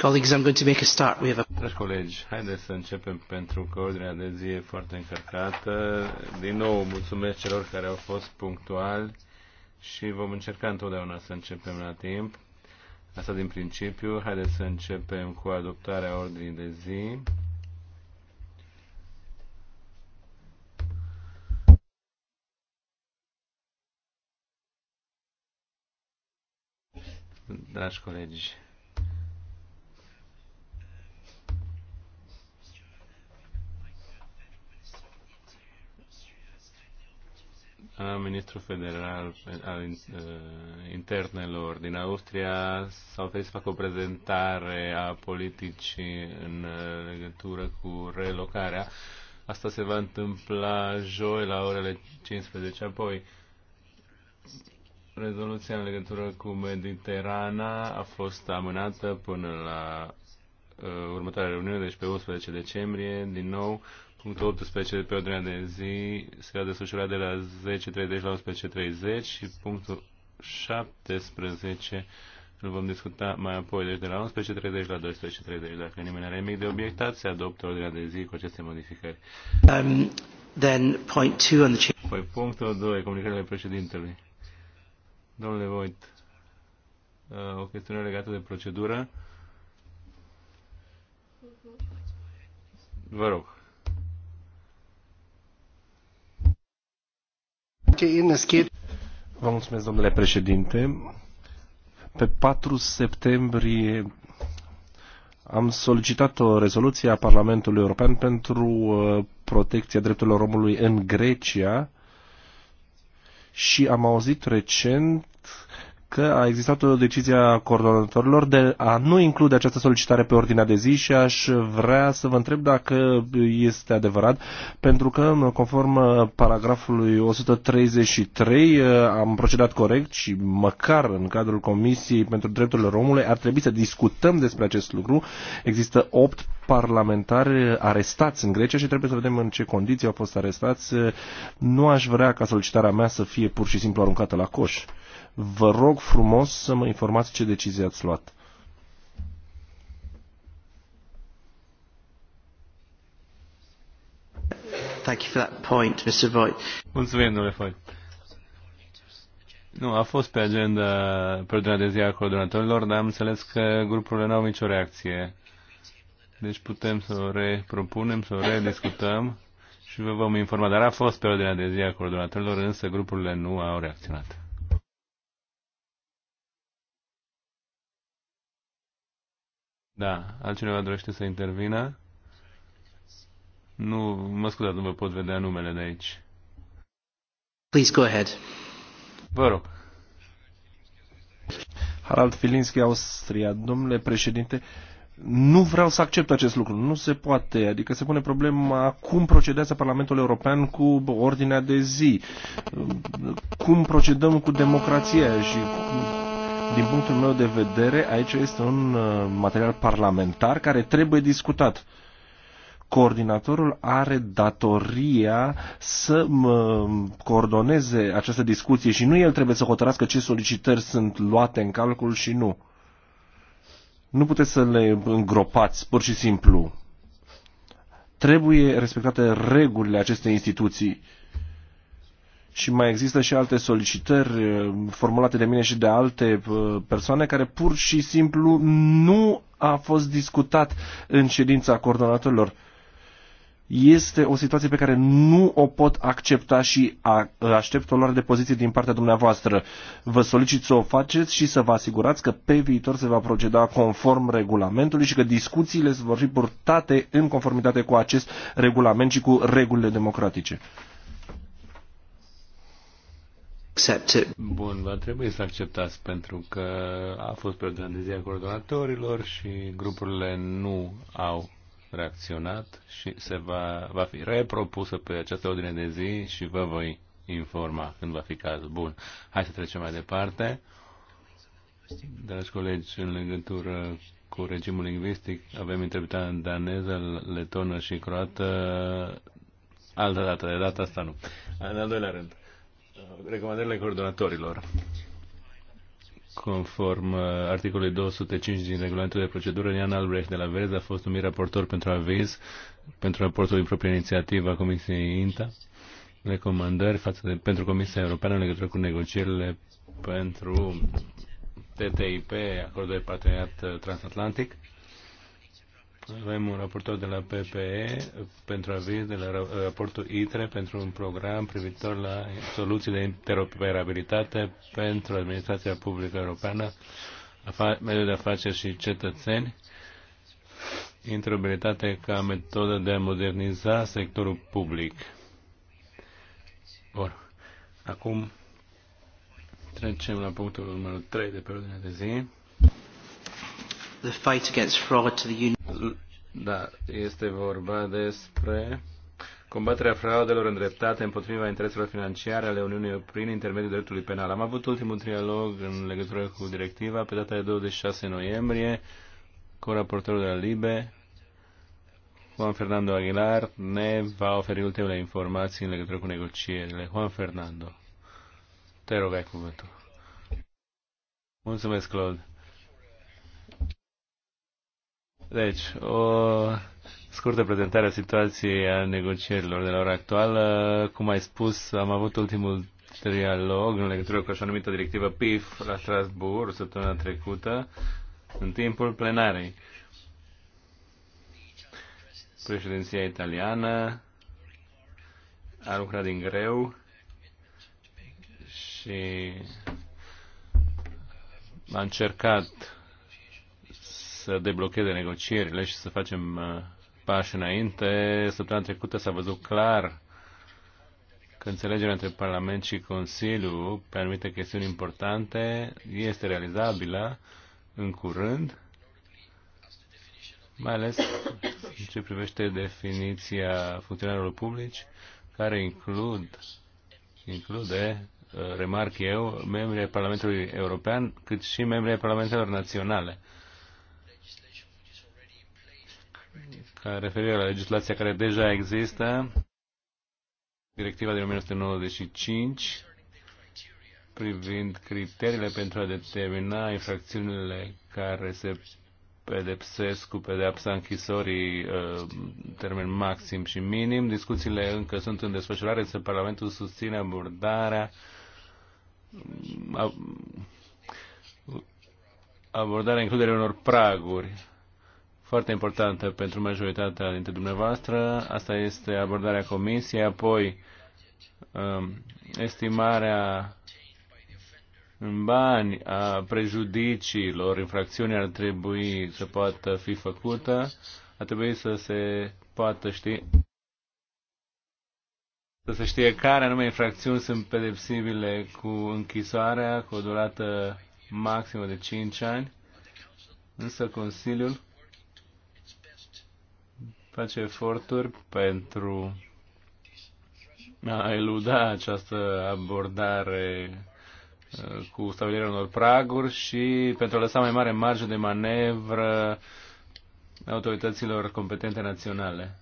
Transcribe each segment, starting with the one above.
Colleagues, I'm going to make a start. We have a... Dragi colegi, haideți să începem pentru că ordinea de zi e foarte încărcată. Din nou, mulțumesc celor care au fost punctuali și vom încerca întotdeauna să începem la timp. Asta din principiu. Haideți să începem cu adoptarea ordinii de zi. Dragi colegi, ministru federal al eh, internelor din Austria s-a oferit să facă o prezentare a politicii în eh, legătură cu relocarea. Asta se va întâmpla joi la orele 15. Apoi, rezoluția în legătură cu Mediterana a fost amânată până la eh, următoarea reuniune, deci pe 11 decembrie, din nou Punctul 18 pe ordinea de zi se va desfășura de la 10.30 la 11.30 și punctul 17 îl vom discuta mai apoi, deci de la 11.30 la 12.30. Dacă nimeni are nimic de obiectat, se adoptă ordinea de zi cu aceste modificări. Um, then point two on the... Păi punctul 2, comunicările președintelui. Domnule Voit, uh, o chestiune legată de procedură. Vă rog. Vă mulțumesc, domnule președinte. Pe 4 septembrie am solicitat o rezoluție a Parlamentului European pentru uh, protecția drepturilor omului în Grecia și am auzit recent că a existat o decizie a coordonatorilor de a nu include această solicitare pe ordinea de zi și aș vrea să vă întreb dacă este adevărat, pentru că conform paragrafului 133 am procedat corect și măcar în cadrul Comisiei pentru Drepturile Omului ar trebui să discutăm despre acest lucru. Există opt parlamentari arestați în Grecia și trebuie să vedem în ce condiții au fost arestați. Nu aș vrea ca solicitarea mea să fie pur și simplu aruncată la coș. Vă rog frumos să mă informați ce decizie ați luat. Thank you for that point, Mr. Voigt. Mulțumim, domnule Voigt. Nu, a fost pe agenda pe ordinea de zi a coordonatorilor, dar am înțeles că grupurile n-au nicio reacție. Deci putem să o repropunem, să o rediscutăm și vă vom informa. Dar a fost pe ordinea de zi a coordonatorilor, însă grupurile nu au reacționat. Da, altcineva dorește să intervină? Nu, mă scuzați, nu vă pot vedea numele de aici. Please go ahead. Vă rog. Harald Filinski, Austria. Domnule președinte, nu vreau să accept acest lucru. Nu se poate. Adică se pune problema cum procedează Parlamentul European cu ordinea de zi, cum procedăm cu democrația și din punctul meu de vedere, aici este un uh, material parlamentar care trebuie discutat coordinatorul are datoria să uh, coordoneze această discuție și nu el trebuie să hotărască ce solicitări sunt luate în calcul și nu. Nu puteți să le îngropați pur și simplu. Trebuie respectate regulile acestei instituții și mai există și alte solicitări uh, formulate de mine și de alte uh, persoane care pur și simplu nu a fost discutat în ședința coordonatorilor. Este o situație pe care nu o pot accepta și uh, aștept o luare de poziție din partea dumneavoastră. Vă solicit să o faceți și să vă asigurați că pe viitor se va proceda conform regulamentului și că discuțiile se vor fi purtate în conformitate cu acest regulament și cu regulile democratice accept it. Bun, va trebui să acceptați pentru că a fost pe ordinea de zi a coordonatorilor și grupurile nu au reacționat și se va, va fi repropusă pe această ordine de zi și vă voi informa când va fi cazul. Bun, hai să trecem mai departe. Dragi colegi, în legătură cu regimul lingvistic, avem interpretat în daneză, letonă și croată. Altă dată, de data asta nu. În al doilea rând, recomandările coordonatorilor. Conform uh, articolului 205 din regulamentul de procedură, Ian Albrecht de la Verzi a fost numit raportor pentru aviz pentru raportul din proprie inițiativă a Comisiei INTA, recomandări față de, pentru Comisia Europeană în legătură cu negocierile pentru TTIP, acordul de parteneriat uh, transatlantic avem un raportor de la PPE pentru aviz de la raportul ITRE pentru un program privitor la soluții de interoperabilitate pentru administrația publică europeană, mediul de afaceri și cetățeni, interoperabilitate ca metodă de a moderniza sectorul public. Bun. Acum trecem la punctul numărul 3 de pe ordinea de zi the fight against fraud to the Union. Da, este vorba despre combaterea fraudelor îndreptate împotriva intereselor financiare ale Uniunii prin intermediul dreptului penal. Am avut ultimul trialog în legătură cu directiva pe data de 26 noiembrie cu raportorul de la LIBE, Juan Fernando Aguilar, ne va oferi ultimele informații în legătură cu negocierile. Juan Fernando, te rog, ai cuvântul. Mulțumesc, Claude. Deci, o scurtă prezentare a situației a negocierilor de la ora actuală. Cum ai spus, am avut ultimul trialog în legătură cu așa numită directivă PIF la Strasbourg săptămâna trecută, în timpul plenarei. Președinția italiană a lucrat din greu și a încercat să deblocheze negocierile și să facem uh, pași înainte. Săptămâna trecută s-a văzut clar că înțelegerea între Parlament și Consiliu pe anumite chestiuni importante este realizabilă în curând, mai ales în ce privește definiția funcționarilor publici, care includ, include, uh, remarc eu, membrii Parlamentului European, cât și membrii Parlamentelor Naționale. ca referire la legislația care deja există, directiva din 1995 privind criteriile pentru a determina infracțiunile care se pedepsesc cu pedepsa închisorii uh, termen maxim și minim. Discuțiile încă sunt în desfășurare, însă Parlamentul susține abordarea um, abordarea includerii unor praguri foarte importantă pentru majoritatea dintre dumneavoastră. Asta este abordarea comisiei, apoi um, estimarea în bani a prejudiciilor, infracțiunii ar trebui să poată fi făcută, ar trebui să se poată ști să se știe care anume infracțiuni sunt pedepsibile cu închisoarea, cu o durată maximă de 5 ani, însă Consiliul face eforturi pentru a eluda această abordare uh, cu stabilirea unor praguri și pentru a lăsa mai mare marge de manevră autorităților competente naționale.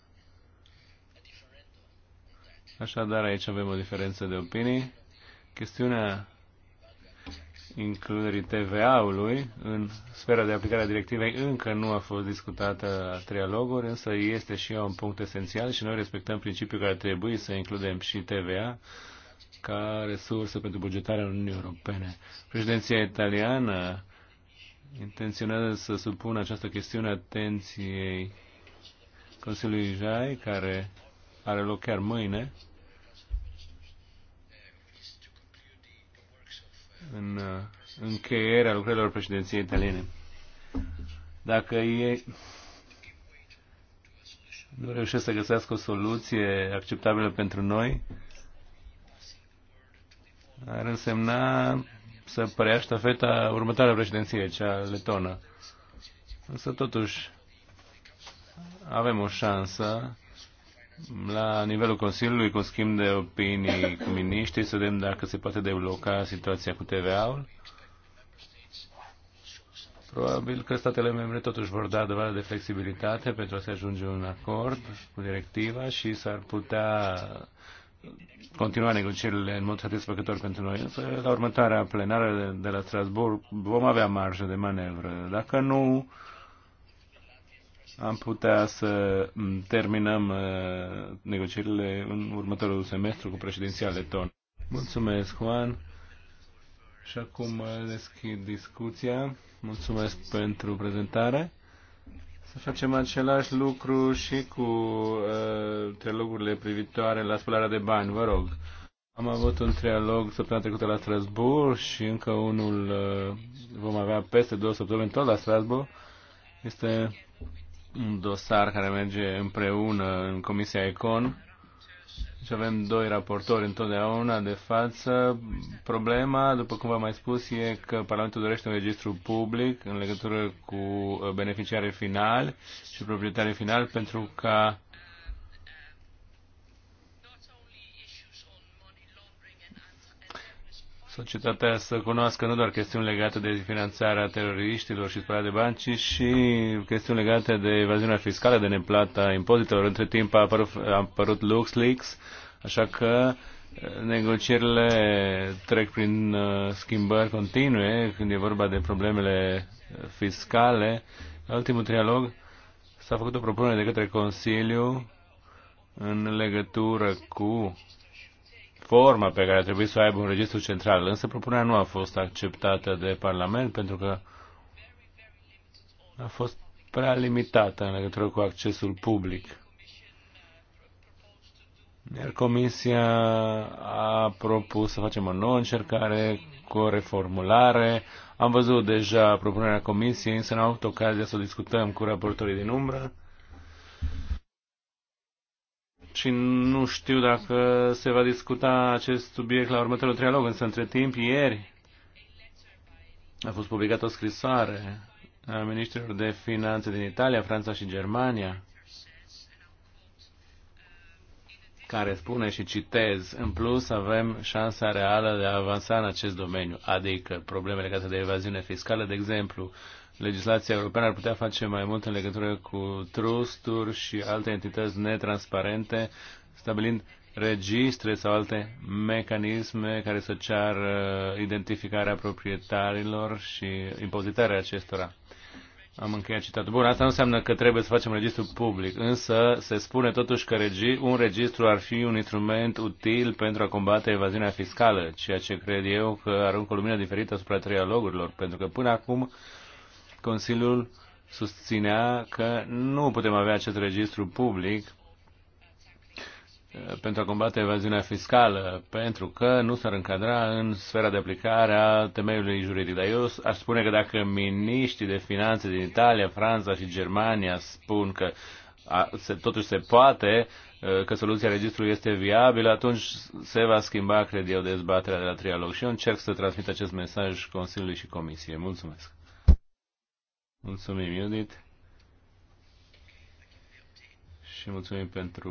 Așadar, aici avem o diferență de opinii. Chestiunea includerii TVA-ului în sfera de aplicare a directivei încă nu a fost discutată treia loguri, însă este și un punct esențial și noi respectăm principiul care trebuie să includem și TVA ca resursă pentru bugetarea Uniunii Europene. Președinția italiană intenționează să supună această chestiune atenției Consiliului Jai, care are loc chiar mâine, în uh, încheierea lucrărilor președinției italiene. Dacă ei nu reușesc să găsească o soluție acceptabilă pentru noi, ar însemna să părea ștafeta următoarea președinție, cea letonă. Însă totuși avem o șansă la nivelul Consiliului, cu schimb de opinii cu miniștrii, să vedem dacă se poate debloca situația cu TVA-ul. Probabil că statele membre totuși vor da dovadă de flexibilitate pentru a se ajunge un acord cu directiva și s-ar putea continua negocierile în mod satisfăcător pentru noi. Însă, la următoarea plenară de la Strasbourg vom avea marjă de manevră. Dacă nu, am putea să mm, terminăm uh, negocierile în următorul semestru cu președinția letonă. Mulțumesc, Juan. Și acum uh, deschid discuția. Mulțumesc pentru prezentare. Să facem același lucru și cu uh, trialogurile privitoare la spălarea de bani, vă rog. Am avut un trialog săptămâna trecută la Strasbourg și încă unul uh, vom avea peste două săptămâni tot la Strasbourg. Este un dosar care merge împreună în Comisia Econ și deci avem doi raportori întotdeauna de față. Problema, după cum v-am mai spus, e că Parlamentul dorește un registru public în legătură cu beneficiarii finali și proprietarii finali pentru ca societatea să cunoască nu doar chestiuni legate de finanțarea teroriștilor și spălarea de bani, ci și chestiuni legate de evaziunea fiscală, de neplata impozitelor. Între timp a apărut, a apărut LuxLeaks, așa că uh, negocierile trec prin uh, schimbări continue când e vorba de problemele uh, fiscale. La ultimul trialog s-a făcut o propunere de către Consiliu în legătură cu forma pe care a trebuit să o aibă un registru central, însă propunerea nu a fost acceptată de Parlament pentru că a fost prea limitată în legătură cu accesul public. Iar Comisia a propus să facem o nouă încercare cu o reformulare. Am văzut deja propunerea Comisiei, însă n-am avut ocazia să o discutăm cu raportorii din umbră și nu știu dacă se va discuta acest subiect la următorul trialog, însă între timp ieri a fost publicată o scrisoare a ministrilor de finanțe din Italia, Franța și Germania, care spune și citez, în plus avem șansa reală de a avansa în acest domeniu, adică probleme legate de evaziune fiscală, de exemplu, legislația europeană ar putea face mai mult în legătură cu trusturi și alte entități netransparente, stabilind registre sau alte mecanisme care să ceară identificarea proprietarilor și impozitarea acestora. Am încheiat citatul. Bun, asta nu înseamnă că trebuie să facem registru public, însă se spune totuși că un registru ar fi un instrument util pentru a combate evaziunea fiscală, ceea ce cred eu că aruncă o lumină diferită asupra trialogurilor, pentru că până acum Consiliul susținea că nu putem avea acest registru public uh, pentru a combate evaziunea fiscală, pentru că nu s-ar încadra în sfera de aplicare a temeiului juridic. Dar eu aș spune că dacă miniștrii de finanțe din Italia, Franța și Germania spun că a, se, totuși se poate, uh, că soluția registrului este viabilă, atunci se va schimba, cred eu, dezbaterea de la trialog. Și eu încerc să transmit acest mesaj Consiliului și Comisiei. Mulțumesc! Mulțumim, Iudit. Și mulțumim pentru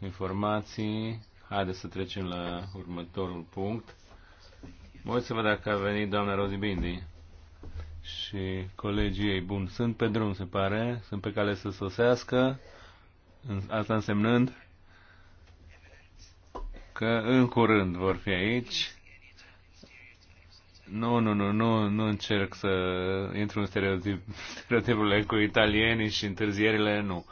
informații. Haideți să trecem la următorul punct. Mă uit să văd dacă a venit doamna Bindi și colegii ei. Bun, sunt pe drum, se pare. Sunt pe cale să sosească. Asta însemnând că în curând vor fi aici nu, nu, nu, nu, nu încerc să intru în stereotip, stereotipurile cu italienii și întârzierile, nu.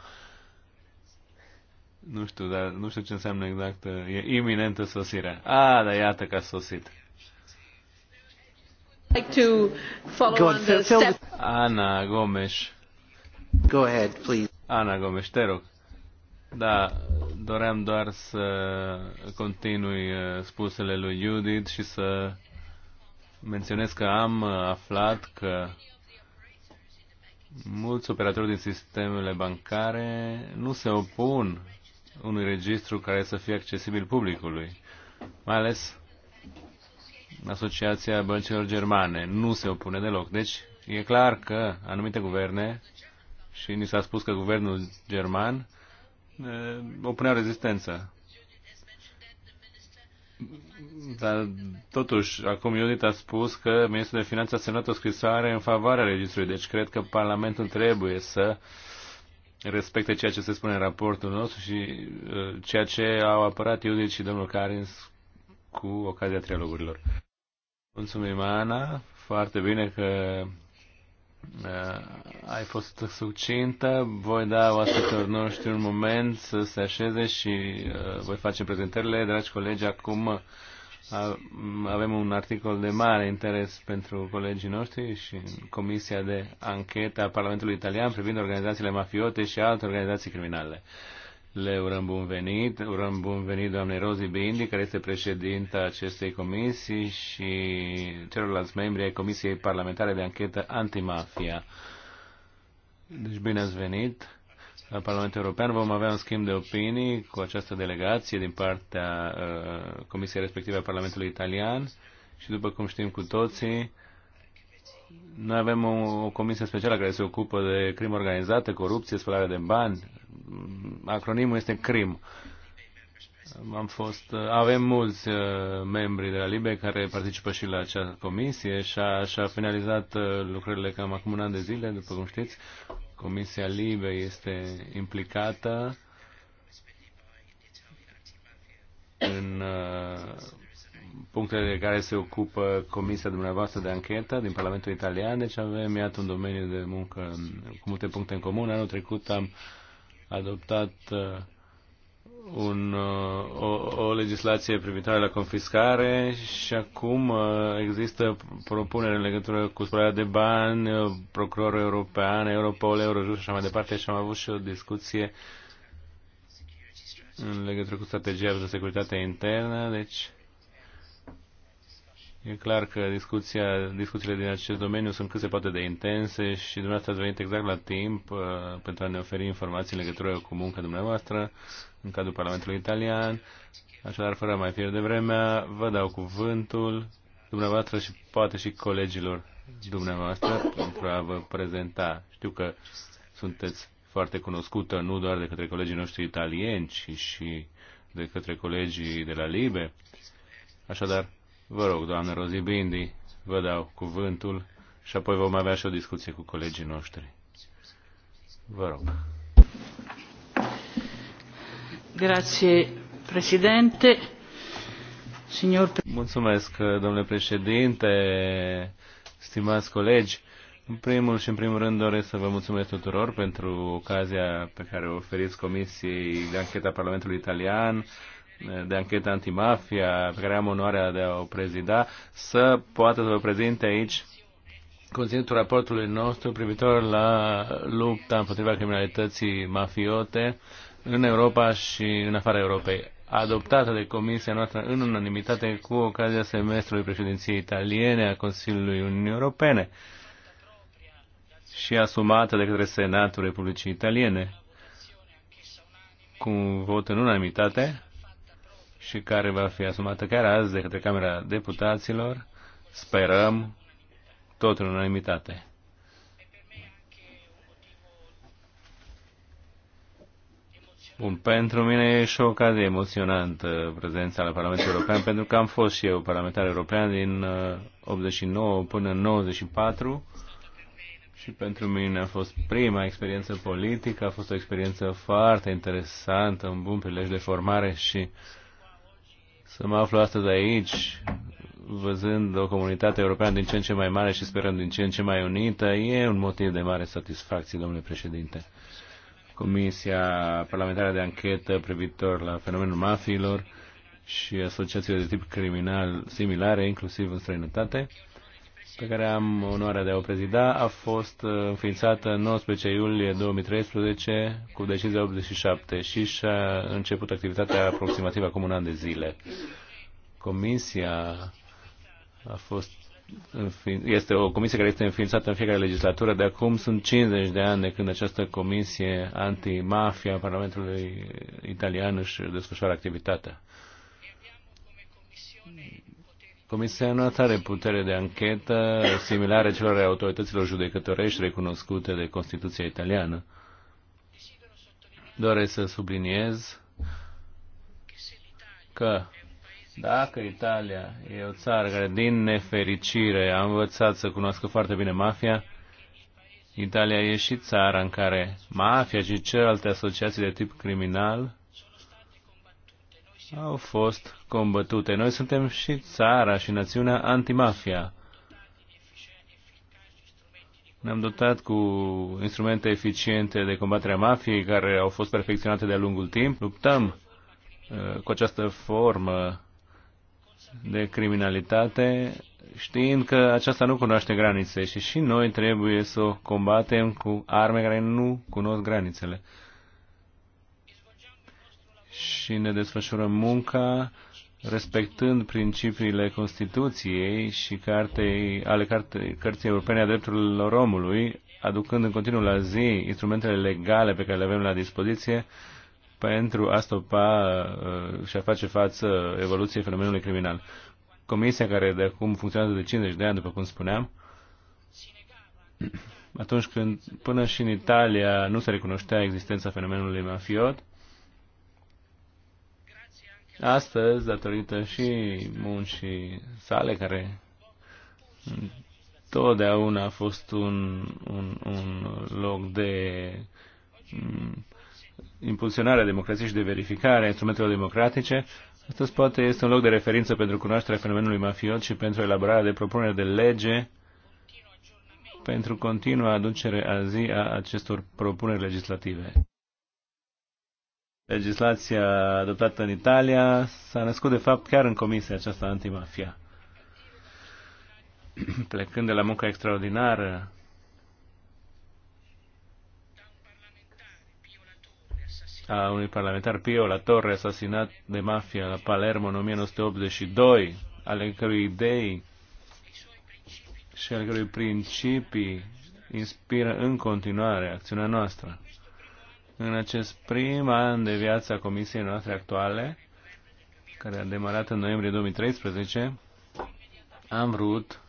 Nu știu, dar nu știu ce înseamnă exact. E iminentă sosirea. Ah, dar iată că a sosit. Like to follow on the step. Ana Gomes. Go ahead, please. Ana Gomes, te rog. Da, doream doar să continui uh, spusele lui Judith și să menționez că am uh, aflat că mulți operatori din sistemele bancare nu se opun unui registru care să fie accesibil publicului, mai ales Asociația Băncilor Germane nu se opune deloc. Deci e clar că anumite guverne, și ni s-a spus că guvernul german, uh, opunea rezistență. Dar, totuși, acum Iudit a spus că Ministrul de Finanțe a semnat o scrisoare în favoarea registrului, deci cred că Parlamentul trebuie să respecte ceea ce se spune în raportul nostru și uh, ceea ce au apărat Iudit și domnul Carins cu ocazia trialogurilor. Mulțumim, Ana. Foarte bine că Uh, ai fost succintă. Voi da oaspetelor noștri un moment să se așeze și uh, voi face prezentările. Dragi colegi, acum uh, avem un articol de mare interes pentru colegii noștri și Comisia de Anchetă a Parlamentului Italian privind organizațiile mafiote și alte organizații criminale. Le urăm bun venit. Urăm bun venit doamnei Rozi Bindi, care este președinta acestei comisii și celorlalți membri ai Comisiei Parlamentare de Anchetă Antimafia. Deci bine ați venit la Parlamentul European. Vom avea un schimb de opinii cu această delegație din partea uh, Comisiei respective a Parlamentului Italian și după cum știm cu toții, noi avem o, o comisie specială care se ocupă de crimă organizată, corupție, spălare de bani. Acronimul este CRIM. Am fost, avem mulți uh, membri de la LIBE care participă și la acea comisie și a, și a finalizat uh, lucrările cam acum un an de zile, după cum știți. Comisia LIBE este implicată în uh, punctele de care se ocupă comisia dumneavoastră de anchetă din Parlamentul Italian, deci avem, iată, un domeniu de muncă cu multe puncte în comun. Anul trecut am adoptat uh, un, uh, o, o legislație privitoare la confiscare și acum uh, există propuneri în legătură cu spălarea de bani, procurorul european, Europol, Eurojust și așa mai departe și am avut și o discuție în legătură cu strategia de securitate internă, deci E clar că discuția, discuțiile din acest domeniu sunt cât se poate de intense și dumneavoastră ați venit exact la timp uh, pentru a ne oferi informații în legătură cu munca dumneavoastră în cadrul Parlamentului Italian. Așadar, fără a mai pierde vremea, vă dau cuvântul dumneavoastră și poate și colegilor dumneavoastră pentru a vă prezenta. Știu că sunteți foarte cunoscută nu doar de către colegii noștri italieni, ci și de către colegii de la Libe. Așadar, Vă rog, doamnă bindi vă dau cuvântul și apoi vom avea și o discuție cu colegii noștri. Vă rog. Grazie, președinte. Signor... Mulțumesc, domnule președinte, stimați colegi. În primul și în primul rând doresc să vă mulțumesc tuturor pentru ocazia pe care o oferiți Comisiei de Ancheta Parlamentului Italian de anchetă antimafia, pe care am onoarea de a o prezida, să poată să vă prezinte aici conținutul raportului nostru privitor la lupta împotriva criminalității mafiote în Europa și în afara Europei, adoptată de Comisia noastră în unanimitate cu ocazia semestrului președinției italiene a Consiliului Uniunii Europene și asumată de către Senatul Republicii Italiene cu un vot în unanimitate și care va fi asumată chiar azi de către Camera Deputaților, sperăm, tot în unanimitate. Bun, pentru mine e și o ocazie emoționantă prezența la Parlamentul European, pentru că am fost și eu parlamentar european din 89 uh, până în 94 și pentru mine a fost prima experiență politică, a fost o experiență foarte interesantă, un bun prilej de formare și uh, să mă aflu astăzi aici, văzând o comunitate europeană din ce în ce mai mare și sperăm din ce în ce mai unită, e un motiv de mare satisfacție, domnule președinte. Comisia Parlamentară de Anchetă privitor la fenomenul mafiilor și asociațiile de tip criminal similare, inclusiv în străinătate, pe care am onoarea de a o prezida a fost uh, înființată în 19 iulie 2013 cu decizia 87 și și-a început activitatea aproximativ acum un an de zile. Comisia a fost este o comisie care este înființată în fiecare legislatură. De acum sunt 50 de ani de când această comisie antimafia a Parlamentului Italian își desfășoară activitatea. Comisia noastră are putere de anchetă similare celor ale autorităților judecătorești recunoscute de Constituția italiană. Doresc să subliniez că dacă Italia e o țară care, din nefericire, a învățat să cunoască foarte bine mafia, Italia e și țara în care mafia și celelalte asociații de tip criminal au fost combătute. Noi suntem și țara și națiunea antimafia. Ne-am dotat cu instrumente eficiente de combatere a mafiei care au fost perfecționate de-a lungul timp. Luptăm uh, cu această formă de criminalitate știind că aceasta nu cunoaște granițe și și noi trebuie să o combatem cu arme care nu cunosc granițele și ne desfășurăm munca respectând principiile Constituției și cartei, ale cartei, Cărții Europene a Drepturilor Omului, aducând în continuu la zi instrumentele legale pe care le avem la dispoziție pentru a stopa uh, și a face față evoluției fenomenului criminal. Comisia care de acum funcționează de 50 de ani, după cum spuneam, atunci când până și în Italia nu se recunoștea existența fenomenului mafiot, Astăzi, datorită și muncii sale, care totdeauna a fost un, un, un loc de mm, impulsionare a democrației și de verificare a instrumentelor democratice, astăzi poate este un loc de referință pentru cunoașterea fenomenului mafiot și pentru elaborarea de propuneri de lege pentru continua aducere a zi a acestor propuneri legislative legislația adoptată în Italia s-a născut de fapt chiar în comisia aceasta antimafia. Plecând de la munca extraordinară a unui parlamentar Pio La Torre asasinat de mafia la Palermo în 1982, ale cărui idei și ale cărui principii inspiră în continuare acțiunea noastră în acest prim an de viață a comisiei noastre actuale, care a demarat în noiembrie 2013, am vrut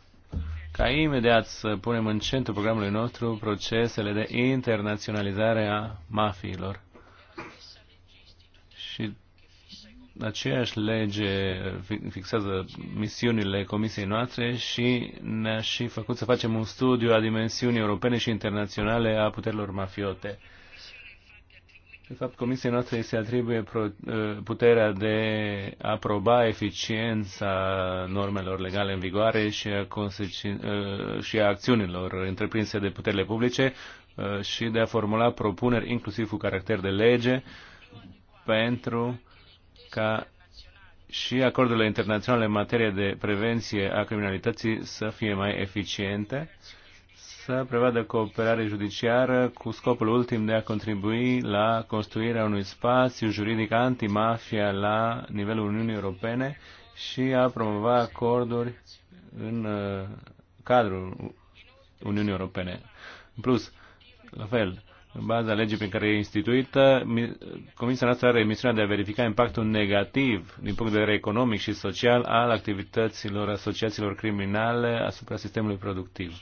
ca imediat să punem în centru programului nostru procesele de internaționalizare a mafiilor. Și aceeași lege fixează misiunile comisiei noastre și ne-a și făcut să facem un studiu a dimensiunii europene și internaționale a puterilor mafiote. De fapt, Comisiei noastre se atribuie uh, puterea de a aproba eficiența normelor legale în vigoare și a, uh, și a acțiunilor întreprinse de puterile publice uh, și de a formula propuneri, inclusiv cu caracter de lege, pentru ca și acordurile internaționale în materie de prevenție a criminalității să fie mai eficiente să prevadă cooperare judiciară cu scopul ultim de a contribui la construirea unui spațiu juridic antimafia la nivelul Uniunii Europene și a promova acorduri în uh, cadrul Uniunii Europene. În plus, la fel, în baza legii prin care e instituită, Comisia noastră are misiunea de a verifica impactul negativ din punct de vedere economic și social al activităților asociațiilor criminale asupra sistemului productiv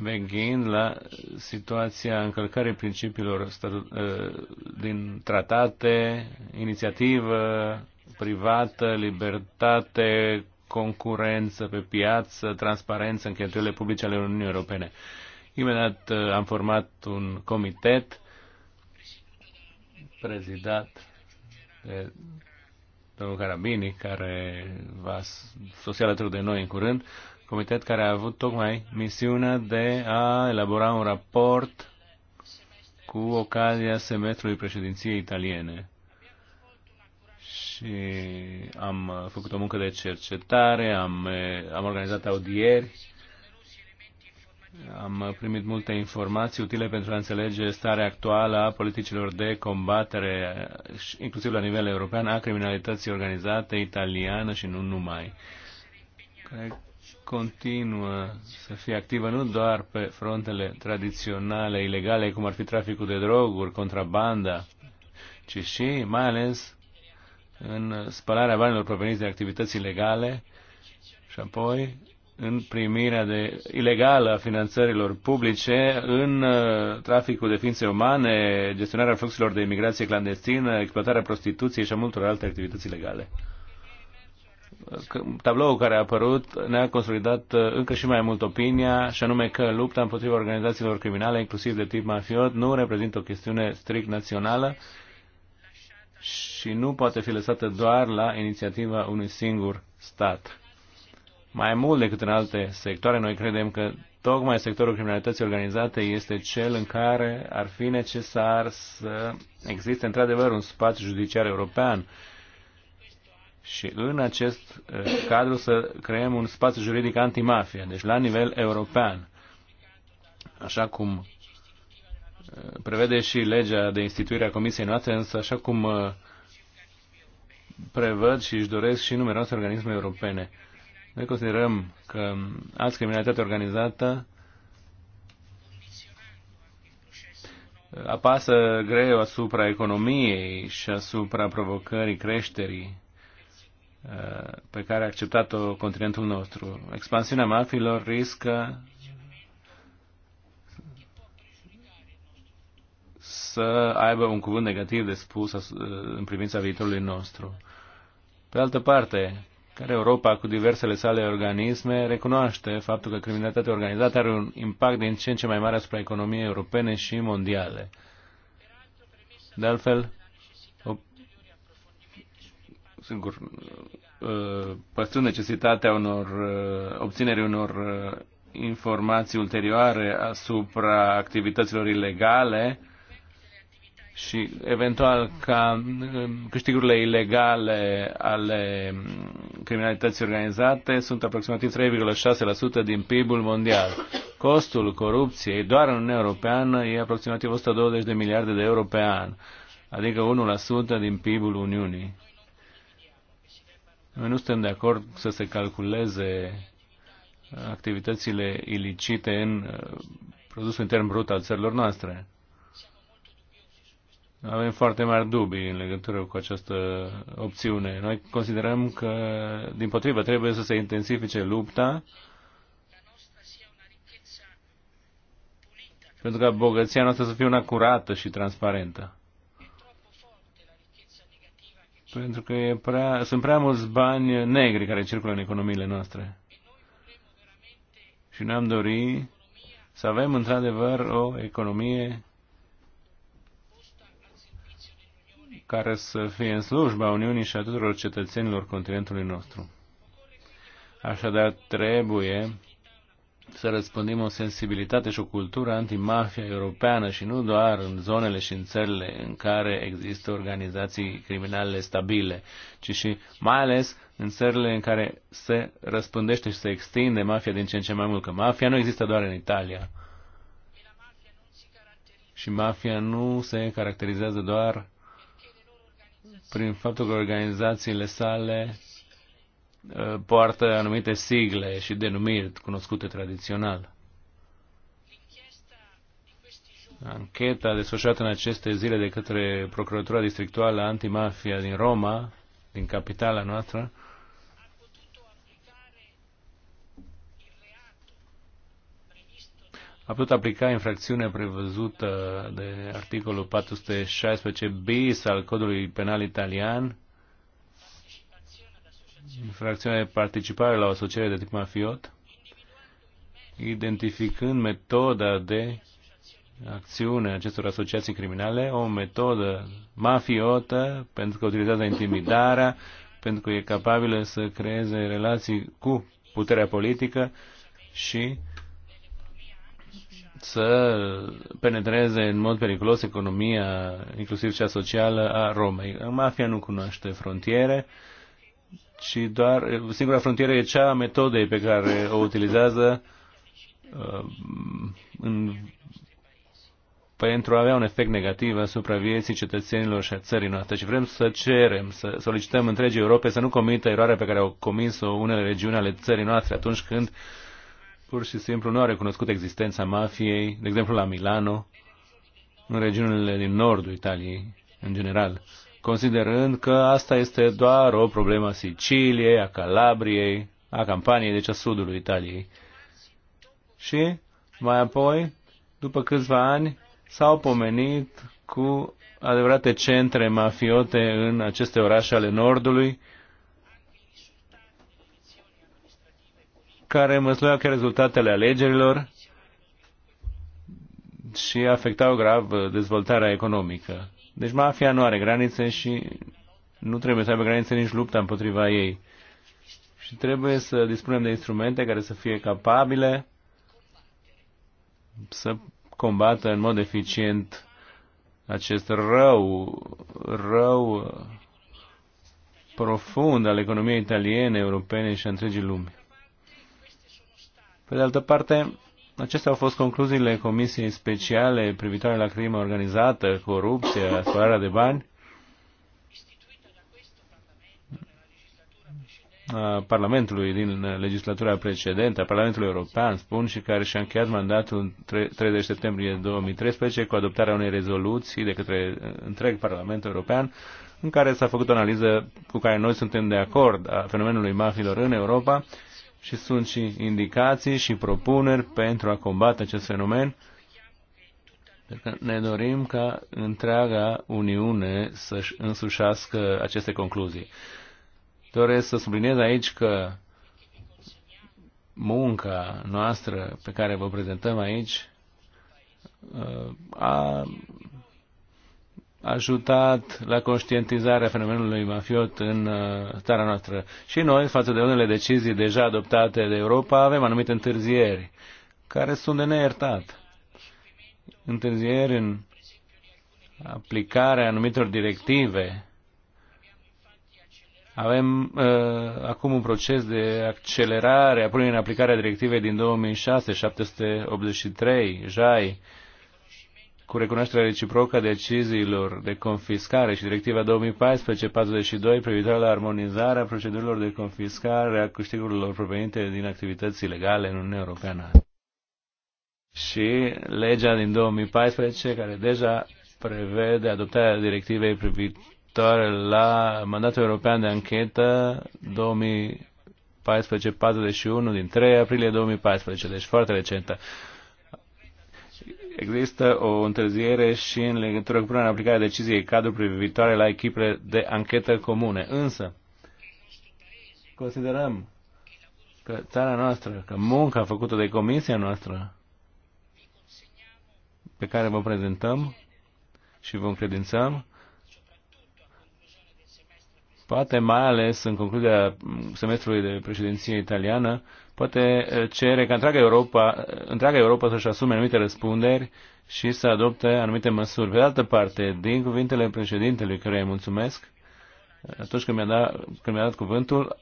veghind la situația încălcării principiilor ă, din tratate, inițiativă privată, libertate, concurență pe piață, transparență în cheltuielile publice ale Uniunii Europene. Imediat ă, am format un comitet prezidat de domnul Carabini, care va sosi alături de noi în curând, comitet care a avut tocmai misiunea de a elabora un raport cu ocazia semestrului președinției italiene. Și am făcut o muncă de cercetare, am, am organizat audieri, am primit multe informații utile pentru a înțelege starea actuală a politicilor de combatere, inclusiv la nivel european, a criminalității organizate italiană și nu numai. Cred continuă să fie activă nu doar pe frontele tradiționale, ilegale, cum ar fi traficul de droguri, contrabanda, ci și mai ales în spălarea banilor proveniți de activități ilegale și apoi în primirea de ilegală a finanțărilor publice, în uh, traficul de ființe umane, gestionarea fluxurilor de imigrație clandestină, exploatarea prostituției și a multor alte activități ilegale tabloul care a apărut ne-a consolidat uh, încă și mai mult opinia, și anume că lupta împotriva organizațiilor criminale, inclusiv de tip mafiot, nu reprezintă o chestiune strict națională și nu poate fi lăsată doar la inițiativa unui singur stat. Mai mult decât în alte sectoare, noi credem că tocmai sectorul criminalității organizate este cel în care ar fi necesar să existe într-adevăr un spațiu judiciar european și în acest eh, cadru să creăm un spațiu juridic antimafia, deci la nivel european, așa cum eh, prevede și legea de instituire a Comisiei noastre, însă așa cum eh, prevăd și își doresc și numeroase organisme europene. Noi considerăm că alți criminalitatea organizată apasă greu asupra economiei și asupra provocării creșterii pe care a acceptat-o continentul nostru. Expansiunea mafiilor riscă să aibă un cuvânt negativ de spus în privința viitorului nostru. Pe altă parte, care Europa, cu diversele sale organisme, recunoaște faptul că criminalitatea organizată are un impact din ce în ce mai mare asupra economiei europene și mondiale. De altfel, sigur, uh, păstrând necesitatea unor, uh, obținere unor uh, informații ulterioare asupra activităților ilegale și eventual ca câștigurile ilegale ale um, criminalității organizate sunt aproximativ 3,6% din PIB-ul mondial. Costul corupției doar în Uniunea Europeană e aproximativ 120 de miliarde de euro pe an, adică 1% din PIB-ul Uniunii. Noi nu suntem de acord să se calculeze uh, activitățile ilicite în uh, produsul intern brut al țărilor noastre. Avem foarte mari dubii în legătură cu această opțiune. Noi considerăm că, din potrivă, trebuie să se intensifice lupta pentru ca bogăția noastră să fie una curată și transparentă pentru că e prea, sunt prea mulți bani negri care circulă în economiile noastre. Și ne-am dorit să avem într-adevăr o economie care să fie în slujba Uniunii și a tuturor cetățenilor continentului nostru. Așadar, trebuie să răspândim o sensibilitate și o cultură antimafia europeană și nu doar în zonele și în țările în care există organizații criminale stabile, ci și mai ales în țările în care se răspândește și se extinde mafia din ce în ce mai mult, că mafia nu există doar în Italia. Și mafia nu se caracterizează doar prin faptul că organizațiile sale Uh, poartă anumite sigle și denumiri cunoscute tradițional. Ancheta desfășurată în aceste zile de către Procuratura Districtuală Antimafia din Roma, din capitala noastră, a putut aplica infracțiunea prevăzută de articolul 416 bis al codului penal italian infracțiunea de participare la o asociere de tip mafiot, identificând metoda de acțiune a acestor asociații criminale, o metodă mafiotă, pentru că utilizează intimidarea, pentru că e capabilă să creeze relații cu puterea politică și să penetreze în mod periculos economia, inclusiv cea socială, a Romei. Mafia nu cunoaște frontiere, ci doar singura frontieră e cea a metodei pe care o utilizează uh, în, pentru a avea un efect negativ asupra vieții cetățenilor și a țării noastre. Și vrem să cerem, să solicităm întregii Europe să nu comită eroarea pe care au comis-o unele regiuni ale țării noastre atunci când pur și simplu nu au recunoscut existența mafiei, de exemplu la Milano, în regiunile din nordul Italiei, în general considerând că asta este doar o problemă a Siciliei, a Calabriei, a campaniei, deci a sudului Italiei. Și mai apoi, după câțiva ani, s-au pomenit cu adevărate centre mafiote în aceste orașe ale Nordului, care măsluiau chiar rezultatele alegerilor și afectau grav dezvoltarea economică. Deci mafia nu are granițe și nu trebuie să aibă granițe nici lupta împotriva ei. Și trebuie să dispunem de instrumente care să fie capabile să combată în mod eficient acest rău, rău profund al economiei italiene, europene și a întregii lumi. Pe de altă parte, Acestea au fost concluziile Comisiei Speciale privitoare la crimă organizată, corupție, spălarea de bani a Parlamentului din legislatura precedentă, a Parlamentului European, spun, și care și-a încheiat mandatul 30 septembrie 2013 cu adoptarea unei rezoluții de către uh, întreg Parlamentul European, în care s-a făcut o analiză cu care noi suntem de acord a fenomenului mafilor în Europa și sunt și indicații și propuneri pentru a combate acest fenomen. Că ne dorim ca întreaga Uniune să-și însușească aceste concluzii. Doresc să subliniez aici că munca noastră pe care vă prezentăm aici uh, a ajutat la conștientizarea fenomenului mafiot în uh, țara noastră. Și noi, față de unele decizii deja adoptate de Europa, avem anumite întârzieri, care sunt de neiertat. Întârzieri în aplicarea anumitor directive. Avem uh, acum un proces de accelerare a punerii în aplicare a directivei din 2006-783, JAI, cu recunoașterea reciprocă a deciziilor de confiscare și directiva 2014-42 privitoare la armonizarea procedurilor de confiscare a câștigurilor provenite din activități ilegale în Uniunea Europeană. Și legea din 2014 care deja prevede adoptarea directivei privitoare la mandatul european de anchetă 2014-41 din 3 aprilie 2014, deci foarte recentă există o întârziere și în legătură cu punerea în aplicare deciziei cadru privitoare la echipele de anchetă comune. Însă, considerăm că țara noastră, că munca făcută de comisia noastră pe care vă prezentăm și vă încredințăm, poate mai ales în concluzia semestrului de președinție italiană, poate eh, cere ca întreaga Europa, eh, întreaga Europa să-și asume anumite răspunderi și să adopte anumite măsuri. Pe de altă parte, din cuvintele președintelui, care îi mulțumesc, eh, atunci când mi-a dat, când mi dat cuvântul,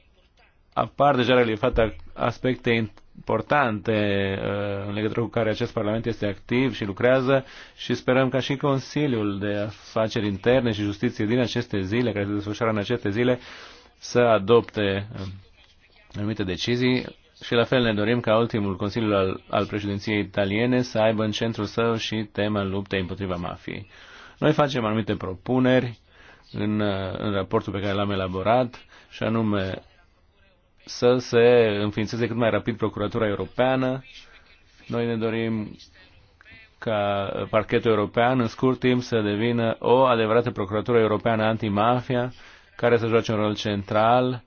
apar deja reliefate aspecte importante în legătură cu care acest Parlament este activ și lucrează și sperăm ca și Consiliul de Afaceri Interne și Justiție din aceste zile, care se desfășoară în aceste zile, să adopte anumite decizii și la fel ne dorim ca ultimul Consiliu al, al președinției italiene să aibă în centrul său și tema luptei împotriva mafiei. Noi facem anumite propuneri în, în raportul pe care l-am elaborat, și anume să se înființeze cât mai rapid Procuratura Europeană. Noi ne dorim ca parchetul european în scurt timp să devină o adevărată Procuratură Europeană antimafia, care să joace un rol central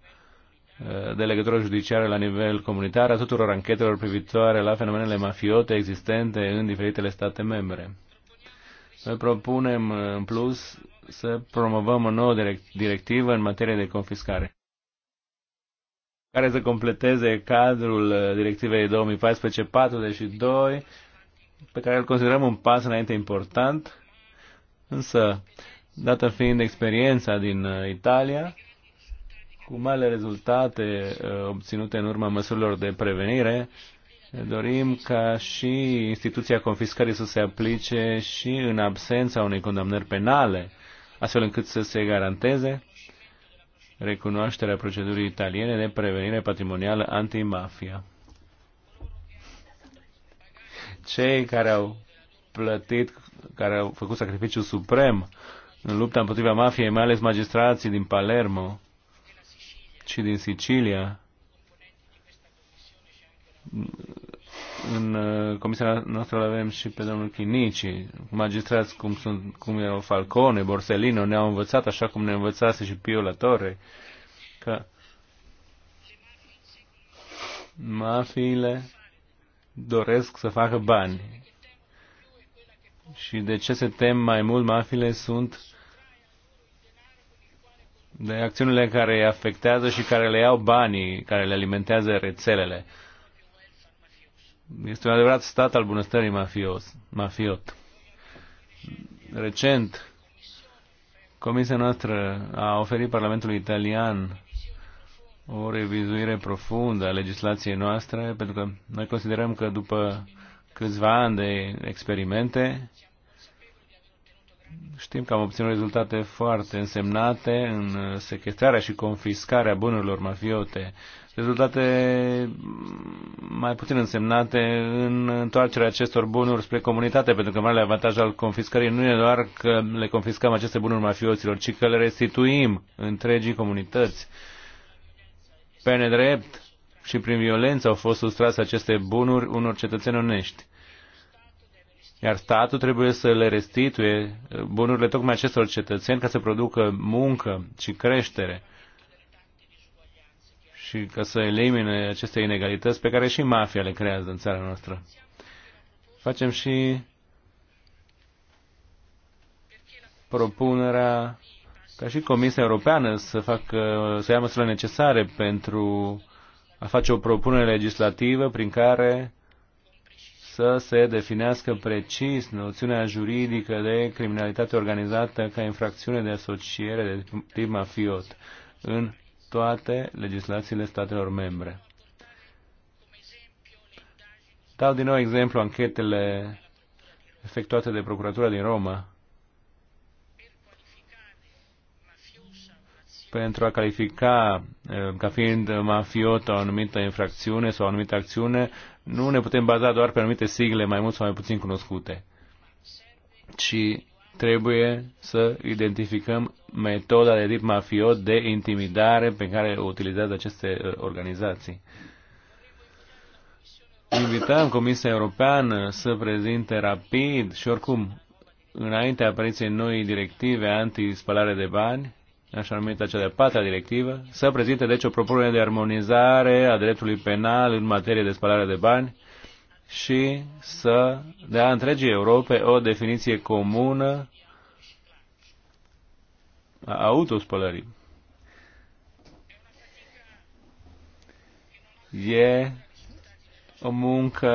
de legătură judiciară la nivel comunitar a tuturor anchetelor privitoare la fenomenele mafiote existente în diferitele state membre. Noi propunem, în plus, să promovăm o nouă directivă în materie de confiscare care să completeze cadrul directivei 2014-42, pe care îl considerăm un pas înainte important, însă, dată fiind experiența din Italia, cu mele rezultate uh, obținute în urma măsurilor de prevenire, dorim ca și instituția confiscării să se aplice și în absența unei condamnări penale, astfel încât să se garanteze recunoașterea procedurii italiene de prevenire patrimonială antimafia. Cei care au plătit, care au făcut sacrificiu suprem în lupta împotriva mafiei, mai ales magistrații din Palermo, și din Sicilia, în uh, comisia noastră avem și pe domnul Chinici, magistrați cum, sunt, cum erau Falcone, Borsellino, ne-au învățat așa cum ne învățase și Pio la Torre, că mafiile doresc să facă bani. Și de ce se tem mai mult mafiile sunt de acțiunile care îi afectează și care le iau banii, care le alimentează rețelele. Este un adevărat stat al bunăstării mafios, mafiot. Recent, Comisia noastră a oferit Parlamentului Italian o revizuire profundă a legislației noastre, pentru că noi considerăm că după câțiva ani de experimente, Știm că am obținut rezultate foarte însemnate în uh, sequestrarea și confiscarea bunurilor mafiote, rezultate mm, mai puțin însemnate în întoarcerea acestor bunuri spre comunitate, pentru că marele avantaj al confiscării nu e doar că le confiscăm aceste bunuri mafioților, ci că le restituim întregii comunități. Pe nedrept și prin violență au fost sustrase aceste bunuri unor cetățeni onești. Iar statul trebuie să le restituie bunurile tocmai acestor cetățeni ca să producă muncă și creștere și ca să elimine aceste inegalități pe care și mafia le creează în țara noastră. Facem și propunerea ca și Comisia Europeană să facă, să ia măsurile necesare pentru a face o propunere legislativă prin care să se definească precis noțiunea juridică de criminalitate organizată ca infracțiune de asociere de tip mafiot în toate legislațiile statelor membre. Dau din nou exemplu anchetele efectuate de Procuratura din Roma pentru a califica eh, ca fiind mafiot o anumită infracțiune sau o anumită acțiune, nu ne putem baza doar pe anumite sigle mai mult sau mai puțin cunoscute, ci trebuie să identificăm metoda de tip mafiot de intimidare pe care o utilizează aceste uh, organizații. Invităm Comisia Europeană să prezinte rapid și oricum, înaintea apariției noii directive anti-spălare de bani, așa numită cea de-a patra directivă, să prezinte deci o propunere de armonizare a dreptului penal în materie de spălare de bani și să dea întregii Europe o definiție comună a autospălării. E o muncă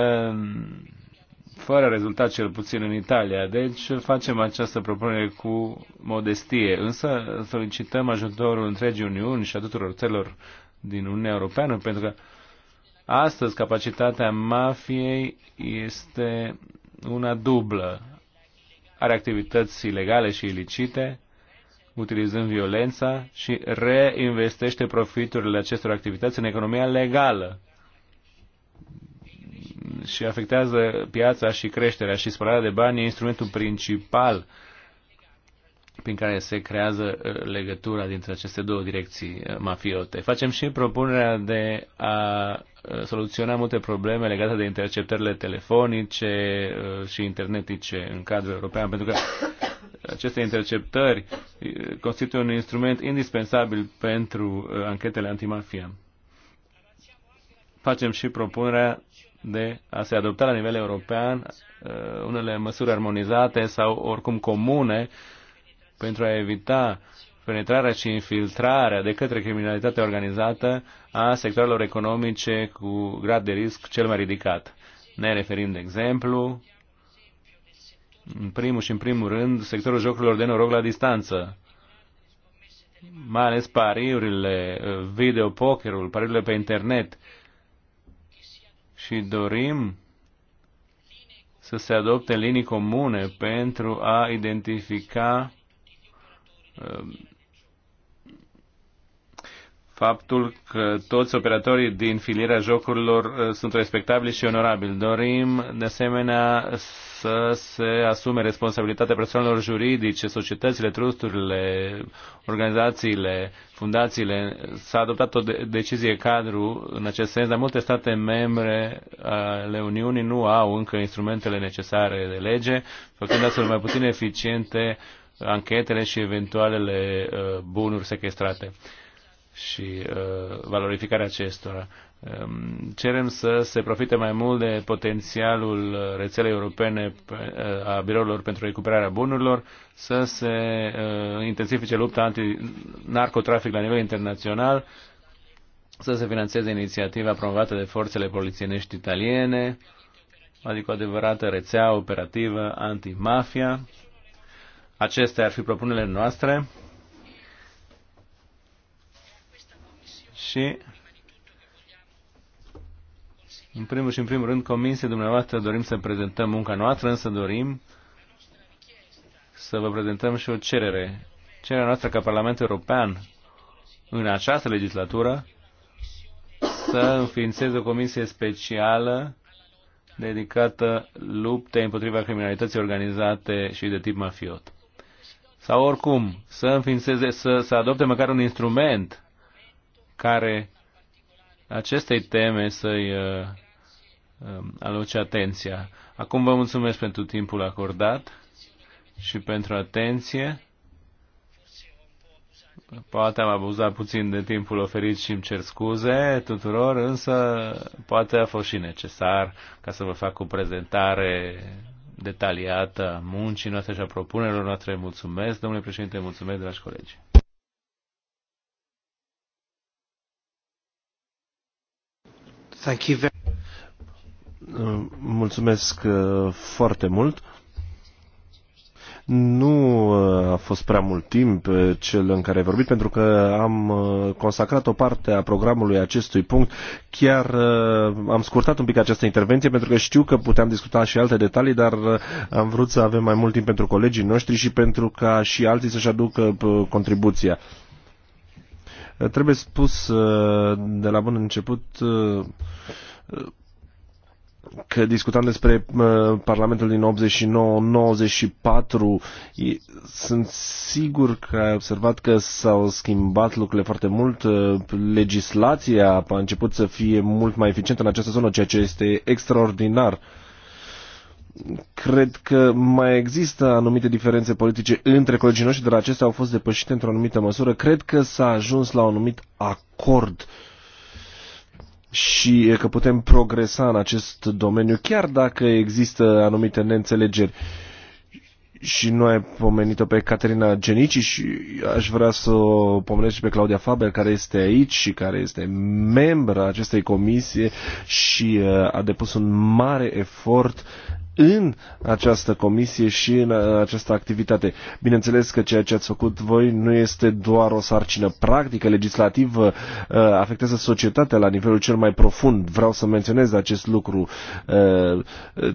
fără rezultat cel puțin în Italia. Deci facem această propunere cu modestie, însă solicităm ajutorul întregii Uniuni și a tuturor țelor din Uniunea Europeană, pentru că astăzi capacitatea mafiei este una dublă. Are activități ilegale și ilicite, utilizând violența și reinvestește profiturile acestor activități în economia legală și afectează piața și creșterea și spălarea de bani e instrumentul principal prin care se creează uh, legătura dintre aceste două direcții uh, mafiote. Facem și propunerea de a uh, soluționa multe probleme legate de interceptările telefonice și internetice în cadrul european, pentru că aceste interceptări constituie un instrument indispensabil pentru anchetele antimafia. Facem și propunerea de a se adopta la nivel european uh, unele măsuri armonizate sau oricum comune pentru a evita penetrarea și infiltrarea de către criminalitatea organizată a sectoarelor economice cu grad de risc cel mai ridicat. Ne referim, de exemplu, în primul și în primul rând, sectorul jocurilor de noroc la distanță, mai ales pariurile, uh, videopokerul, pariurile pe internet, și dorim să se adopte linii comune pentru a identifica um, faptul că toți operatorii din filiera jocurilor uh, sunt respectabili și onorabili. Dorim, de asemenea, să se asume responsabilitatea persoanelor juridice, societățile, trusturile, organizațiile, fundațiile. S-a adoptat o decizie cadru în acest sens, dar multe state membre ale Uniunii nu au încă instrumentele necesare de lege, făcând astfel mai puțin eficiente anchetele și eventualele uh, bunuri sequestrate și uh, valorificarea acestora. Ehm, cerem să se profite mai mult de potențialul rețelei europene eh, a birourilor pentru recuperarea bunurilor, să se eh, intensifice lupta anti-narcotrafic la nivel internațional, să se financeze inițiativa promovată de forțele polițienești italiene, adică o adevărată rețea operativă antimafia. Acestea ar fi propunerile noastre. Și în primul și în primul rând, comisie dumneavoastră dorim să prezentăm munca noastră, însă dorim să vă prezentăm și o cerere. Cererea noastră ca Parlament European în această legislatură să înființeze o comisie specială dedicată luptei împotriva criminalității organizate și de tip mafiot. Sau oricum, să înființeze, să, să adopte măcar un instrument care acestei teme să-i uh, um, aloce atenția. Acum vă mulțumesc pentru timpul acordat și pentru atenție. Poate am abuzat puțin de timpul oferit și îmi cer scuze tuturor, însă poate a fost și necesar ca să vă fac o prezentare detaliată a muncii noastre și a propunerilor noastre. Mulțumesc, domnule președinte, mulțumesc, dragi colegi. Thank you very Mulțumesc uh, foarte mult. Nu uh, a fost prea mult timp cel în care ai vorbit, pentru că am uh, consacrat o parte a programului acestui punct. Chiar am scurtat un pic această intervenție, pentru că știu că puteam discuta și alte detalii, dar am vrut să avem mai mult timp pentru colegii noștri și pentru ca și alții să-și aducă contribuția. Trebuie spus uh, de la bun început uh, că discutam despre uh, Parlamentul din 89-94, sunt sigur că ai observat că s-au schimbat lucrurile foarte mult, legislația a început să fie mult mai eficientă în această zonă, ceea ce este extraordinar. Uh, cred că mai există anumite diferențe politice între colegii noștri, dar acestea au fost depășite într-o anumită măsură. Cred că s-a ajuns la un anumit acord și că putem progresa în acest domeniu, chiar dacă există anumite neînțelegeri. Și nu ai pomenit-o pe Caterina Genici și aș vrea să o pomenesc și pe Claudia Faber, care este aici și care este membra acestei comisie și uh, a depus un mare efort în această comisie și în această activitate. Bineînțeles că ceea ce ați făcut voi nu este doar o sarcină practică, legislativă, uh, afectează societatea la nivelul cel mai profund. Vreau să menționez acest lucru. Uh,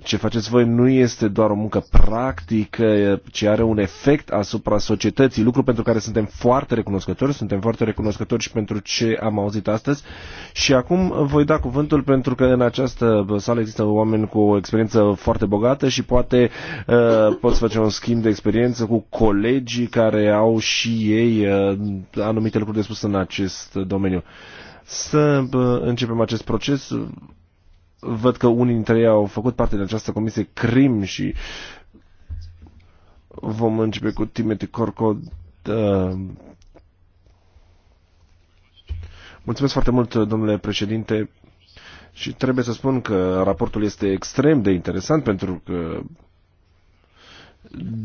ce faceți voi nu este doar o muncă practică, ci are un efect asupra societății, lucru pentru care suntem foarte recunoscători, suntem foarte recunoscători și pentru ce am auzit astăzi. Și acum voi da cuvântul pentru că în această sală există oameni cu o experiență foarte foarte bogată și poate uh, poți face un schimb de experiență cu colegii care au și ei uh, anumite lucruri de spus în acest domeniu. Să uh, începem acest proces. Văd că unii dintre ei au făcut parte din această comisie CRIM și vom începe cu Timothy Corco. Uh, Mulțumesc foarte mult, domnule președinte. Și trebuie să spun că raportul este extrem de interesant pentru că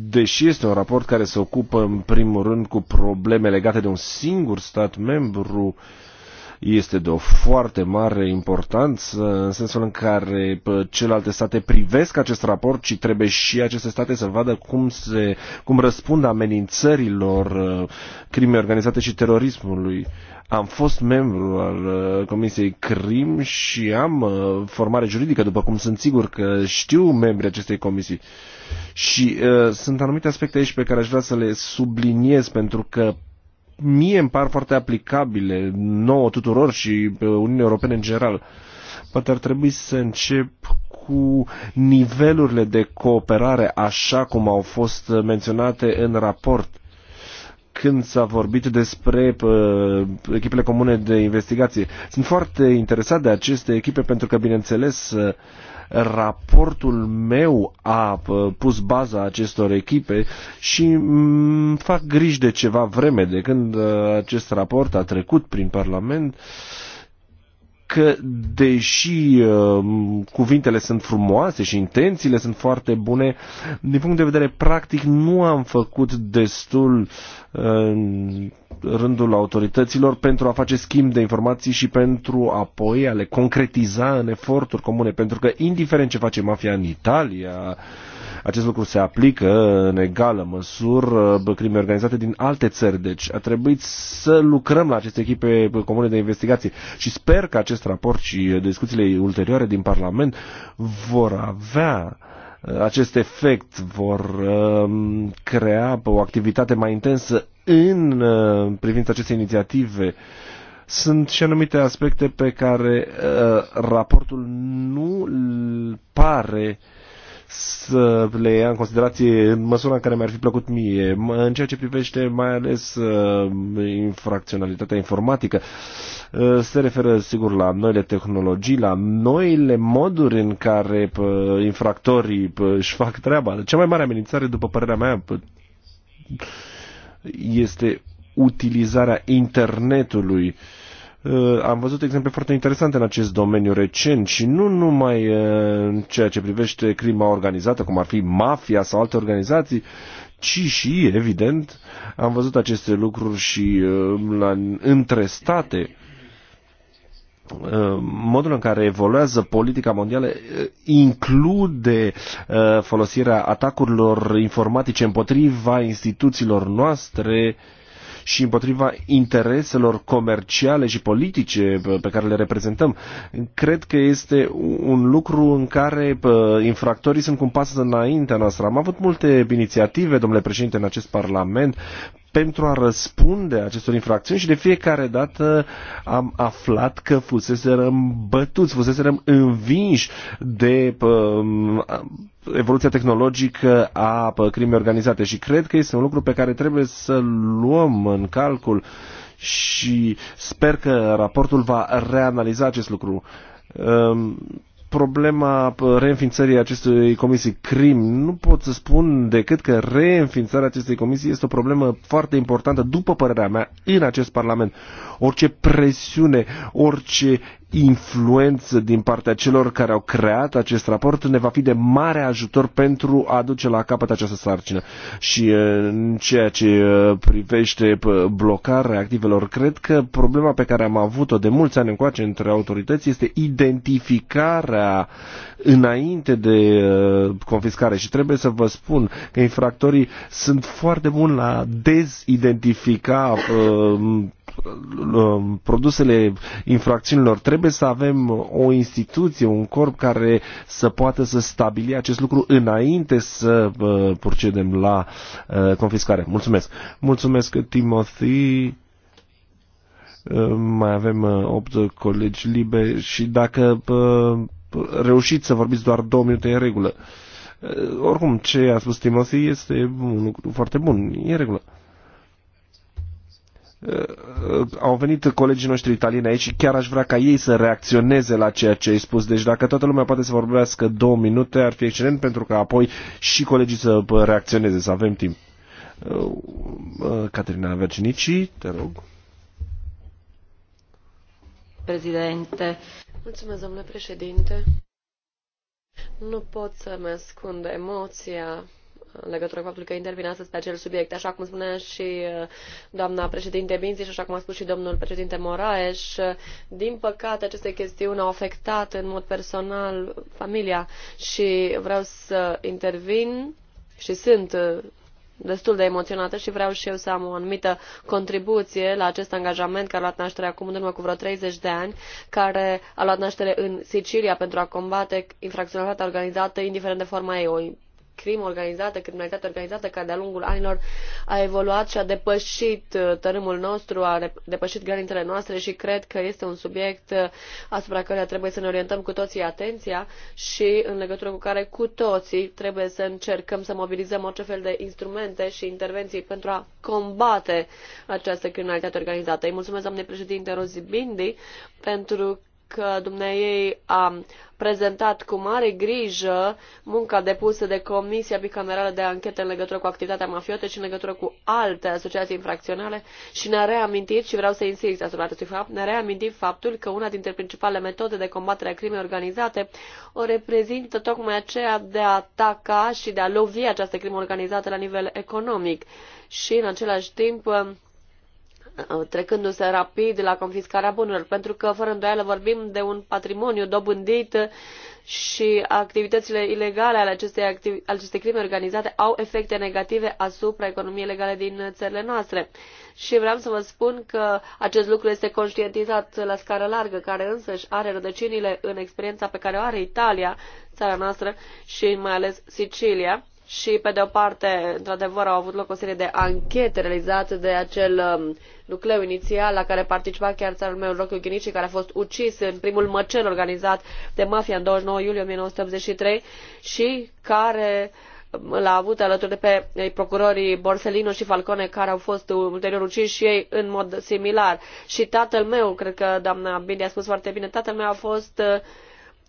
deși este un raport care se ocupă în primul rând cu probleme legate de un singur stat membru, uh, este de o foarte mare importanță în sensul în care celelalte state privesc acest raport și trebuie și aceste state să vadă cum, se, cum răspund amenințărilor uh, crimei organizate și terorismului. Am fost membru al uh, Comisiei CRIM și am uh, formare juridică, după cum sunt sigur că știu membrii acestei comisii. Și uh, sunt anumite aspecte aici pe care aș vrea să le subliniez, pentru că mie îmi par foarte aplicabile, nouă tuturor și Uniunea Europene în general. Poate ar trebui să încep cu nivelurile de cooperare așa cum au fost menționate în raport când s-a vorbit despre uh, echipele comune de investigație. Sunt foarte interesat de aceste echipe pentru că, bineînțeles, uh, Raportul meu a uh, pus baza acestor echipe și mm, fac griji de ceva vreme de când uh, acest raport a trecut prin Parlament. Uh, că deși uh, cuvintele sunt frumoase și intențiile sunt foarte bune, din punct de vedere practic nu am făcut destul uh, în rândul autorităților pentru a face schimb de informații și pentru apoi a le concretiza în eforturi comune, pentru că indiferent ce face mafia în Italia, acest lucru se aplică în egală măsură crime organizate din alte țări, deci a trebuit să lucrăm la aceste echipe comune de investigație și sper că acest raport și discuțiile ulterioare din Parlament vor avea uh, acest efect, vor um, crea o activitate mai intensă în uh, privința acestei inițiative sunt și anumite aspecte pe care uh, raportul nu pare uh, să le ia în considerație în măsura în care mi-ar fi plăcut mie, în ceea ce privește mai ales uh, infracționalitatea informatică. Uh, se referă, sigur, la noile tehnologii, la noile moduri în care infractorii își fac treaba. Cea mai mare amenințare, după părerea mea, este utilizarea internetului uh, Uh, am văzut exemple foarte interesante în acest domeniu recent și nu numai uh, în ceea ce privește crima organizată, cum ar fi mafia sau alte organizații, ci și, evident, am văzut aceste lucruri și uh, la, între state. Modul în care evoluează politica mondială include folosirea atacurilor informatice împotriva instituțiilor noastre uh, și împotriva intereselor comerciale și politice pe care le reprezentăm. Cred că este un lucru în care infractorii sunt cu un pas înaintea noastră. Am avut multe inițiative, domnule președinte, în acest Parlament pentru a răspunde acestor infracțiuni și de fiecare dată am aflat că fuseserăm bătuți, fuseserăm învinși de um, evoluția tehnologică a crimei organizate și cred că este un lucru pe care trebuie să-l luăm în calcul și sper că raportul va reanaliza acest lucru. Uh, problema reînființării acestei comisii CRIM. Nu pot să spun decât că reînființarea acestei comisii este o problemă foarte importantă, după părerea mea, în acest Parlament. Orice presiune, orice influență din partea celor care au creat acest raport ne va fi de mare ajutor pentru a duce la capăt această sarcină. Și în ceea ce privește blocarea activelor, cred că problema pe care am avut-o de mulți ani încoace între autorități este identificarea înainte de confiscare și trebuie să vă spun că infractorii sunt foarte buni la dezidentifica Um, produsele infracțiunilor. Trebuie să avem o instituție, un corp care să poată să stabili acest lucru înainte să uh, procedem la uh, confiscare. Mulțumesc! Mulțumesc, Timothy! Uh, mai avem 8 colegi liberi și dacă reușiți să vorbiți doar 2 minute în regulă. Oricum, ce a spus Timothy este un lucru foarte bun, e în regulă au venit colegii noștri italieni aici și chiar aș vrea ca ei să reacționeze la ceea ce ai spus. Deci dacă toată lumea poate să vorbească două minute, ar fi excelent pentru că apoi și colegii să reacționeze, să avem timp. Uh, uh, Caterina Vercinici, te rog. Președinte. Mulțumesc, domnule președinte. Nu pot să-mi ascund emoția în legătură cu faptul că intervine astăzi pe acel subiect. Așa cum spunea și uh, doamna președinte Binzi și așa cum a spus și domnul președinte Moraes, uh, din păcate aceste chestiuni au afectat în mod personal familia și vreau să intervin și sunt uh, destul de emoționată și vreau și eu să am o anumită contribuție la acest angajament care a luat naștere acum în urmă cu vreo 30 de ani, care a luat naștere în Sicilia pentru a combate infracționalitatea organizată, indiferent de forma ei, o crimă organizată, criminalitate organizată, care de-a lungul anilor a evoluat și a depășit uh, tărâmul nostru, a depășit granițele noastre și cred că este un subiect uh, asupra căruia trebuie să ne orientăm cu toții atenția și în legătură cu care cu toții trebuie să încercăm să mobilizăm orice fel de instrumente și intervenții pentru a combate această criminalitate organizată. Îi mulțumesc, doamne președinte Bindi, pentru că dumneiei a prezentat cu mare grijă munca depusă de Comisia Bicamerală de Anchetă în legătură cu activitatea mafiotă și în legătură cu alte asociații infracționale și ne-a reamintit, și vreau să insist asupra acestui fapt, ne-a reamintit faptul că una dintre principalele metode de combatere a crimei organizate o reprezintă tocmai aceea de a ataca și de a lovi această crimă organizată la nivel economic. Și în același timp, trecându-se rapid la confiscarea bunurilor, pentru că, fără îndoială, vorbim de un patrimoniu dobândit și activitățile ilegale ale acestei, activi- acestei crime organizate au efecte negative asupra economiei legale din țările noastre. Și vreau să vă spun că acest lucru este conștientizat la scară largă, care însăși are rădăcinile în experiența pe care o are Italia, țara noastră, și mai ales Sicilia și, pe de o parte, într-adevăr, au avut loc o serie de anchete realizate de acel um, nucleu inițial la care participa chiar țarul meu, Rocco Ghinici, care a fost ucis în primul măcel organizat de mafia în 29 iulie 1983 și care um, l-a avut alături de pe eh, procurorii Borsellino și Falcone, care au fost uh, ulterior uciși și ei în mod similar. Și tatăl meu, cred că doamna Bindi a spus foarte bine, tatăl meu a fost uh,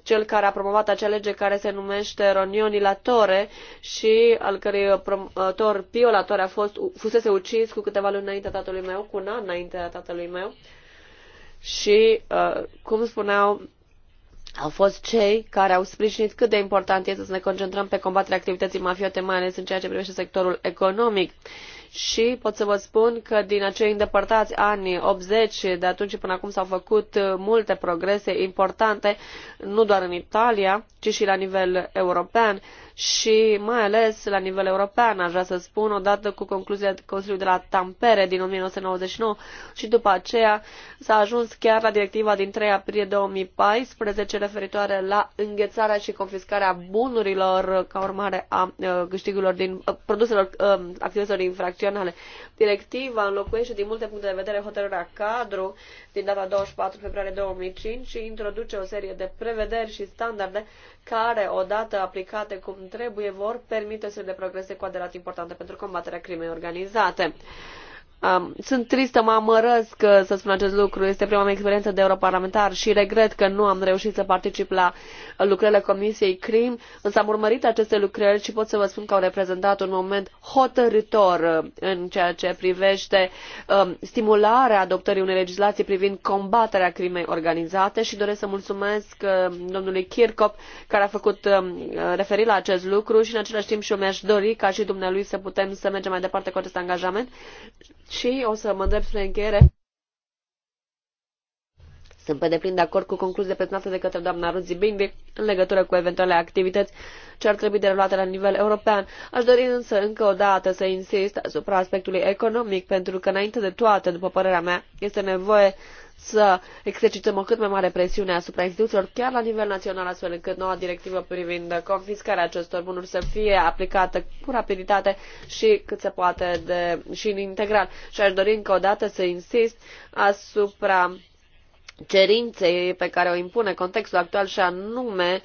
cel care a promovat acea lege care se numește Ronioni Latore și al cărei uh, promotor Pio Latore a fost, fusese ucis cu câteva luni înaintea tatălui meu, cu un an înaintea tatălui meu. Și, uh, cum spuneau, au fost cei care au sprijinit cât de important este să ne concentrăm pe combaterea activității mafiote, mai ales în ceea ce privește sectorul economic și pot să vă spun că din acei îndepărtați ani 80, de atunci până acum s-au făcut uh, multe progrese importante, nu doar în Italia, ci și la nivel european și mai ales la nivel european, aș vrea să spun, odată cu concluzia Consiliului de la Tampere din 1999 și după aceea s-a ajuns chiar la directiva din 3 aprilie 2014 referitoare la înghețarea și confiscarea bunurilor ca urmare a uh, câștigurilor din uh, produselor uh, activităților infracționale. Directiva înlocuiește din multe puncte de vedere hotărârea cadru din data 24 februarie 2005 și introduce o serie de prevederi și standarde care, odată aplicate cum trebuie, vor permite să le progrese cu adevărat importante pentru combaterea crimei organizate. Um, sunt tristă, mă amărăsc uh, să spun acest lucru. Este prima mea experiență de europarlamentar și regret că nu am reușit să particip la uh, lucrările Comisiei CRIM, însă am urmărit aceste lucrări și pot să vă spun că au reprezentat un moment hotărător uh, în ceea ce privește um, stimularea adoptării unei legislații privind combaterea crimei organizate și doresc să mulțumesc domnului Kirkop care a făcut um, referire la acest lucru și în același timp și eu mi-aș dori ca și dumnealui să putem să mergem mai departe cu acest angajament și o să mă îndrept spre încheiere. Sunt pe deplin de acord cu concluziile prezentate de către doamna Ruzi Bindi în legătură cu eventuale activități ce ar trebui derulate la nivel european. Aș dori însă încă o dată să insist asupra aspectului economic, pentru că înainte de toate, după părerea mea, este nevoie să exercităm o cât mai mare presiune asupra instituțiilor, chiar la nivel național, astfel încât noua directivă privind confiscarea acestor bunuri să fie aplicată cu rapiditate și cât se poate de, și în integral. Și aș dori încă o dată să insist asupra cerinței pe care o impune contextul actual și anume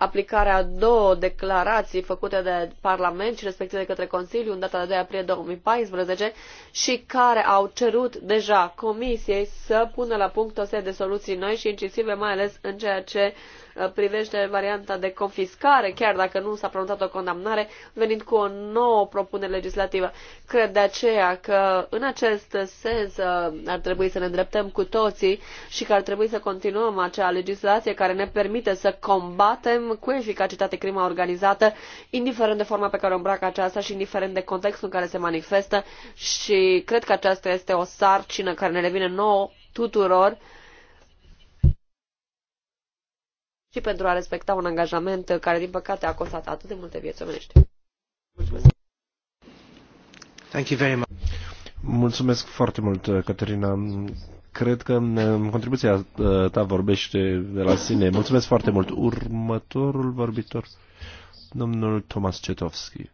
aplicarea a două declarații făcute de Parlament și respectiv de către Consiliu în data de 2 aprilie 2014 și care au cerut deja Comisiei să pună la punct o serie de soluții noi și incisive, mai ales în ceea ce uh, privește varianta de confiscare, chiar dacă nu s-a pronunțat o condamnare, venind cu o nouă propunere legislativă. Cred de aceea că în acest sens uh, ar trebui să ne îndreptăm cu toții și că ar trebui să continuăm acea legislație care ne permite să combatem cu eficacitate crima organizată, indiferent de forma pe care o îmbracă aceasta și indiferent de contextul în care se manifestă și cred că aceasta este o sarcină care ne revine nouă tuturor și pentru a respecta un angajament care, din păcate, a costat atât de multe vieți omenești. Mulțumesc! Thank you very much. Mulțumesc foarte mult, Caterina cred că contribuția uh, ta vorbește de la sine. Mulțumesc foarte mult. Următorul vorbitor, domnul Tomas Cetovski.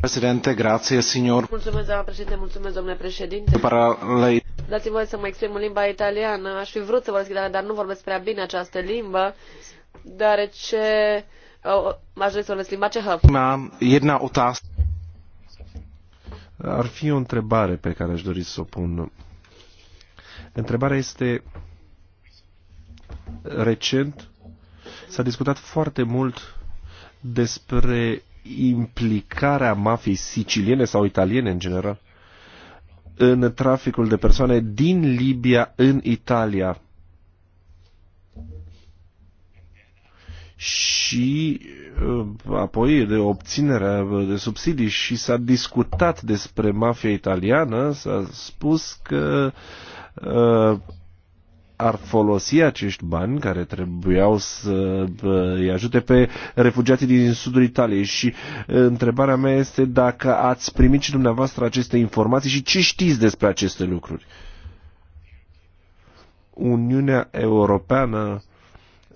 Președinte, grație, signor. Mulțumesc, doamna președinte, mulțumesc, domnule președinte. Dați-mi voie să mă exprim în limba italiană. Aș fi vrut să vorbesc italiană, dar nu vorbesc prea bine această limbă, deoarece uh, aș vrea să vorbesc limba cehă. Jedna otázka. Ar fi o întrebare pe care aș dori să o pun. Întrebarea este recent s-a discutat foarte mult despre implicarea mafiei siciliene sau italiene în general în traficul de persoane din Libia în Italia. și uh, apoi de obținerea uh, de subsidii și s-a discutat despre mafia italiană, s-a spus că uh, ar folosi acești bani care trebuiau să îi ajute pe refugiații din sudul Italiei și întrebarea mea este dacă ați primit și dumneavoastră aceste informații și ce știți despre aceste lucruri. Uniunea Europeană uh,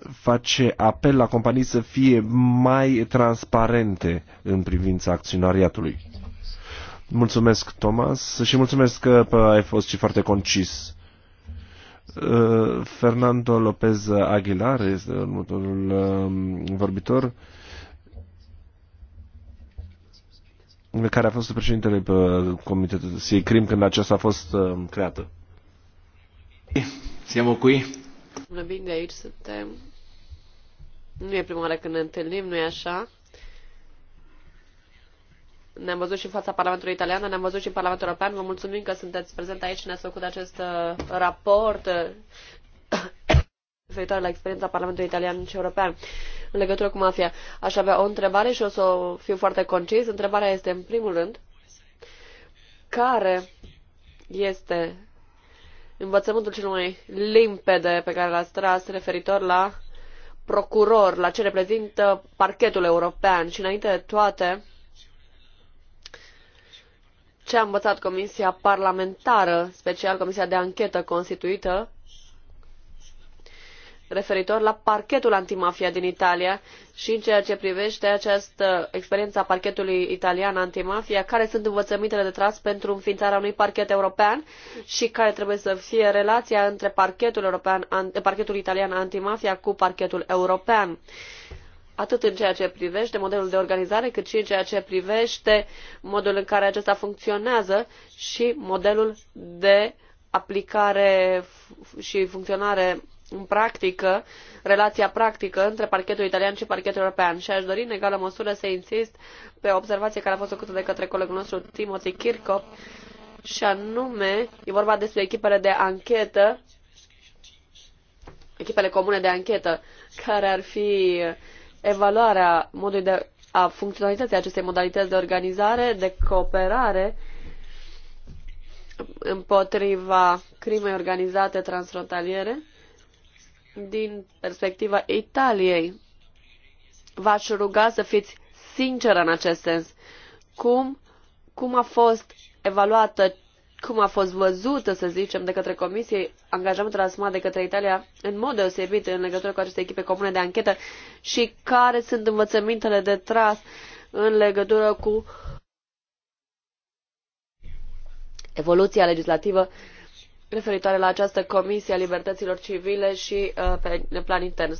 face apel la companii să fie mai transparente în privința acționariatului. Mulțumesc, Thomas, și mulțumesc că ai fost și foarte concis. Ă, Fernando Lopez Aguilar este următorul um, vorbitor care a fost președintele Comitetului CRIM când aceasta a fost um, creată. Siamo qui. Bună, bine, aici suntem. Nu e prima oară când ne întâlnim, nu e așa? Ne-am văzut și în fața Parlamentului Italian, ne-am văzut și în Parlamentul European. Vă mulțumim că sunteți prezent aici și ne-ați făcut acest uh, raport uh, referitoare la experiența Parlamentului Italian și European în legătură cu mafia. Aș avea o întrebare și o să o fiu foarte concis. Întrebarea este, în primul rând, care este învățământul cel mai limpede pe care l-ați tras referitor la procuror, la ce reprezintă parchetul european și înainte de toate ce a învățat Comisia Parlamentară, special Comisia de Anchetă constituită referitor la parchetul antimafia din Italia și în ceea ce privește această experiență a parchetului italian antimafia, care sunt învățămintele de tras pentru înființarea unui parchet european și care trebuie să fie relația între parchetul, european, eh, parchetul italian antimafia cu parchetul european atât în ceea ce privește modelul de organizare, cât și în ceea ce privește modul în care acesta funcționează și modelul de aplicare și funcționare în practică, relația practică între parchetul italian și parchetul european. Și aș dori în egală măsură să insist pe o observație care a fost făcută de către colegul nostru Timothy Kirkop, și anume, e vorba despre echipele de anchetă, echipele comune de anchetă, care ar fi evaluarea modului de a funcționalității acestei modalități de organizare, de cooperare împotriva crimei organizate transfrontaliere din perspectiva Italiei. V-aș ruga să fiți sinceră în acest sens. Cum, cum a fost evaluată, cum a fost văzută, să zicem, de către Comisie angajamentul asumat de către Italia în mod deosebit în legătură cu aceste echipe comune de anchetă și care sunt învățămintele de tras în legătură cu evoluția legislativă uh, referitoare la această Comisie a Libertăților Civile și uh, pe plan intern.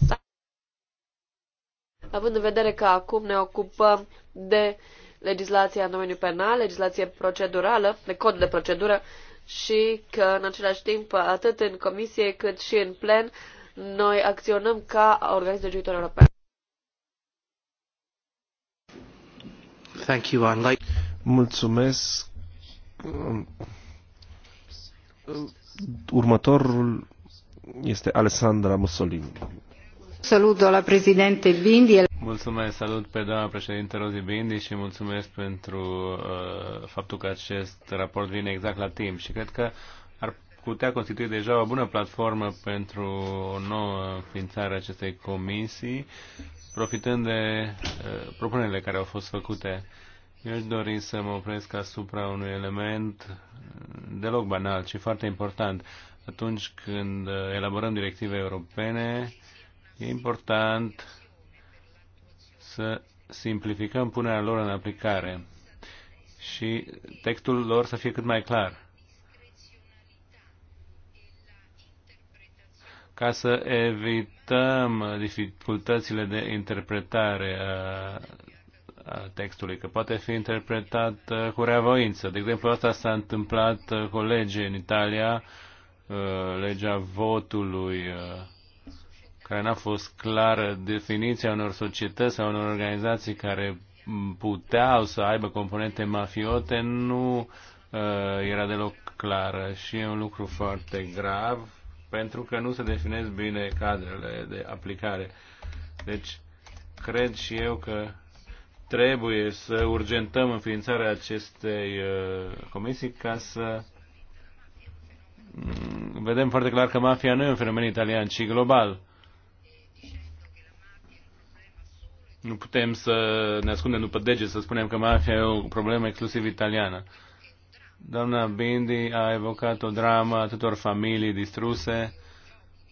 Având în vedere că acum ne ocupăm de legislația în domeniul penal, legislație procedurală, de cod de procedură și că în același timp, atât în Comisie cât și în plen, noi acționăm ca organism de juitor european. Thank you, Anne. Mulțumesc. Următorul este Alessandra Mussolini. Salut, la președinte Bindi. Mulțumesc, salut pe doamna președinte Rozi Bindi și mulțumesc pentru uh, faptul că acest raport vine exact la timp și cred că ar putea constitui deja o bună platformă pentru o nouă ființare acestei comisii, profitând de uh, propunerile care au fost făcute uh, eu aș dori să mă opresc asupra unui element deloc banal, ci foarte important. Atunci când elaborăm directive europene, e important să simplificăm punerea lor în aplicare și textul lor să fie cât mai clar. Ca să evităm dificultățile de interpretare a textului, că poate fi interpretat uh, cu reavoință. De exemplu, asta s-a întâmplat uh, cu lege în Italia, uh, legea votului, care n-a fost clară definiția unor societăți sau unor organizații care puteau să aibă componente mafiote, nu era deloc clară și e un lucru foarte grav pentru că nu se definesc bine cadrele de aplicare. Deci, cred și eu că trebuie să urgentăm înființarea acestei uh, comisii ca să mm, vedem foarte clar că mafia nu e un fenomen italian, ci global. Nu putem să ne ascundem după dege să spunem că mafia e o problemă exclusiv italiană. Doamna Bindi a evocat o dramă a tuturor familii distruse,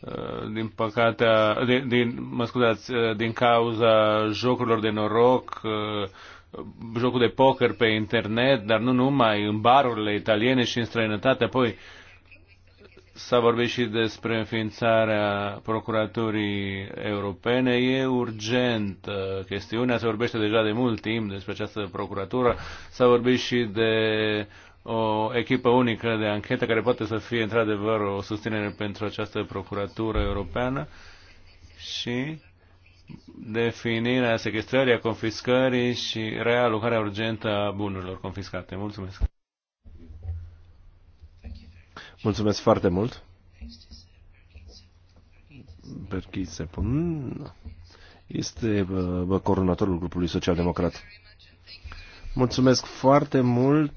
Uh, din păcate, uh, din, din, mă scuzați, uh, din cauza jocurilor de noroc, jocul de poker pe internet, dar nu numai, în barurile italiene și în străinătate. Apoi s-a vorbit și despre înființarea Procuraturii Europene. E urgent chestiunea, se vorbește deja de mult timp despre această procuratură. S-a vorbit și de o echipă unică de anchetă care poate să fie într-adevăr o susținere pentru această procuratură europeană și definirea sequestrării, a confiscării și realocarea urgentă a bunurilor confiscate. Mulțumesc! Mulțumesc foarte mult! este uh, coordonatorul grupului social-democrat. Mulțumesc foarte mult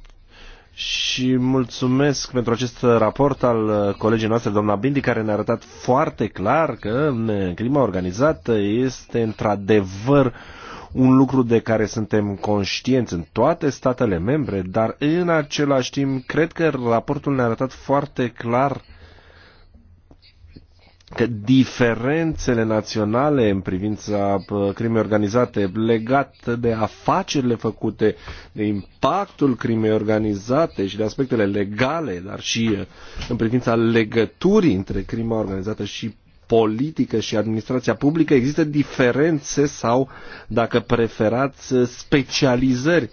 și mulțumesc pentru acest raport al uh, colegii noastre, doamna Bindi, care ne-a arătat foarte clar că uh, clima organizată este într-adevăr un lucru de care suntem conștienți în toate statele membre, dar în același timp cred că raportul ne-a arătat foarte clar uh, că diferențele naționale în privința uh, crimei organizate legate de afacerile făcute, de impactul crimei organizate și de aspectele legale, dar și uh, în privința legăturii între crima organizată și politică și administrația publică, există diferențe sau, dacă preferați, uh, specializări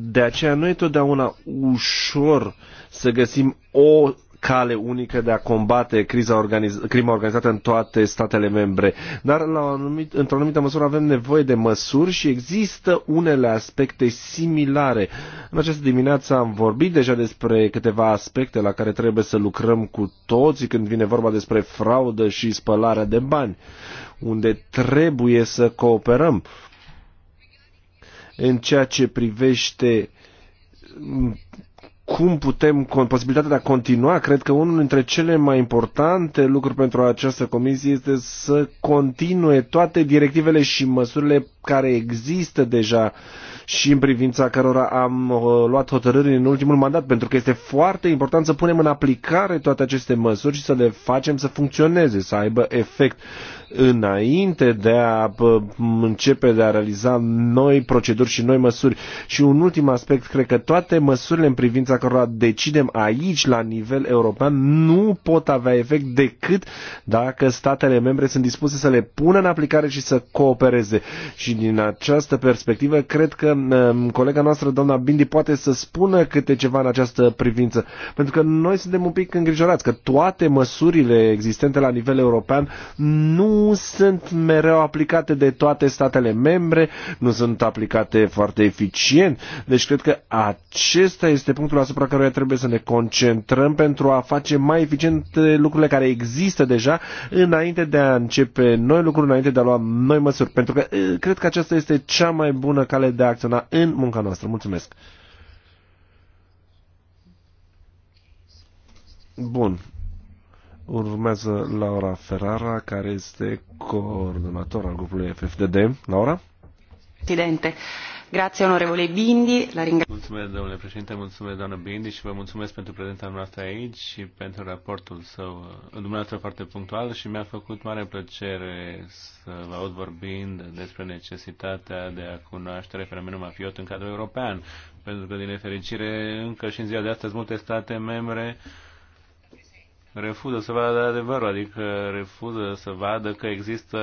de aceea nu e totdeauna ușor să găsim o cale unică de a combate criza organiz- crima organizată în toate statele membre. Dar la o anumit, într-o anumită măsură avem nevoie de măsuri și există unele aspecte similare. În această dimineață am vorbit deja despre câteva aspecte la care trebuie să lucrăm cu toții când vine vorba despre fraudă și spălarea de bani, unde trebuie să cooperăm. În ceea ce privește cum putem, posibilitatea de a continua, cred că unul dintre cele mai importante lucruri pentru această comisie este să continue toate directivele și măsurile care există deja și în privința cărora am uh, luat hotărâri în ultimul mandat, pentru că este foarte important să punem în aplicare toate aceste măsuri și să le facem să funcționeze, să aibă efect înainte de a începe de a realiza noi proceduri și noi măsuri. Și un ultim aspect, cred că toate măsurile în privința cărora decidem aici, la nivel european, nu pot avea efect decât dacă statele membre sunt dispuse să le pună în aplicare și să coopereze. Și din această perspectivă, cred că colega noastră, doamna Bindi, poate să spună câte ceva în această privință. Pentru că noi suntem un pic îngrijorați că toate măsurile existente la nivel european nu nu sunt mereu aplicate de toate statele membre, nu sunt aplicate foarte eficient. Deci cred că acesta este punctul asupra care trebuie să ne concentrăm pentru a face mai eficient lucrurile care există deja înainte de a începe noi lucruri, înainte de a lua noi măsuri. Pentru că eh, cred că aceasta este cea mai bună cale de a acționa în munca noastră. Mulțumesc! Bun. Urmează Laura Ferrara, care este coordonator al grupului FFDD. Laura? Presidente, grazie onorevole Bindi, la ringra... Mulțumesc, domnule președinte, mulțumesc, doamnă Bindi, și vă mulțumesc pentru prezența noastră aici și pentru raportul său, dumneavoastră foarte punctual și mi-a făcut mare plăcere să vă aud vorbind despre necesitatea de a cunoaște fenomenul mafiot în cadrul european, pentru că, din nefericire, încă și în ziua de astăzi, multe state membre refuză să vadă adevărul, adică refuză să vadă că există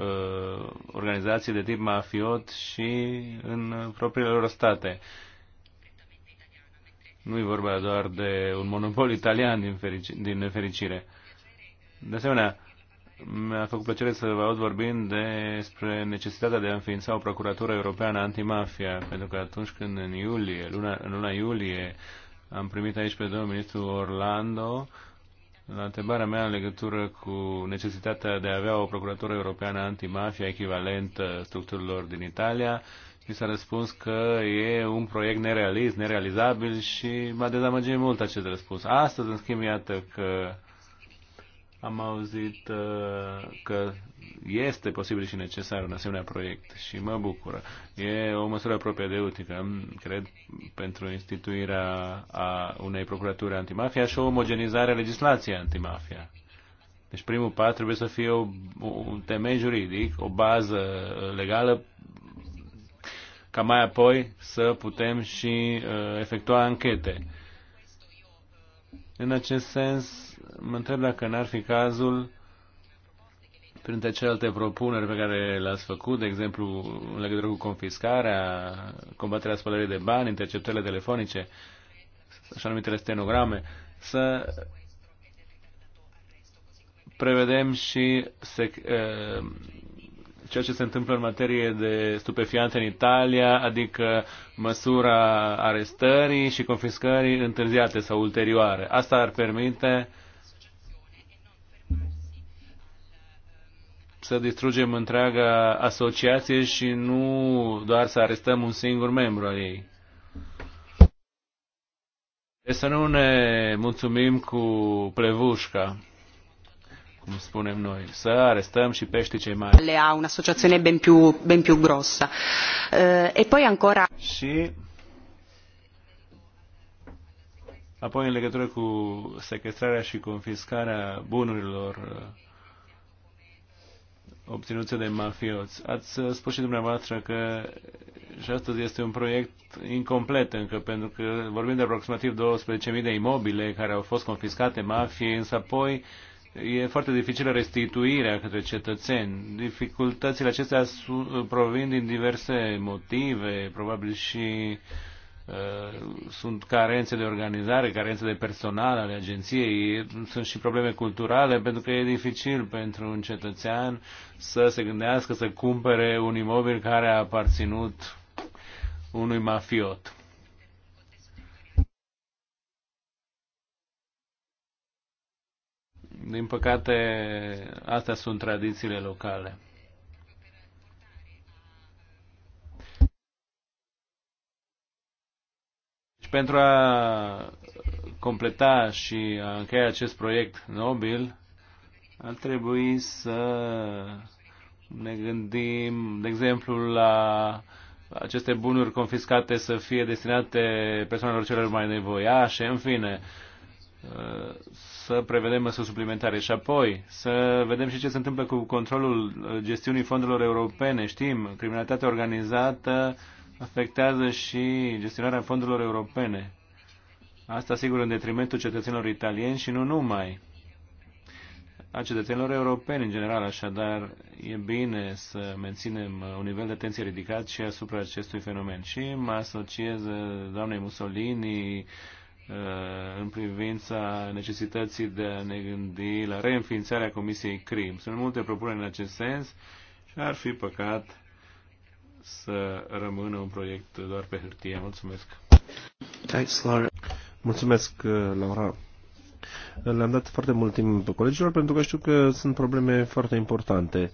uh, organizații de tip mafiot și în propriile lor state. Nu e vorba doar de un monopol italian din, ferici, din nefericire. De asemenea, mi-a făcut plăcere să vă aud vorbind despre necesitatea de a înființa o procuratură europeană antimafia, pentru că atunci când în iulie, luna, în luna iulie, am primit aici pe domnul ministru Orlando, la întrebarea mea în legătură cu necesitatea de a avea o procuratură europeană antimafia echivalentă structurilor din Italia, mi s-a răspuns că e un proiect nerealist, nerealizabil și m-a dezamăgit mult acest răspuns. Astăzi, în schimb, iată că am auzit uh, că este posibil și necesar un asemenea proiect și mă bucură. E o măsură propedeutică, cred, pentru instituirea a unei procuraturi antimafia și o omogenizare a legislației antimafia. Deci primul pas trebuie să fie o, un temei juridic, o bază legală, ca mai apoi să putem și uh, efectua anchete. În acest sens, mă întreb dacă n-ar fi cazul printre celelalte propuneri pe care le-ați făcut, de exemplu, în legătură cu confiscarea, combaterea spălării de bani, interceptările telefonice, așa numitele stenograme, să prevedem și sec, uh, ceea ce se întâmplă în materie de stupefiante în Italia, adică măsura arestării și confiscării întârziate sau ulterioare. Asta ar permite să distrugem întreaga asociație și nu doar să arestăm un singur membru al ei. Deci să nu ne mulțumim cu plevușca cum spunem noi, să arestăm și peștii cei mari. Le ha un'associazione ben più, ben più grossa. Uh, e poi ancora... Și apoi în legătură cu sequestrarea și confiscarea bunurilor eh, obținute de mafioți. Ați eh, spus și dumneavoastră că și astăzi este un proiect incomplet încă, pentru că vorbim de aproximativ 12.000 de imobile care au fost confiscate mafiei, însă apoi uh, e foarte dificilă restituirea către cetățeni. Dificultățile acestea provin din diverse motive, probabil și uh, sunt carențe de organizare, carențe de personal ale agenției, sunt și probleme culturale, pentru că e dificil pentru un cetățean să se gândească să cumpere un imobil care a aparținut unui mafiot. Din păcate, astea sunt tradițiile locale. Și deci, pentru a completa și a încheia acest proiect nobil, ar trebui să ne gândim, de exemplu, la aceste bunuri confiscate să fie destinate persoanelor celor mai nevoiașe, în fine, să prevedem măsuri suplimentare și apoi să vedem și ce se întâmplă cu controlul uh, gestiunii fondurilor europene. Știm, criminalitatea organizată afectează și gestionarea fondurilor europene. Asta, sigur, în detrimentul cetățenilor italieni și nu numai a cetățenilor europeni în general, așadar e bine să menținem uh, un nivel de atenție ridicat și asupra acestui fenomen. Și mă asociez uh, doamnei Mussolini, Uh, în privința necesității de a ne gândi la reînființarea Comisiei CRIM. Sunt multe propuneri în acest sens și ar fi păcat să rămână un proiect doar pe hârtie. Mulțumesc! Thanks, Laura. Mulțumesc, uh, Laura. Le-am dat foarte mult timp colegilor pentru că știu că sunt probleme foarte importante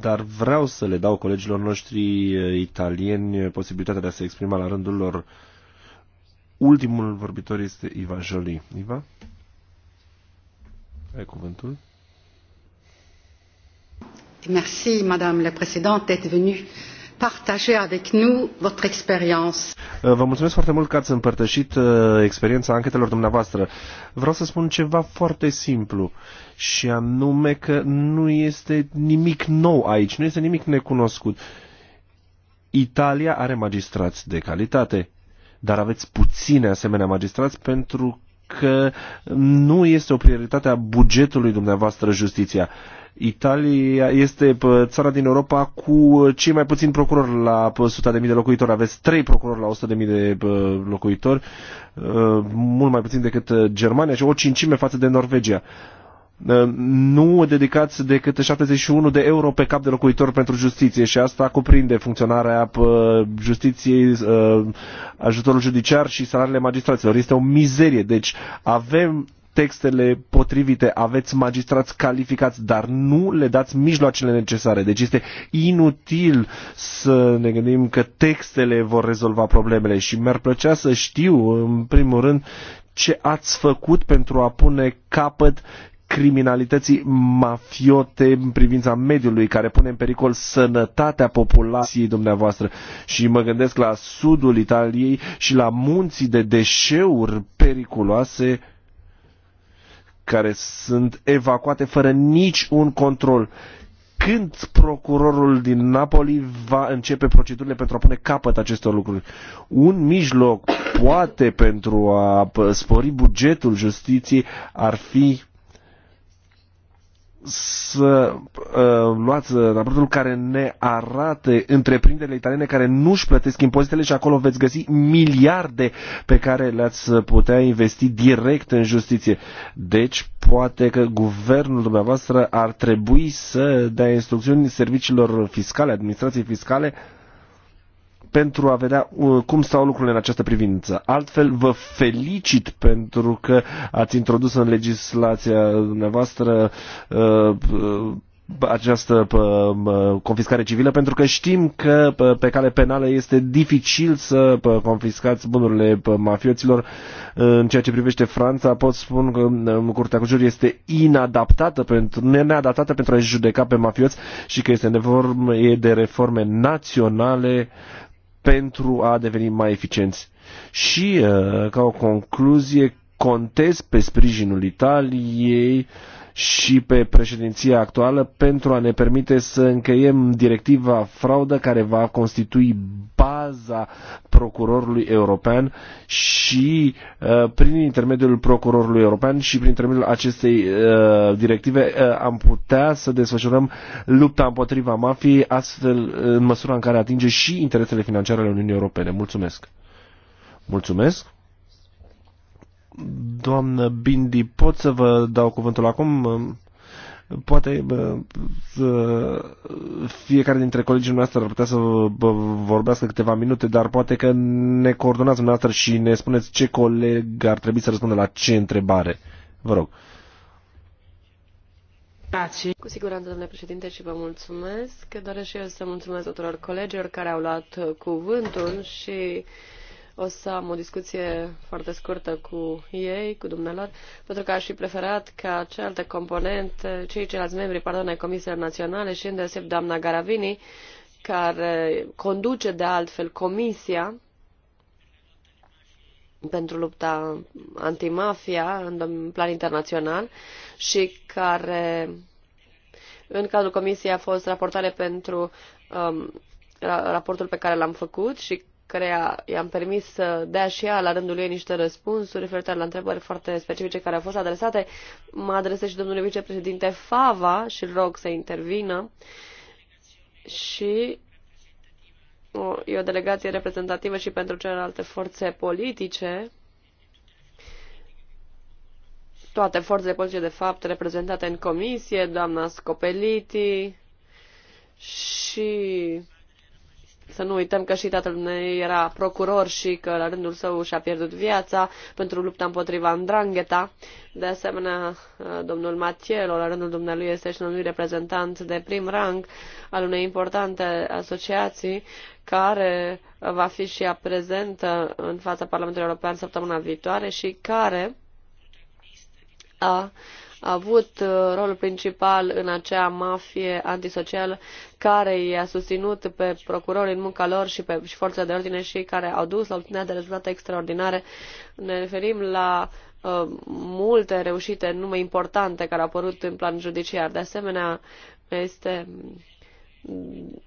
dar vreau să le dau colegilor noștri uh, italieni posibilitatea de a se exprima la rândul lor Ultimul vorbitor este Iva Jolie. Iva? Ai cuvântul? Merci, Madame la Présidente, d'être venue partager avec nous votre expérience. Uh, vă mulțumesc foarte mult că ați împărtășit uh, experiența anchetelor dumneavoastră. Vreau să spun ceva foarte simplu și anume că nu este nimic nou aici, nu este nimic necunoscut. Italia are magistrați de calitate dar aveți puține asemenea magistrați pentru că nu este o prioritate a bugetului dumneavoastră justiția. Italia este țara din Europa cu cei mai puțini procurori la 100.000 de locuitori. Aveți 3 procurori la 100.000 de locuitori, ă, mult mai puțin decât Germania și o cincime față de Norvegia. Ă, nu dedicați decât 71 de euro pe cap de locuitor pentru justiție și asta cuprinde funcționarea ă, justiției, ă, ajutorul judiciar și salariile magistraților. Este o mizerie. Deci avem textele potrivite, aveți magistrați calificați, dar nu le dați mijloacele necesare. Deci este inutil să ne gândim că textele vor rezolva problemele și mi-ar plăcea să știu, în primul rând, ce ați făcut pentru a pune capăt criminalității mafiote în privința mediului, care pune în pericol sănătatea populației dumneavoastră. Și mă gândesc la sudul Italiei și la munții de deșeuri periculoase care sunt evacuate fără nici un control. Când procurorul din Napoli va începe procedurile pentru a pune capăt acestor lucruri? Un mijloc, poate, pentru a spori bugetul justiției ar fi să uh, luați raportul care ne arată întreprinderile italiene care nu își plătesc impozitele și acolo veți găsi miliarde pe care le-ați putea investi direct în justiție. Deci, poate că guvernul dumneavoastră ar trebui să dea instrucțiuni serviciilor fiscale, administrației fiscale, uh, pentru a vedea uh, cum stau lucrurile în această privință. Altfel, vă felicit pentru că ați introdus în legislația dumneavoastră uh, această uh, confiscare civilă, pentru că știm că pe cale penală este dificil să confiscați bunurile mafioților. În ceea ce privește Franța, pot spun că Curtea cu jur este inadaptată pentru, neadaptată pentru a judeca pe mafioți și că este nevoie de reforme naționale pentru a deveni mai eficienți. Și, uh, ca o concluzie, contez pe sprijinul Italiei și pe președinția actuală pentru a ne permite să încheiem directiva fraudă care va constitui baza procurorului european și uh, prin intermediul procurorului european și prin intermediul acestei uh, directive uh, am putea să desfășurăm lupta împotriva mafiei astfel în măsura în care atinge și interesele financiare ale Uniunii Europene. Mulțumesc! Mulțumesc! Doamnă Bindi, pot să vă dau cuvântul acum? Poate fiecare dintre colegii noastre ar putea să vorbească câteva minute, dar poate că ne coordonați dumneavoastră și ne spuneți ce coleg ar trebui să răspundă la ce întrebare. Vă rog. Cu siguranță, domnule președinte, și vă mulțumesc. Doresc și eu să mulțumesc tuturor colegilor care au luat cuvântul și uh, o să am o discuție foarte scurtă cu ei, cu dumnealor, pentru că aș fi preferat ca celelalte componente, cei ceilalți membri, pardon, ai Comisiei Naționale și îndeseb doamna Garavini, care conduce de altfel Comisia pentru lupta antimafia în plan internațional și care în cadrul comisiei a fost raportare pentru um, raportul pe care l-am făcut și căreia i-am permis să dea și ea la rândul ei niște răspunsuri referitor la întrebări foarte specifice care au fost adresate. Mă adresez și domnului vicepreședinte Fava și îl rog să intervină. Și o, e o delegație reprezentativă și pentru celelalte forțe politice. Toate forțele politice, de fapt, reprezentate în comisie, doamna Scopeliti și să nu uităm că și tatăl meu era procuror și că la rândul său și-a pierdut viața pentru lupta împotriva Andrangheta. De asemenea, domnul Matielo, la rândul dumnealui, este și unui reprezentant de prim rang al unei importante asociații care va fi și ea prezentă în fața Parlamentului European săptămâna viitoare și care a a avut uh, rolul principal în acea mafie antisocială care i-a susținut pe procurori în munca lor și pe și forțele de ordine și care au dus la obținerea de rezultate extraordinare. Ne referim la uh, multe reușite nume importante care au apărut în plan judiciar. De asemenea, este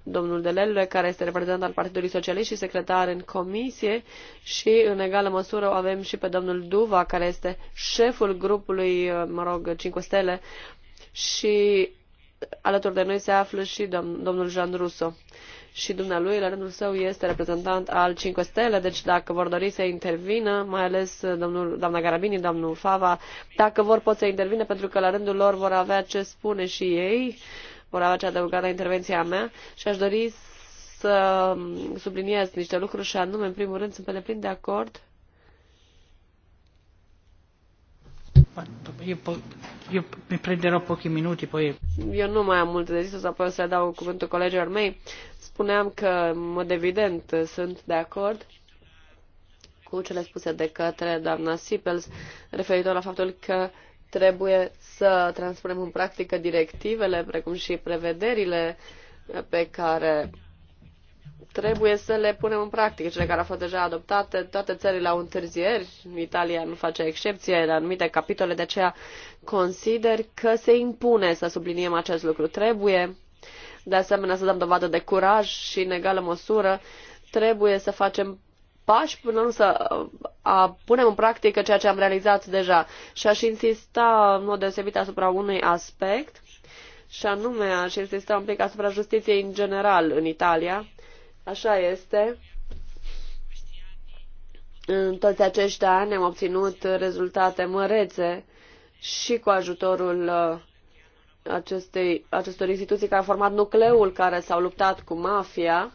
domnul Delelle, care este reprezentant al Partidului Socialist și secretar în comisie și în egală măsură o avem și pe domnul Duva, care este șeful grupului, mă rog, 5 stele și alături de noi se află și domnul Jean Russo. Și dumnealui, la rândul său, este reprezentant al 5 stele, deci dacă vor dori să intervină, mai ales domnul, doamna Garabini, domnul Fava, dacă vor pot să intervină, pentru că la rândul lor vor avea ce spune și ei vor avea valoarea adăugată intervenția mea și aș dori să subliniez niște lucruri și anume, în primul rând, sunt pe deplin de acord Eu, eu mi prenderò pochi minuti, poi... Eu nu mai am multe de zis, apoi o să dau cuvântul colegilor mei. Spuneam că, în mod evident, sunt de acord cu cele spuse de către doamna Sipels referitor la faptul că uh, Trebuie să transpunem în practică directivele, precum și prevederile pe care trebuie să le punem în practică. Cele care au fost deja adoptate, toate țările au întârzieri, Italia nu face excepție la anumite capitole, de aceea consider că se impune să subliniem acest lucru. Trebuie, de asemenea, să dăm dovadă de curaj și, în egală măsură, trebuie să facem pași până nu să a, punem în practică ceea ce am realizat deja. Și aș insista în mod deosebit asupra unui aspect, și anume aș insista un pic asupra justiției în general în Italia. Așa este. În toți acești ani am obținut rezultate mărețe și cu ajutorul uh, acestei, acestor instituții care au format nucleul care s-au luptat cu mafia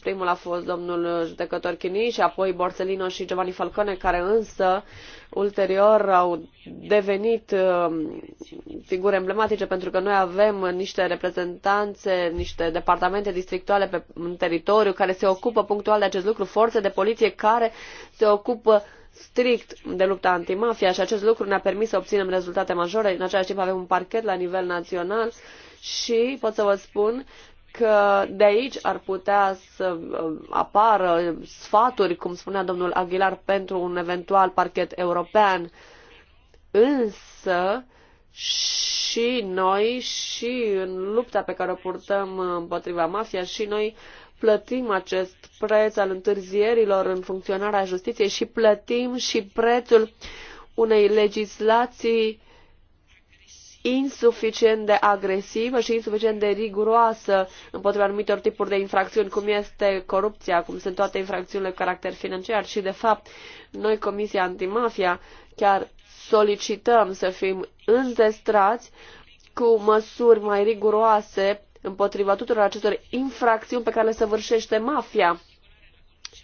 Primul a fost domnul judecător Chini și apoi Borsellino și Giovanni Falcone, care însă ulterior au devenit um, figuri emblematice pentru că noi avem niște reprezentanțe, niște departamente districtuale pe în teritoriu care se ocupă punctual de acest lucru, forțe de poliție care se ocupă strict de lupta antimafia și acest lucru ne-a permis să obținem rezultate majore. În același timp avem un parchet la nivel național și pot să vă spun că de aici ar putea să uh, apară sfaturi, cum spunea domnul Aguilar, pentru un eventual parchet european. Însă și noi, și în lupta pe care o purtăm împotriva mafia, și noi plătim acest preț al întârzierilor în funcționarea justiției și plătim și prețul unei legislații insuficient de agresivă și insuficient de riguroasă împotriva anumitor tipuri de infracțiuni, cum este corupția, cum sunt toate infracțiunile cu caracter financiar și, de fapt, noi, Comisia Antimafia, chiar solicităm să fim înzestrați cu măsuri mai riguroase împotriva tuturor acestor infracțiuni pe care le săvârșește mafia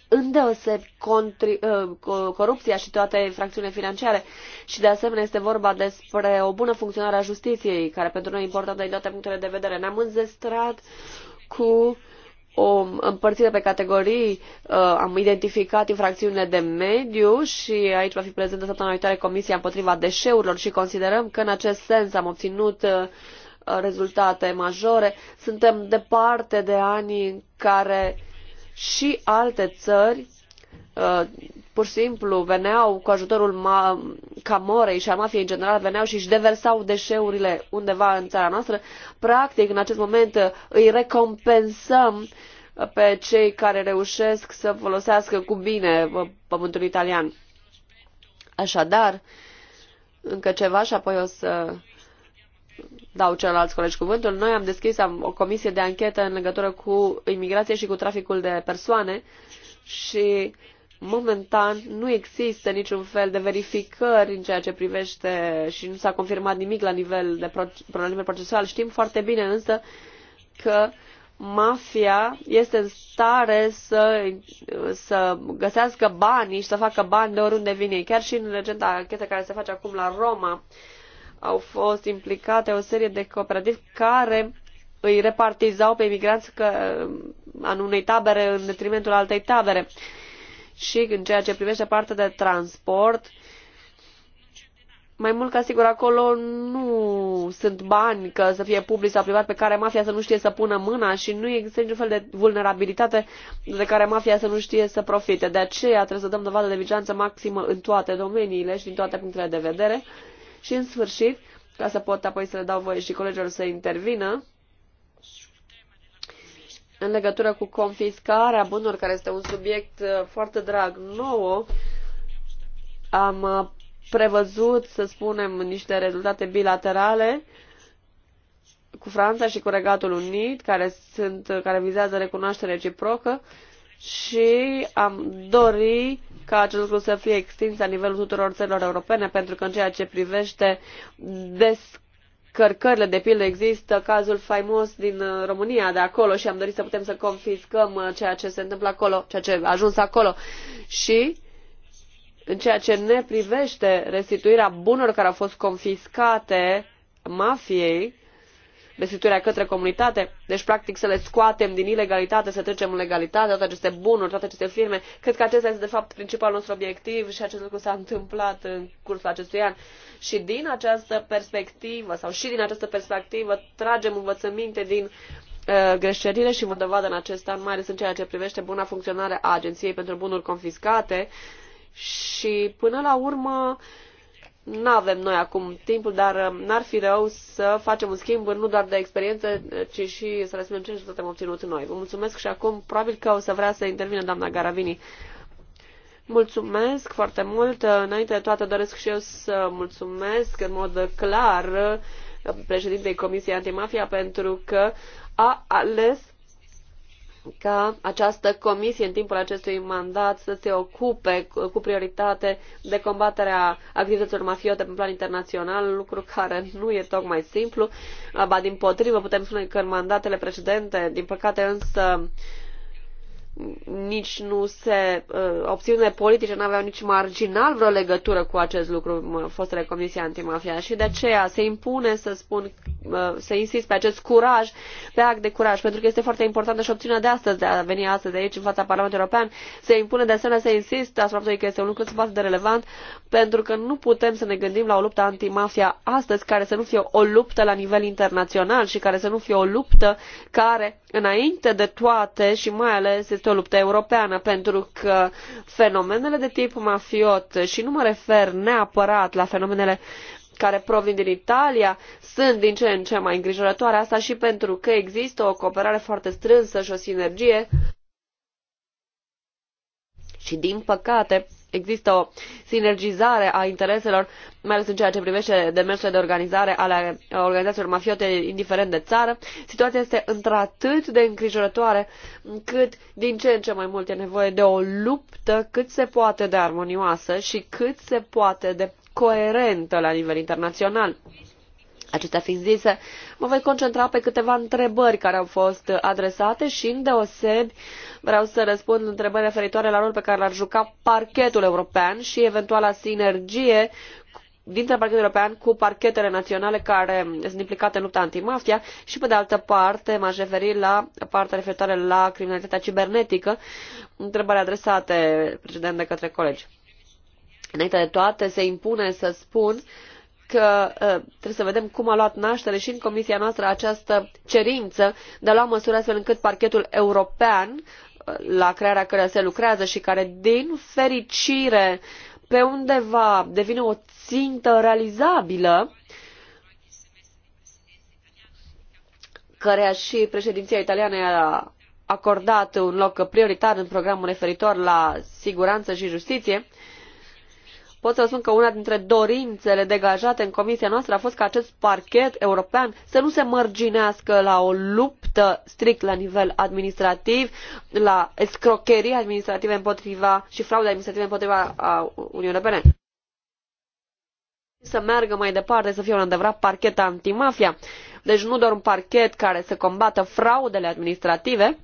îndeoseb contri, ă, corupția și toate infracțiunile financiare. Și de asemenea este vorba despre o bună funcționare a justiției, care pentru noi e importantă din toate punctele de vedere. Ne-am înzestrat cu o împărțire pe categorii, ă, am identificat infracțiunile de mediu și aici va fi prezentă săptămâna viitoare Comisia împotriva deșeurilor și considerăm că în acest sens am obținut ă, rezultate majore. Suntem departe de ani în care și alte țări uh, pur și simplu veneau cu ajutorul camorei și a mafiei în general, veneau și își deversau deșeurile undeva în țara noastră. Practic, în acest moment uh, îi recompensăm uh, pe cei care reușesc să folosească cu bine pământul italian. Așadar, încă ceva și apoi o să dau celorlalți colegi cuvântul. Noi am deschis am, o comisie de anchetă în legătură cu imigrație și cu traficul de persoane și momentan nu există niciun fel de verificări în ceea ce privește și nu s-a confirmat nimic la nivel de proce- probleme procesual. Știm foarte bine însă că mafia este în stare să, să găsească banii și să facă bani de oriunde vine. Chiar și în recenta anchetă care se face acum la Roma, au fost implicate o serie de cooperativi care îi repartizau pe imigranți că, în unei tabere în detrimentul altei tabere. Și în ceea ce privește partea de transport, mai mult ca sigur acolo nu sunt bani că să fie public sau privat pe care mafia să nu știe să pună mâna și nu există niciun fel de vulnerabilitate de care mafia să nu știe să profite. De aceea trebuie să dăm dovadă de vigilanță maximă în toate domeniile și din toate punctele de vedere și în sfârșit, ca să pot apoi să le dau voie și colegilor să intervină, în legătură cu confiscarea bunurilor, care este un subiect uh, foarte drag nouă, am uh, prevăzut, să spunem, niște rezultate bilaterale cu Franța și cu Regatul Unit, care, sunt, uh, care vizează recunoaștere reciprocă și am dori ca acest lucru să fie extins la nivelul tuturor țărilor europene, pentru că în ceea ce privește descărcările, de pildă, există cazul faimos din uh, România de acolo și am dorit să putem să confiscăm uh, ceea ce se întâmplă acolo, ceea ce a ajuns acolo. Și în ceea ce ne privește restituirea bunurilor care au fost confiscate mafiei, restituirea către comunitate, deci practic să le scoatem din ilegalitate, să trecem în legalitate, toate aceste bunuri, toate aceste firme. Cred că acesta este de fapt principalul nostru obiectiv și acest lucru s-a întâmplat în cursul acestui an. Și din această perspectivă, sau și din această perspectivă, tragem învățăminte din uh, greșelile și vă da dovadă în acest an, mai ales în ceea ce privește buna funcționare a Agenției pentru Bunuri Confiscate și până la urmă nu avem noi acum timpul, dar um, n-ar fi rău să facem un schimb nu doar de experiență, ci și să răspundem ce rezultate am obținut noi. Vă mulțumesc și acum probabil că o să vrea să intervine doamna Garavini. Mulțumesc foarte mult. Înainte de toate doresc și eu să mulțumesc în mod clar uh, președintei Comisiei Antimafia pentru că a ales ca această comisie în timpul acestui mandat să se ocupe cu prioritate de combaterea activităților mafiote pe plan internațional, lucru care nu e tocmai simplu. Ba din potrivă, putem spune că în mandatele precedente, din păcate însă, nici nu se, uh, opțiunile politice nu aveau nici marginal vreo legătură cu acest lucru, fostele comisii antimafia și de aceea se impune să spun, uh, să insist pe acest curaj, pe act de curaj, pentru că este foarte importantă și opțiunea de astăzi, de a veni astăzi de aici în fața Parlamentului European, se impune de asemenea să insist asupra faptului că este un lucru foarte de relevant, pentru că nu putem să ne gândim la o luptă antimafia astăzi care să nu fie o luptă la nivel internațional și care să nu fie o luptă care, înainte de toate și mai ales, este o luptă europeană, pentru că fenomenele de tip mafiot, și nu mă refer neapărat la fenomenele care provin din Italia sunt din ce în ce mai îngrijorătoare, asta și pentru că există o cooperare foarte strânsă și o sinergie și, din păcate, există o sinergizare a intereselor, mai ales în ceea ce privește demersurile de organizare ale uh, organizațiilor mafiote, indiferent de țară, situația este într-atât de îngrijorătoare încât din ce în ce mai mult e nevoie de o luptă cât se poate de armonioasă și cât se poate de coerentă la nivel internațional. Acestea fiind zise, mă voi concentra pe câteva întrebări care au fost adresate și, îndeosebi, vreau să răspund întrebări referitoare la rolul pe care l-ar juca parchetul european și eventuala sinergie dintre parchetul european cu parchetele naționale care sunt implicate în lupta antimafia și, pe de altă parte, m-aș referi la partea referitoare la criminalitatea cibernetică, întrebări adresate precedent de către colegi. Înainte de toate, se impune să spun uh, că uh, trebuie să vedem cum a luat naștere și în comisia noastră această cerință de a lua măsuri astfel încât parchetul european uh, la crearea căreia se lucrează și care, din fericire, pe undeva devine o țintă realizabilă, căreia și președinția italiană a acordat un loc prioritar în programul referitor la siguranță și justiție, pot să spun că una dintre dorințele degajate în comisia noastră a fost ca acest parchet european să nu se mărginească la o luptă strict la nivel administrativ, la escrocherii administrative împotriva și fraude administrative împotriva a Uniunii Europene să meargă mai departe, să fie un adevărat parchet antimafia. Deci nu doar un parchet care să combată fraudele administrative,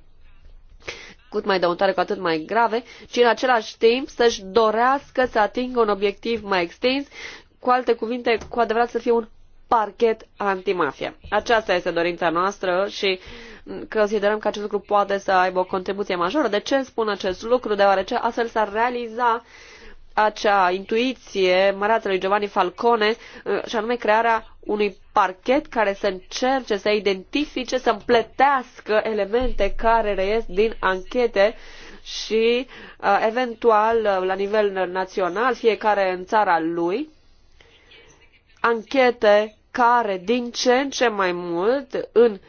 cât mai dăuntoare, cu atât mai grave, ci în același timp să-și dorească să atingă un obiectiv mai extins, cu alte cuvinte, cu adevărat să fie un parchet antimafia. Aceasta este dorința noastră și considerăm că acest lucru poate să aibă o contribuție majoră. De ce spun acest lucru? Deoarece astfel s-ar realiza uh, acea intuiție mărată lui Giovanni Falcone, uh, și anume crearea unui parchet care să încerce să identifice, să împletească elemente care reies din anchete și uh, eventual uh, la nivel național, fiecare în țara lui, anchete care din ce în ce mai mult în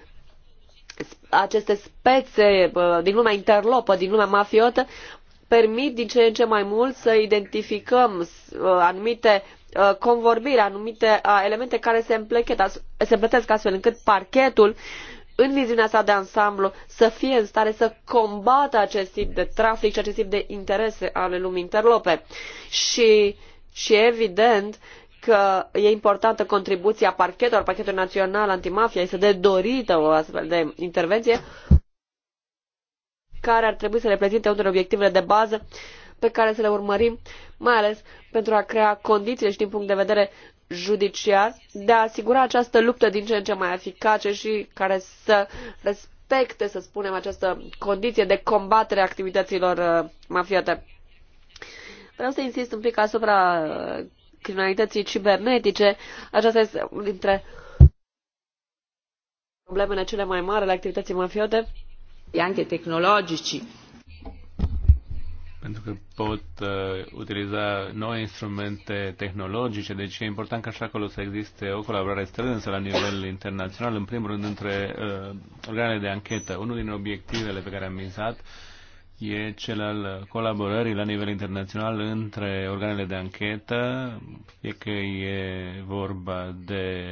aceste spețe din lumea interlopă, din lumea mafiotă, permit din ce în ce mai mult să identificăm uh, anumite uh, convorbiri, anumite uh, elemente care se, se împletesc astfel încât parchetul în viziunea sa de ansamblu să fie în stare să combată acest tip de trafic și acest tip de interese ale lumii interlope. Și, și evident că e importantă contribuția parchetului, parchetul național antimafia, este de dorită o astfel de intervenție, care ar trebui să reprezinte unul din obiectivele de bază pe care să le urmărim, mai ales pentru a crea condiții și din punct de vedere judiciar, de a asigura această luptă din ce în ce mai eficace și care să respecte, să spunem, această condiție de combatere a activităților uh, mafiate. Vreau să insist un pic asupra uh, criminalității cibernetice. Aceasta este dintre problemele cele mai mari ale activității mafiote e anche tecnologici. Pentru că pot uh, utiliza noi instrumente tehnologice, deci e important ca și acolo să existe o colaborare strânsă la nivel internațional, în primul rând între uh, organele de anchetă. Unul din obiectivele pe care am mizat e cel al colaborării la nivel internațional între organele de anchetă, fie că e vorba de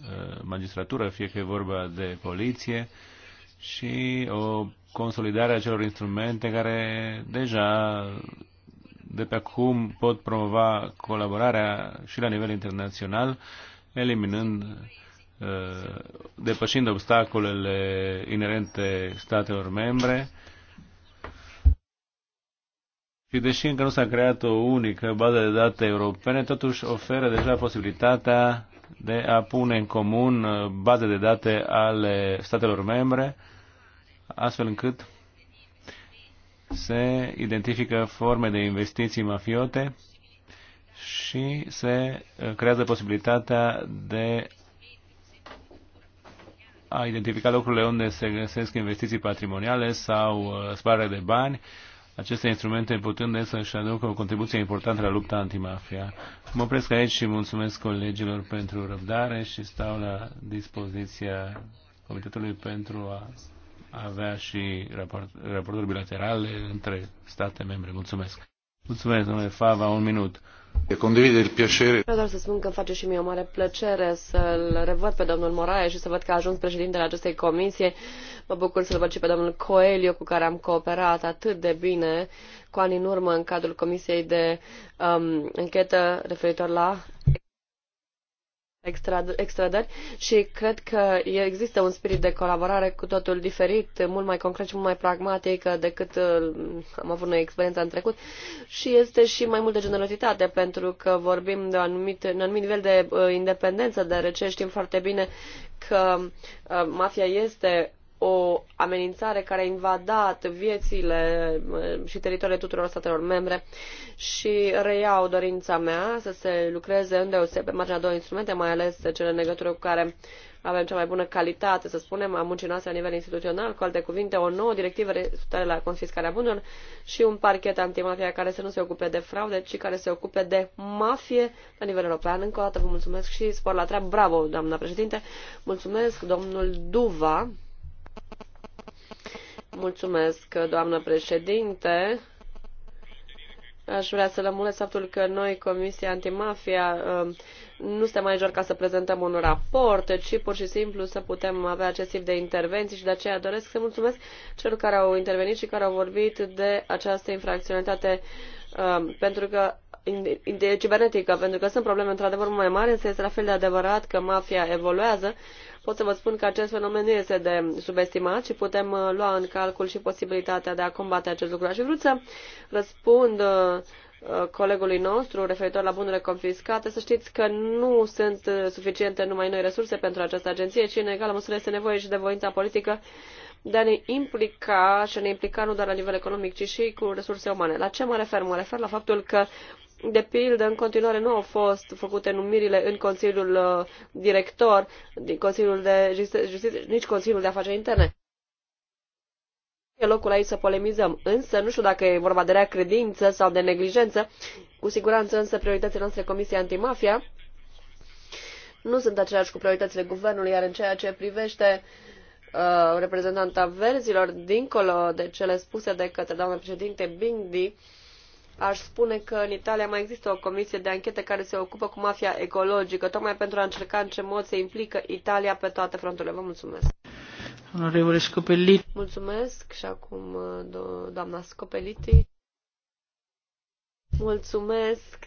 uh, magistratură, fie că e vorba de poliție, uh, și o consolidare a celor instrumente care deja de pe acum pot promova colaborarea și la nivel internațional, eliminând, uh, depășind obstacolele inerente statelor membre. Și deși încă nu s-a creat o unică bază de date europene, totuși oferă deja posibilitatea de a pune în comun uh, baze de date ale statelor membre, astfel încât se identifică forme de investiții mafiote și se uh, creează posibilitatea de a identifica locurile unde se găsesc investiții patrimoniale sau uh, spare de bani, aceste instrumente putând să-și aducă o contribuție importantă la lupta antimafia. Mă opresc aici și mulțumesc colegilor pentru răbdare și stau la dispoziția Comitetului pentru a avea și raport, raporturi bilaterale între state membre. Mulțumesc! Mulțumesc, domnule Fava, un minut. Vreau doar să spun că îmi face și mie o mare plăcere să îl revăd pe domnul Moraes și să văd că a ajuns președintele acestei comisii, Mă bucur să îl văd și pe domnul Coelio, cu care am cooperat atât de bine cu ani în urmă în cadrul Comisiei de um, Închetă referitor la extrădări și cred că există un spirit de colaborare cu totul diferit, mult mai concret și mult mai pragmatic decât uh, am avut noi experiența în trecut și este și mai multă generozitate pentru că vorbim de un anumit, un anumit nivel de uh, independență, deoarece știm foarte bine că uh, mafia este o amenințare care a invadat viețile eh, și teritoriile tuturor statelor membre și reiau dorința mea să se lucreze îndeoseb pe marginea două instrumente, mai ales cele în legătură cu care avem cea mai bună calitate, să spunem, a muncii noastre la nivel instituțional, cu alte cuvinte, o nouă directivă referitoare la confiscarea bunurilor și un parchet antimafia care să nu se ocupe de fraude, ci care se ocupe de mafie la nivel european. Încă o dată vă mulțumesc și spor la treabă. Bravo, doamna președinte. Mulțumesc, domnul Duva. Mulțumesc, doamnă președinte. Aș vrea să lămuresc faptul că noi, Comisia Antimafia, um, nu suntem aici doar ca să prezentăm un raport, ci pur și simplu să putem avea acest tip de intervenții și de aceea doresc să mulțumesc celor care au intervenit și care au vorbit de această infracționalitate um, pentru că de cibernetică, pentru că sunt probleme într-adevăr mai mari, însă este la fel de adevărat că mafia evoluează pot să vă spun că acest fenomen nu este de subestimat și putem uh, lua în calcul și posibilitatea de a combate acest lucru. Aș vrut să răspund uh, uh, colegului nostru referitor la bunurile confiscate, să știți că nu sunt suficiente numai noi resurse pentru această agenție, ci în egală măsură este nevoie și de voința politică de a ne implica și a ne implica nu doar la nivel economic, ci și cu resurse umane. La ce mă refer? Mă refer la faptul că de pildă, în continuare nu au fost făcute numirile în Consiliul uh, Director, din Consiliul de Justiție, nici Consiliul de Afaceri Interne. E locul aici să polemizăm, însă nu știu dacă e vorba de rea credință sau de neglijență. Cu siguranță însă prioritățile noastre Comisiei Antimafia nu sunt aceleași cu prioritățile guvernului, iar în ceea ce privește uh, reprezentanta verzilor, dincolo de cele spuse de către doamna președinte Bindi, Aș spune că în Italia mai există o comisie de anchetă care se ocupă cu mafia ecologică, tocmai pentru a încerca în ce mod se implică Italia pe toate fronturile. Vă mulțumesc! Onorevole Scopelli. Mulțumesc și acum do doamna Scopeliti. Mulțumesc,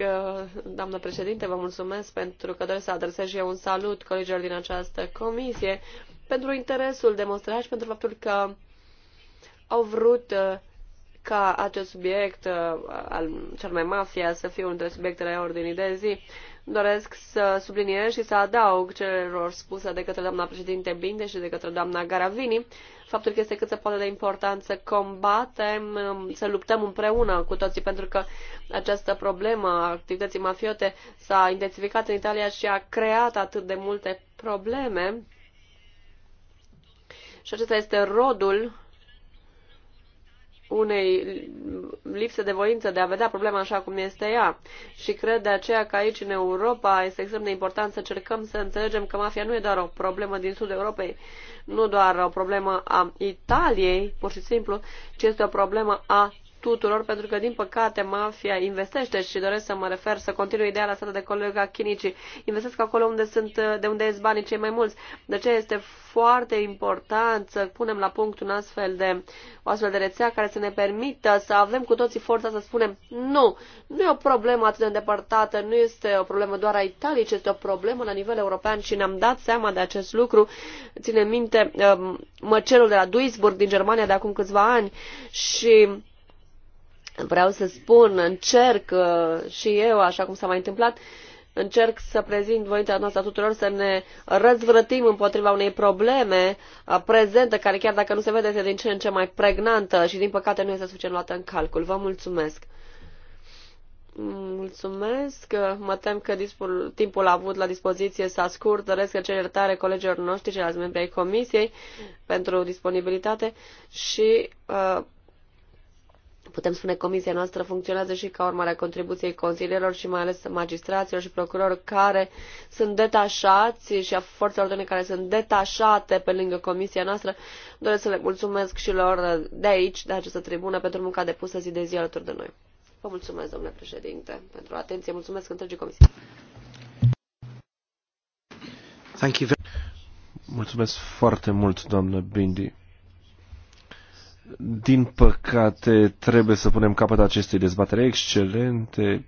doamnă președinte, vă mulțumesc pentru că doresc să adresez și eu un salut colegilor din această comisie pentru interesul demonstrat și pentru faptul că au vrut ca acest subiect uh, al cel mai mafia să fie unul dintre subiectele ordinii de zi, doresc să subliniez și să adaug celor spuse de către doamna președinte Binde și de către doamna Garavini, faptul că este cât se poate de important să combatem, um, să luptăm împreună cu toții, pentru că această problemă a activității mafiote s-a intensificat în Italia și a creat atât de multe probleme. Și acesta este rodul unei lipse de voință de a vedea problema așa cum este ea. Și cred de aceea că aici, în Europa, este extrem de important să cercăm să înțelegem că mafia nu e doar o problemă din sudul Europei, nu doar o problemă a Italiei, pur și simplu, ci este o problemă a tuturor, pentru că, din păcate, mafia investește și doresc să mă refer, să continui ideea lăsată de colega Chinici. Investesc acolo unde sunt, de unde ies banii cei mai mulți. De ce este foarte important să punem la punct un astfel de, o astfel de rețea care să ne permită să avem cu toții forța să spunem nu, nu e o problemă atât de îndepărtată, nu este o problemă doar a Italiei, ci este o problemă la nivel european și ne-am dat seama de acest lucru. Ține minte um, măcelul de la Duisburg din Germania de acum câțiva ani și vreau să spun, încerc uh, și eu, așa cum s-a mai întâmplat, încerc să prezint voința noastră tuturor să ne răzvrătim împotriva unei probleme uh, prezente care chiar dacă nu se vede, este din ce în ce mai pregnantă și din păcate nu este suficient luată în calcul. Vă mulțumesc! Mulțumesc. Uh, mă tem că dispul, timpul avut la dispoziție s-a scurt. Doresc că cer iertare colegilor noștri, ceilalți membri ai comisiei, pentru disponibilitate și uh, Putem spune că comisia noastră funcționează și ca urmare a contribuției consilierilor și mai ales magistraților și procurorilor care sunt detașați și a forțelor de care sunt detașate pe lângă comisia noastră. Doresc să le mulțumesc și lor de aici, de această tribună, pentru munca depusă zi de zi alături de noi. Vă mulțumesc, domnule președinte, pentru atenție. Mulțumesc întregii comisii. Mulțumesc foarte mult, doamnă Bindi. Din păcate, trebuie să punem capăt acestei dezbatere excelente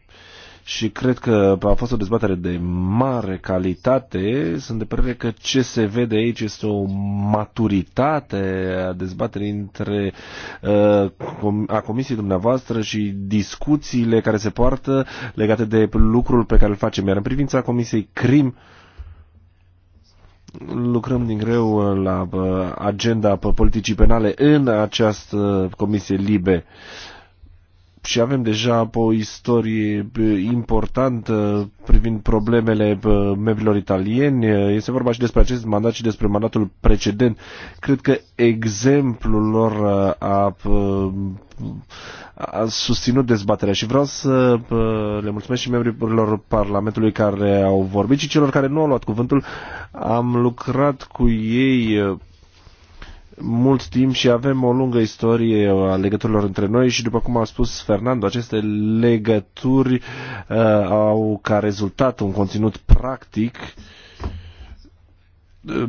și cred că a fost o dezbatere de mare calitate. Sunt de părere că ce se vede aici este o maturitate a dezbaterii între uh, a comisiei dumneavoastră și discuțiile care se poartă legate de lucrul pe care îl facem. Iar în privința comisiei CRIM, uh, lucrăm din greu uh, la uh, agenda politicii penale în această uh, comisie libe. Uh, și avem deja o istorie importantă privind problemele membrilor italieni. Este vorba și despre acest mandat și despre mandatul precedent. Cred că exemplul lor uh, a, uh, a susținut dezbaterea și vreau să uh, le mulțumesc și membrilor Parlamentului care au vorbit și celor care nu au luat cuvântul. Am lucrat cu ei mult timp și avem o lungă istorie a legăturilor între noi și după cum a spus Fernando, aceste legături uh, au ca rezultat un conținut practic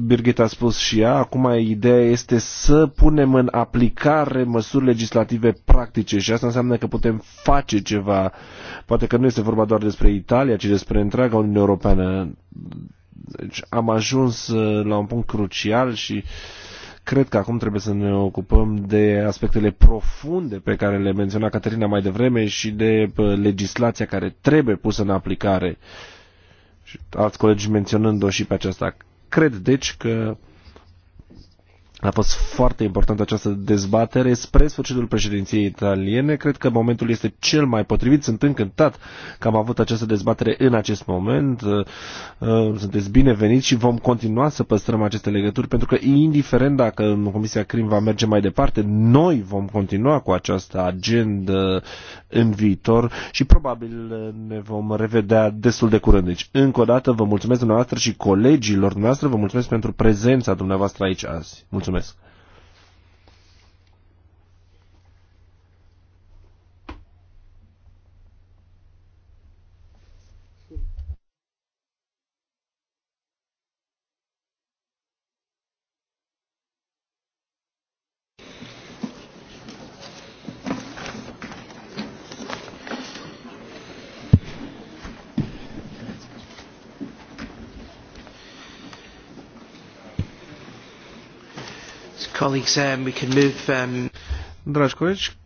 Birgit a spus și ea, acum ideea este să punem în aplicare măsuri legislative practice și asta înseamnă că putem face ceva. Poate că nu este vorba doar despre Italia, ci despre întreaga Uniune Europeană. Deci am ajuns uh, la un punct crucial și uh, Cred că acum trebuie să ne ocupăm de aspectele profunde pe care le menționa Caterina mai devreme și de legislația care trebuie pusă în aplicare. Și alți colegi menționând-o și pe aceasta. Cred, deci, că a fost foarte importantă această dezbatere spre sfârșitul președinției italiene. Cred că momentul este cel mai potrivit. Sunt încântat că am avut această dezbatere în acest moment. Uh, uh, sunteți bineveniți și vom continua să păstrăm aceste legături pentru că, indiferent dacă Comisia CRIM va merge mai departe, noi vom continua cu această agendă în viitor și probabil ne vom revedea destul de curând. Deci, încă o dată, vă mulțumesc dumneavoastră și colegilor dumneavoastră, vă mulțumesc pentru prezența dumneavoastră aici azi. Mulțumesc! Mulțumesc! colleagues, um, we can move, um... Dragi colegi,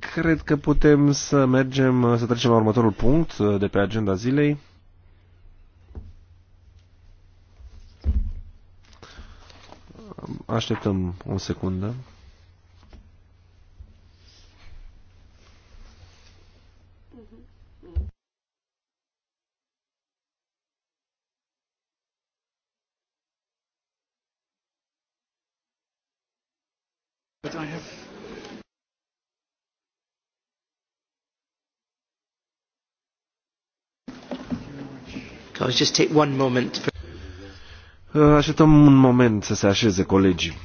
cred că putem să mergem, să trecem la următorul punct de pe agenda zilei. Așteptăm o secundă. Așteptăm un moment să se așeze colegii.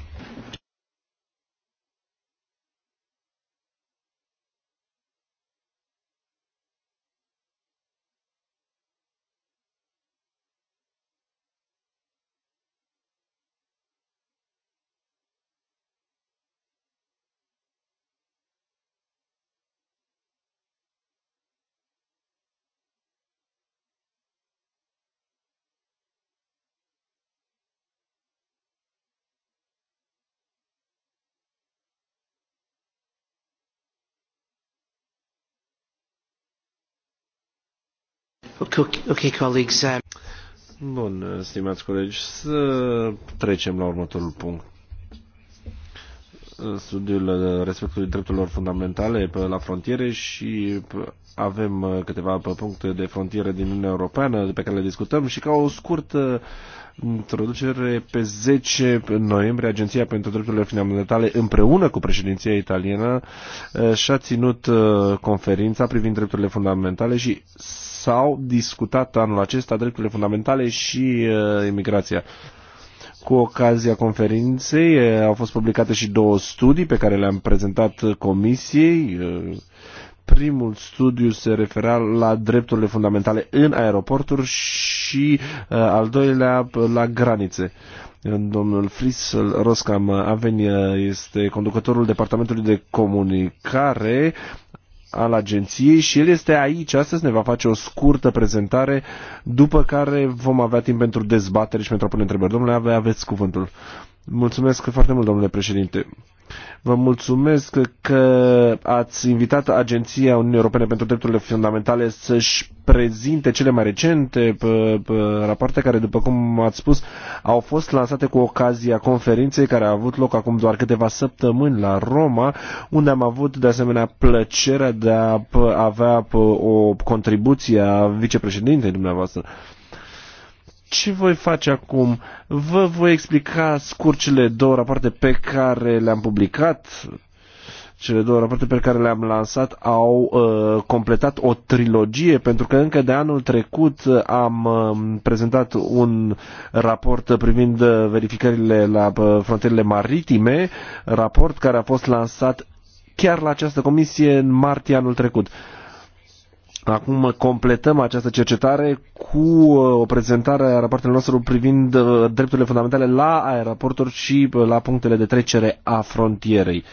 Okay, colleagues. Um, Bun, stimați colegi, să trecem la următorul punct studiul respectului drepturilor fundamentale pe la frontiere și avem uh, câteva uh, puncte de frontiere din Uniunea Europeană pe care le discutăm și ca o scurtă uh, introducere, pe 10 noiembrie, Agenția pentru Drepturile Fundamentale, împreună cu președinția italiană, și-a ținut conferința privind drepturile fundamentale și s-au discutat anul acesta drepturile fundamentale și imigrația cu ocazia conferinței eh, au fost publicate și două studii pe care le-am prezentat eh, comisiei. Eh, primul studiu se refera la drepturile fundamentale în aeroporturi și al doilea la granițe. Domnul Frisel Roscam Avenia este conducătorul Departamentului de Comunicare al agenției și el este aici. Astăzi ne va face o scurtă prezentare, după care vom avea timp pentru dezbatere și pentru a pune întrebări. Domnule, aveți cuvântul. Mulțumesc foarte mult, domnule președinte. Vă mulțumesc că ați invitat Agenția Uniunii Europene pentru Drepturile Fundamentale să-și prezinte cele mai recente rapoarte care, după cum ați spus, au fost lansate cu ocazia conferinței care a avut loc acum doar câteva săptămâni la Roma, unde am avut de asemenea plăcerea de a avea o contribuție a vicepreședintei dumneavoastră. Uh, ce voi face acum? Vă voi explica scurt cele două rapoarte pe care le-am publicat. Cele două rapoarte pe care le-am lansat au uh, completat o trilogie, pentru că încă de anul trecut uh, am uh, prezentat un raport privind uh, verificările la uh, frontierele maritime, raport care a fost lansat chiar la această comisie în martie anul trecut. Uh, Acum completăm această cercetare cu uh, o prezentare a raportului nostru privind uh, drepturile fundamentale la aeroporturi și uh, la punctele de trecere a frontierei.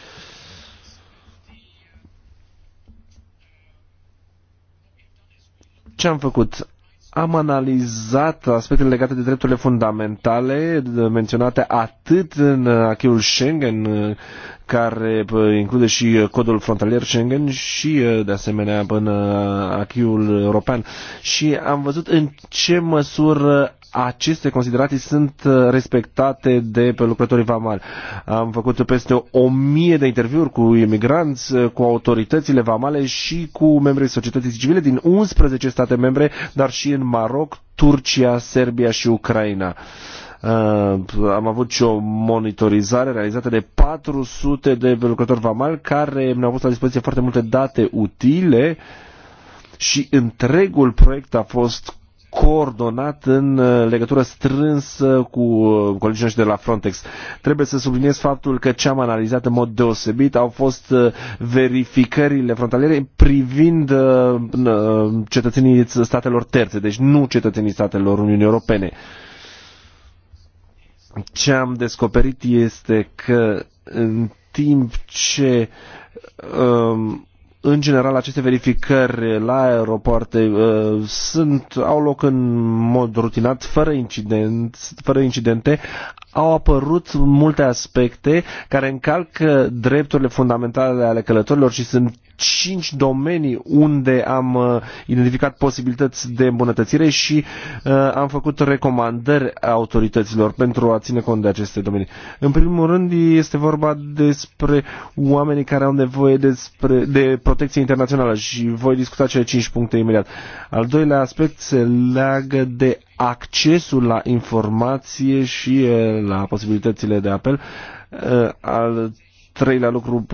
Ce am făcut? am analizat aspectele legate de drepturile fundamentale menționate atât în acheul Schengen, care include și codul frontalier Schengen și, de asemenea, în acheul european. Și am văzut în ce măsură aceste considerații sunt uh, respectate de pe lucrătorii vamali. Am făcut peste o mie de interviuri cu imigranți, uh, cu autoritățile vamale și cu membrii societății civile din 11 state membre, dar și în Maroc, Turcia, Serbia și Ucraina. Uh, am avut și o monitorizare realizată de 400 de lucrători vamali care mi au pus la dispoziție foarte multe date utile și întregul proiect a fost coordonat în uh, legătură strânsă cu uh, colegii noștri de la Frontex. Trebuie să subliniez faptul că ce am analizat în mod deosebit au fost uh, verificările frontaliere privind cetățenii statelor terțe, deci nu cetățenii statelor Uniunii Europene. Ce am descoperit este că în timp ce um, în general, aceste verificări la aeroporte uh, sunt, au loc în mod rutinat, fără, incident, fără incidente. Au apărut multe aspecte care încalcă drepturile fundamentale ale călătorilor și sunt cinci domenii unde am uh, identificat posibilități de îmbunătățire și uh, am făcut recomandări autorităților pentru a ține cont de aceste domenii. În primul rând este vorba despre oamenii care au nevoie despre, de protecție internațională și voi discuta cele cinci puncte imediat. Al doilea aspect se leagă de accesul la informație și uh, la posibilitățile de apel. Al treilea lucru,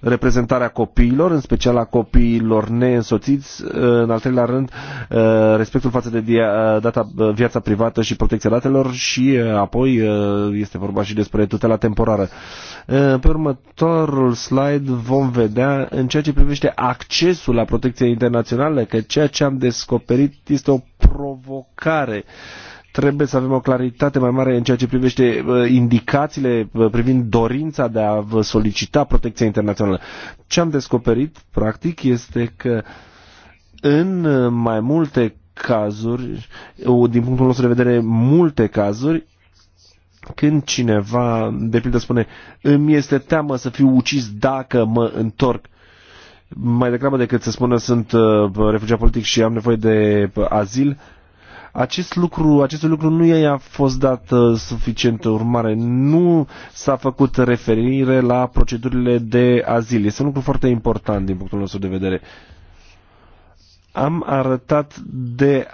reprezentarea copiilor, în special a copiilor neînsoțiți, în al treilea rând respectul față de data, viața privată și protecția datelor și apoi este vorba și despre tutela temporară. Pe următorul slide vom vedea în ceea ce privește accesul la protecție internațională că ceea ce am descoperit este o provocare uh, trebuie să avem o claritate mai mare în ceea ce privește indicațiile privind dorința de a solicita protecția internațională. Ce am descoperit, practic, este că în uh, mai multe cazuri, din punctul nostru de vedere, multe cazuri, când cineva, de pildă, spune îmi este teamă să fiu ucis dacă mă întorc, mai degrabă decât să spună sunt uh, refugiat politic și am nevoie de uh, azil, uh, acest lucru, acest lucru nu i-a fost dat uh, suficientă urmare. Nu s-a făcut referire la procedurile de azil. Este un lucru foarte important din punctul nostru de vedere. Am arătat de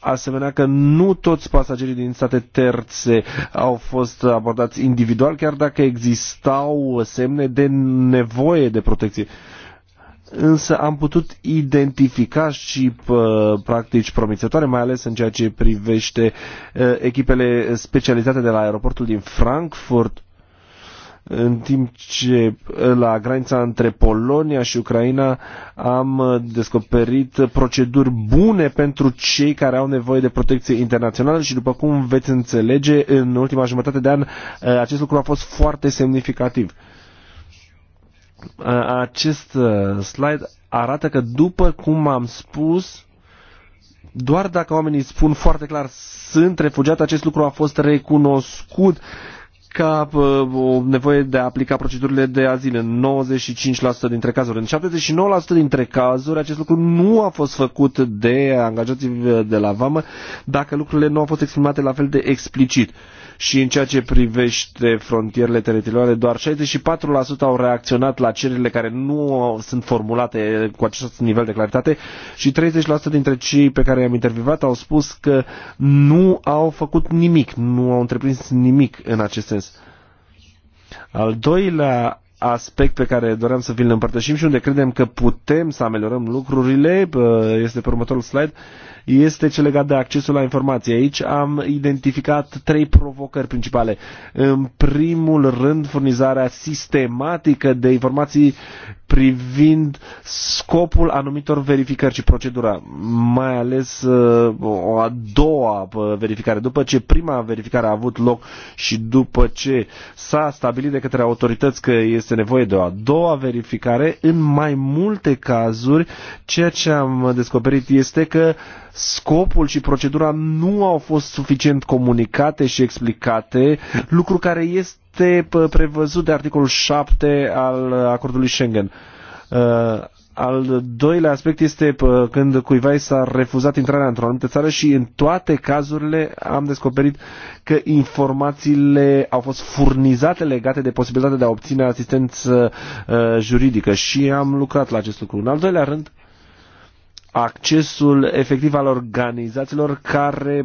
asemenea că nu toți pasagerii din state terțe au fost abordați individual, chiar dacă existau semne de nevoie de protecție. Uh, însă am putut identifica și practici promițătoare, mai ales în ceea ce privește ă, echipele specializate de la aeroportul din Frankfurt, în timp ce ă, la granița între Polonia și Ucraina am ă, descoperit proceduri bune pentru cei care au nevoie de protecție internațională și după cum veți înțelege, în ultima jumătate de an acest lucru a fost foarte semnificativ. Acest slide arată că după cum am spus, doar dacă oamenii spun foarte clar sunt refugiat, acest lucru a fost recunoscut ca o nevoie de a aplica procedurile de azil în 95% dintre cazuri. În 79% dintre cazuri acest lucru nu a fost făcut de angajații de la vamă dacă lucrurile nu au fost exprimate la fel de explicit. Uh, și în ceea ce privește frontierele teritoriale, doar 64% au reacționat la cererile care nu sunt formulate cu acest nivel de claritate și 30% dintre cei pe care i-am intervievat au spus că nu au făcut nimic, nu au întreprins nimic în acest sens. Al doilea aspect pe care doream să vi-l împărtășim și unde credem că putem să ameliorăm lucrurile, este pe următorul slide, este cel legat de accesul la informații. Aici am identificat trei provocări principale. În primul rând, furnizarea sistematică de informații privind scopul anumitor verificări și procedura, mai ales uh, o a doua uh, verificare. După ce prima verificare a avut loc și după ce s-a stabilit de către autorități că este nevoie de o a doua verificare, în mai multe cazuri, ceea ce am descoperit este că scopul și procedura nu au fost suficient comunicate și explicate, lucru care este prevăzut de articolul 7 al acordului Schengen. Uh, al doilea aspect este când cuiva i s-a refuzat intrarea într-o anumită țară și în toate cazurile am descoperit că informațiile au fost furnizate legate de posibilitatea de a obține asistență uh, juridică și am lucrat la acest lucru. În al doilea rând, accesul efectiv al organizațiilor care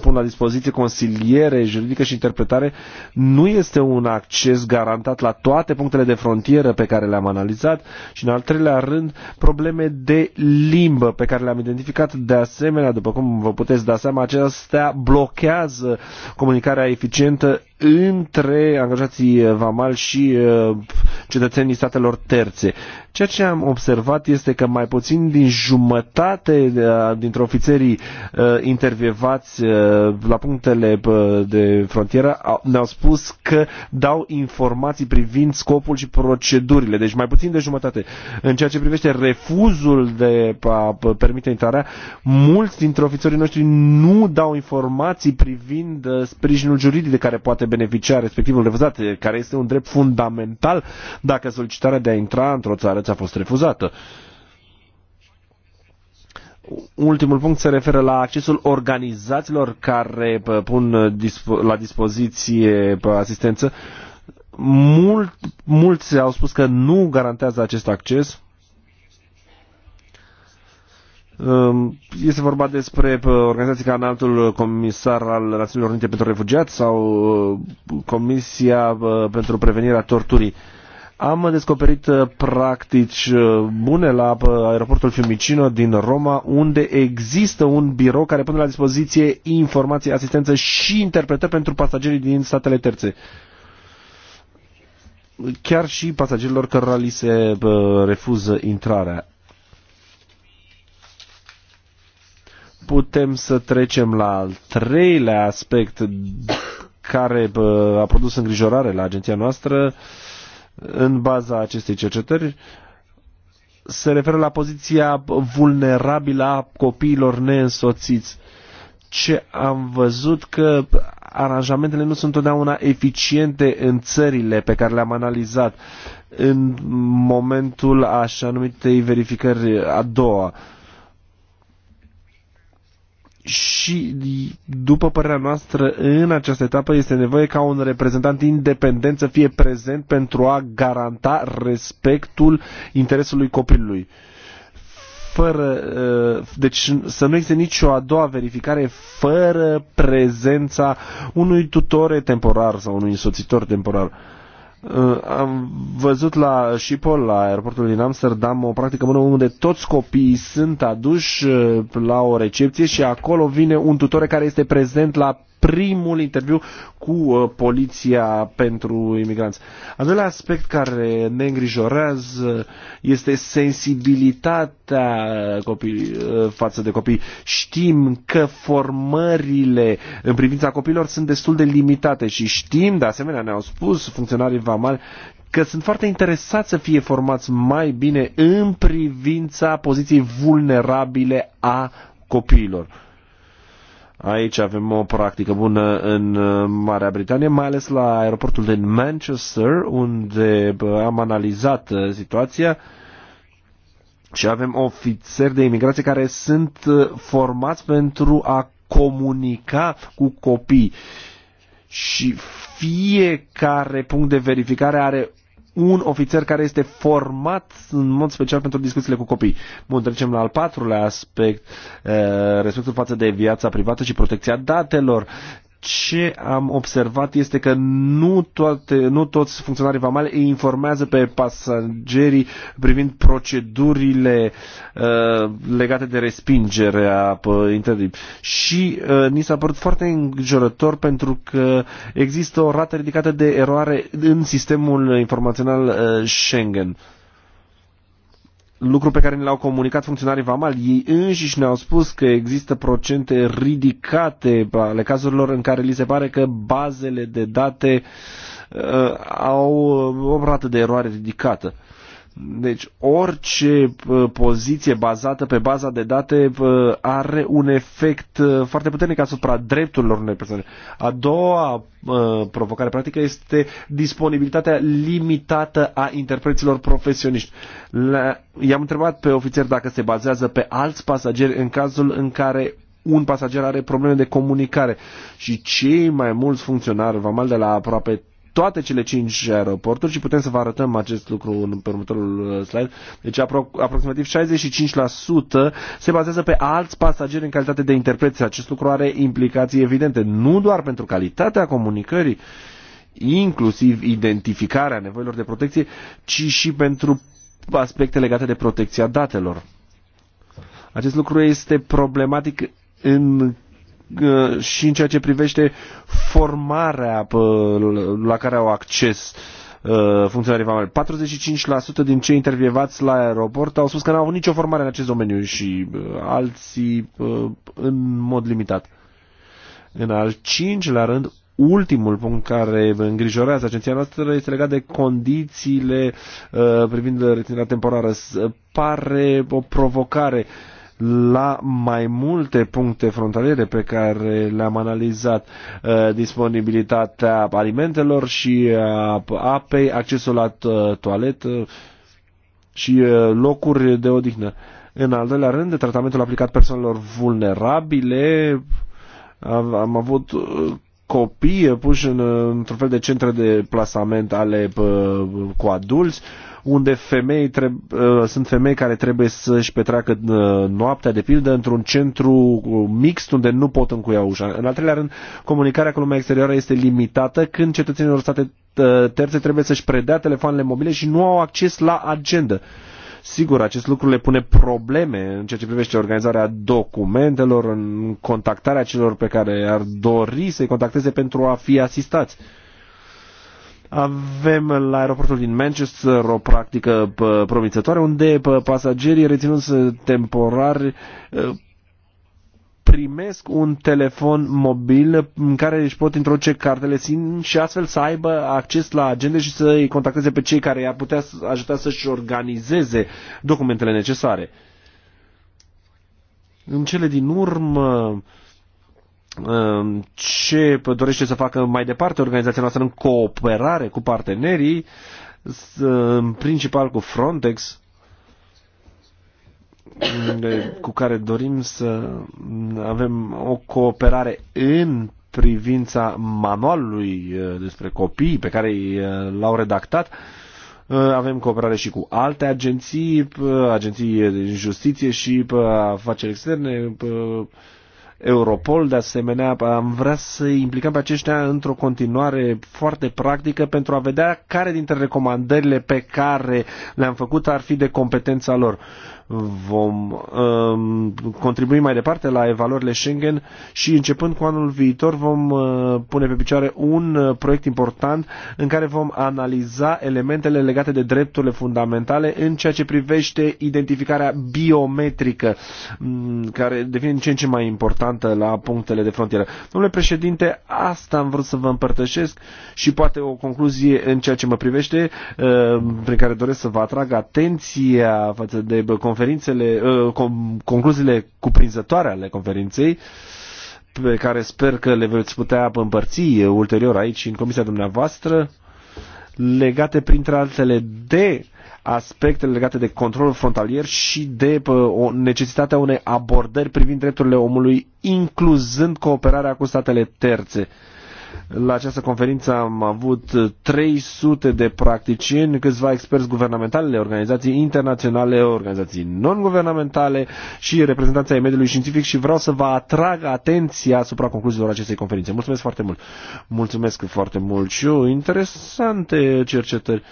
pun la dispoziție consiliere juridică și interpretare nu este un acces garantat la toate punctele de frontieră pe care le-am analizat și în al treilea rând probleme de limbă pe care le-am identificat de asemenea, după cum vă puteți da seama, acestea blochează comunicarea eficientă între angajații eh, vamal și eh, cetățenii statelor terțe. Ceea ce am observat este că mai puțin din jumătate eh, dintre ofițerii intervievați la punctele de frontieră ne-au spus că dau informații privind scopul și procedurile, deci mai puțin de jumătate. În ceea ce privește refuzul de a permite intrarea, mulți dintre ofițerii noștri nu dau informații privind sprijinul juridic de care poate poate beneficia respectivul refuzat, care este un drept fundamental dacă solicitarea de a intra într-o țară ți-a fost refuzată. Ultimul punct se referă la accesul organizațiilor care pun uh, la dispoziție asistență. Mult, mulți au spus că nu garantează acest acces Ehm, este vorba despre organizații ca înaltul comisar al Națiunilor Unite pentru Refugiați sau uh, Comisia uh, pentru Prevenirea Torturii. Am descoperit uh, practici bune la aeroportul Fiumicino din Roma, unde există un birou care pune la dispoziție informații, asistență și interpretări pentru pasagerii din statele terțe. Chiar și pasagerilor cărora li se refuză intrarea putem să trecem la al treilea aspect care a produs îngrijorare la agenția noastră în baza acestei cercetări se referă la poziția vulnerabilă a copiilor neînsoțiți. Ce am văzut că aranjamentele nu sunt întotdeauna eficiente în țările pe care le-am analizat în momentul așa numitei verificări a doua. Uh, și, după părerea noastră, în această etapă este nevoie ca un reprezentant independent să fie prezent pentru a garanta respectul interesului copilului. Fără, uh, deci să nu existe nicio a doua verificare fără prezența unui tutore temporar sau unui însoțitor temporar Uh, am văzut la Schiphol, la aeroportul din Amsterdam, o practică bună unde toți copiii sunt aduși uh, la o recepție și acolo vine un tutor care este prezent la primul interviu cu uh, poliția pentru imigranți. Al doilea aspect care ne îngrijorează este sensibilitatea copii, uh, față de copii. Știm că formările în privința copiilor sunt destul de limitate și știm, de asemenea ne-au spus funcționarii vamali, că sunt foarte interesați să fie formați mai bine în privința poziției vulnerabile a copiilor Aici avem o practică bună în uh, Marea Britanie, mai ales la aeroportul din Manchester, unde uh, am analizat uh, situația și avem ofițeri de imigrație care sunt formați pentru a comunica cu copii. Și fiecare punct de verificare are un ofițer care este format în mod special pentru discuțiile cu copii. Bun, trecem la al patrulea aspect, eh, respectul față de viața privată și protecția datelor ce am observat este că nu, toate, nu toți funcționarii vamale îi informează pe pasagerii privind procedurile uh, legate de respingerea uh, interdip Și uh, ni s-a părut foarte îngrijorător pentru că există o rată ridicată de eroare în sistemul informațional uh, Schengen. Uh, lucru pe care ne l-au comunicat funcționarii VAMAL. Ei înșiși ne-au spus că există procente ridicate ale cazurilor în care li se pare că bazele de date uh, au uh, o rată de eroare ridicată. Deci orice uh, poziție bazată pe baza de date uh, are un efect uh, foarte puternic asupra drepturilor unei persoane. A doua provocare practică este disponibilitatea limitată a interpreților profesioniști. I-am întrebat pe ofițer dacă se bazează pe alți pasageri în cazul în care un pasager are probleme de comunicare și cei mai mulți funcționari, vamal de la aproape toate cele cinci aeroporturi și putem să vă arătăm acest lucru în următorul uh, slide. Deci apro aproximativ 65% se bazează pe alți pasageri în calitate de interpreți. Acest lucru are implicații evidente, nu doar pentru calitatea comunicării, inclusiv identificarea nevoilor de protecție, ci și pentru aspecte legate de protecția datelor. Acest lucru este problematic în și în ceea ce privește formarea la care au acces ă, funcționarii vamali. 45% din cei intervievați la aeroport au spus că n-au avut nicio formare în acest domeniu și ă, alții ă, în mod limitat. În al cincilea rând, ultimul punct care îngrijorează agenția noastră este legat de condițiile uh, privind reținerea temporară. Pare o provocare uh, la mai multe puncte frontaliere pe care le-am analizat, uh, disponibilitatea alimentelor și apei, accesul la toaletă și uh, locuri de odihnă. În al doilea rând, tratamentul aplicat persoanelor vulnerabile, am avut uh, copii puși în, într-un fel de centre de plasament ale cu adulți, unde femei treb- uh, sunt femei care trebuie să-și petreacă uh, noaptea, de pildă, într-un centru uh, mixt unde nu pot încuia ușa. În al treilea rând, comunicarea cu lumea exterioară este limitată când cetățenilor state terțe trebuie să-și predea telefoanele mobile și nu au acces la agenda. Sigur, acest lucru le pune probleme în ceea ce privește organizarea documentelor, în contactarea celor pe care ar dori să-i contacteze pentru a fi asistați. Uh, avem la aeroportul din Manchester o practică promițătoare unde pasagerii reținuți temporar ă, primesc un telefon mobil în care își pot introduce cartele SIM și astfel să aibă acces la agende și să îi contacteze pe cei care i-ar putea ajuta să-și organizeze documentele necesare. În cele din urmă, uh, Ehm, ce dorește să facă mai departe organizația noastră în cooperare cu partenerii, în principal cu Frontex, cu care dorim să avem o cooperare în privința manualului eh, despre copii pe care eh, l-au redactat. Eh, avem cooperare și cu alte agenții, agenții de justiție și afaceri externe, Europol, de asemenea, am vrea să implicăm pe aceștia într-o continuare foarte practică pentru a vedea care dintre recomandările pe care le-am făcut ar fi de competența lor vom um, contribui mai departe la evaluările Schengen și începând cu anul viitor vom uh, pune pe picioare un uh, proiect important în care vom analiza elementele legate de drepturile fundamentale în ceea ce privește identificarea biometrică, um, care devine din ce în ce mai importantă la punctele de frontieră. Domnule președinte, asta am vrut să vă împărtășesc și poate o concluzie în ceea ce mă privește, uh, prin care doresc să vă atrag atenția față de conferința conferințele, uh, concluziile cuprinzătoare ale conferinței, pe care sper că le veți putea împărți ulterior aici în comisia dumneavoastră, legate printre altele de aspectele legate de controlul frontalier și de o necesitatea unei abordări privind drepturile omului, incluzând cooperarea cu statele terțe. Uh, la această conferință am avut 300 de practicieni, câțiva experți guvernamentali, organizații internaționale, organizații non-guvernamentale și reprezentanții ai mediului științific și vreau să vă atrag atenția asupra concluziilor acestei conferințe. Mulțumesc foarte mult! Mulțumesc foarte mult și eu. Interesante cercetări.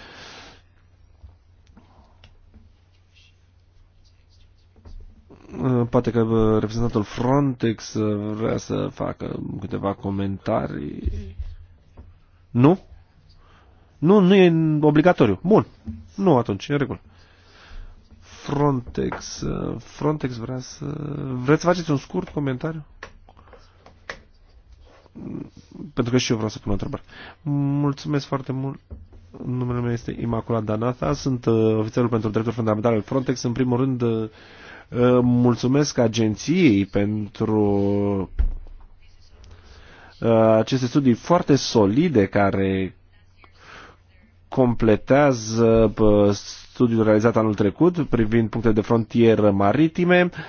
Eh, poate că eh, reprezentantul Frontex eh, vrea să facă câteva comentarii. Nu? Nu, nu e obligatoriu. Bun. Nu atunci, e în regulă. Frontex. Frontex vrea să... Vreți să faceți un scurt comentariu? Pentru că și eu vreau să pun o întrebare. Mulțumesc foarte mult. Numele meu este Imaculat Danata. Sunt ofițerul pentru drepturi fundamentale al Frontex. În primul rând, Mulțumesc agenției pentru uh, aceste studii foarte solide care completează uh, studiul realizat anul trecut privind punctele de frontieră maritime. Uh,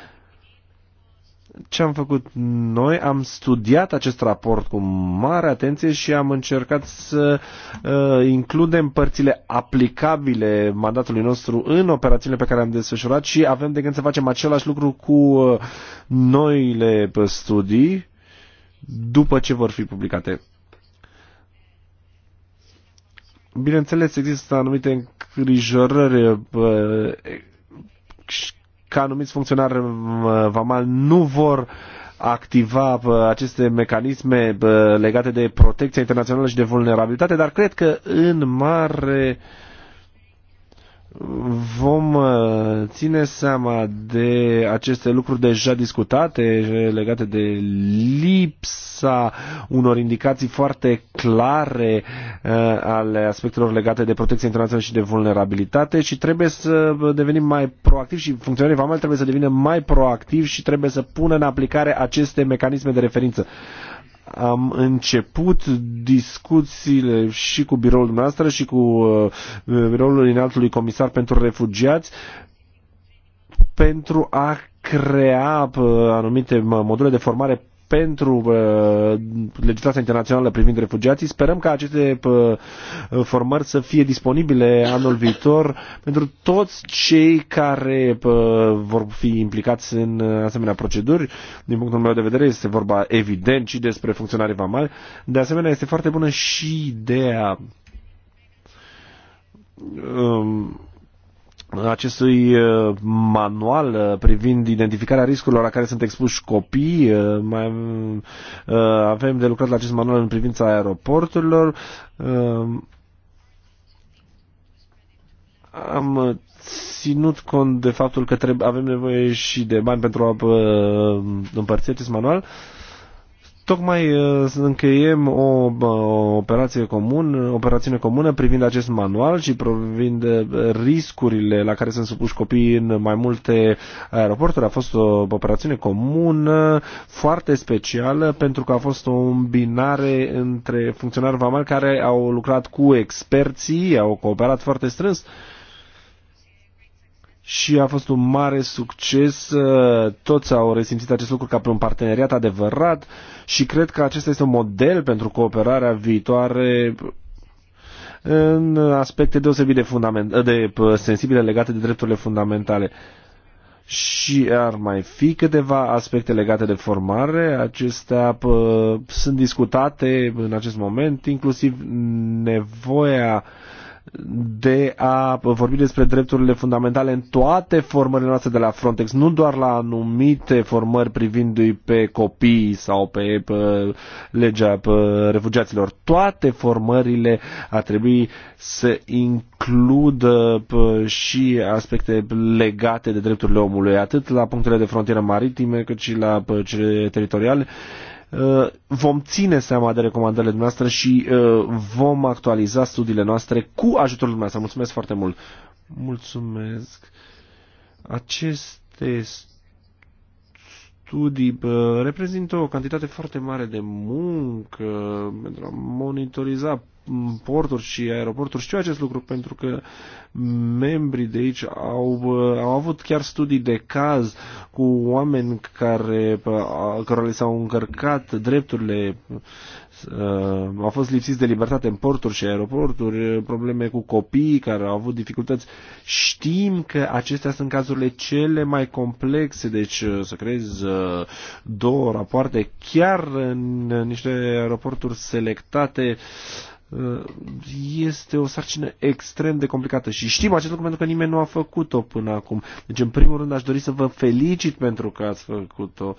ce am făcut noi, am studiat acest raport cu mare atenție și am încercat să uh, includem părțile aplicabile mandatului nostru în operațiunile pe care am desfășurat și avem de gând să facem același lucru cu uh, noile studii după ce vor fi publicate. Bineînțeles, există anumite îngrijorări uh, că anumiți funcționari uh, vamal nu vor activa uh, aceste mecanisme uh, legate de protecția internațională și de vulnerabilitate, dar cred că în mare uh, vom uh, ține seama de aceste lucruri deja discutate legate de lipsa unor indicații foarte clare uh, ale aspectelor legate de protecție internațională și de vulnerabilitate și trebuie să devenim mai proactivi și funcționarii vamali trebuie să devină mai proactivi și trebuie să pună în aplicare aceste mecanisme de referință am început discuțiile și cu biroul dumneavoastră și cu uh, biroul înaltului comisar pentru refugiați pentru a crea uh, anumite module de formare pentru uh, legislația internațională privind refugiații. Sperăm ca aceste uh, formări să fie disponibile anul viitor pentru toți cei care uh, vor fi implicați în asemenea proceduri. Din punctul meu de vedere este vorba evident și despre funcționarii vamali. De asemenea este foarte bună și ideea um, acestui uh, manual uh, privind identificarea riscurilor la care sunt expuși copii. Uh, mai avem de lucrat la acest manual în privința aeroporturilor. Am ținut cont de faptul că trebuie, avem nevoie și de bani pentru a împărți acest manual. Uh, Tocmai uh, încheiem o, o operație comun, operațiune comună privind acest manual și privind uh, riscurile la care sunt supuși copiii în mai multe aeroporturi. A fost o operațiune comună foarte specială pentru că a fost o binare între funcționari vamali care au lucrat cu experții, au cooperat foarte strâns uh, și a fost un mare succes. Uh, toți au resimțit acest lucru ca pe un parteneriat adevărat și cred că acesta este un model pentru cooperarea viitoare în aspecte deosebit de, fundament, de sensibile legate de drepturile fundamentale. Și ar mai fi câteva aspecte legate de formare, acestea pă, sunt discutate în acest moment, inclusiv nevoia de a vorbi despre drepturile fundamentale în toate formările noastre de la Frontex, nu doar la anumite formări privindu-i pe copii sau pe, pe legea pe refugiaților. Toate formările ar trebui să includă și aspecte legate de drepturile omului, atât la punctele de frontieră maritime cât și la cele teritoriale Uh, vom ține seama de recomandările dumneavoastră și uh, vom actualiza studiile noastre cu ajutorul dumneavoastră. Mulțumesc foarte mult! Mulțumesc! Aceste studii studii reprezintă o cantitate foarte mare de muncă pentru a monitoriza porturi și aeroporturi. Știu acest lucru pentru că membrii de aici au, au avut chiar studii de caz cu oameni care, care le s-au încărcat drepturile Uh, au fost lipsiți de libertate în porturi și aeroporturi, uh, probleme cu copiii care au avut dificultăți. Știm că acestea sunt cazurile cele mai complexe, deci uh, să creezi două rapoarte chiar în niște aeroporturi selectate uh, Uh, este o sarcină extrem de complicată și știm acest lucru pentru că nimeni nu a făcut-o până acum. Deci, în primul rând, aș dori să vă felicit pentru că ați făcut-o.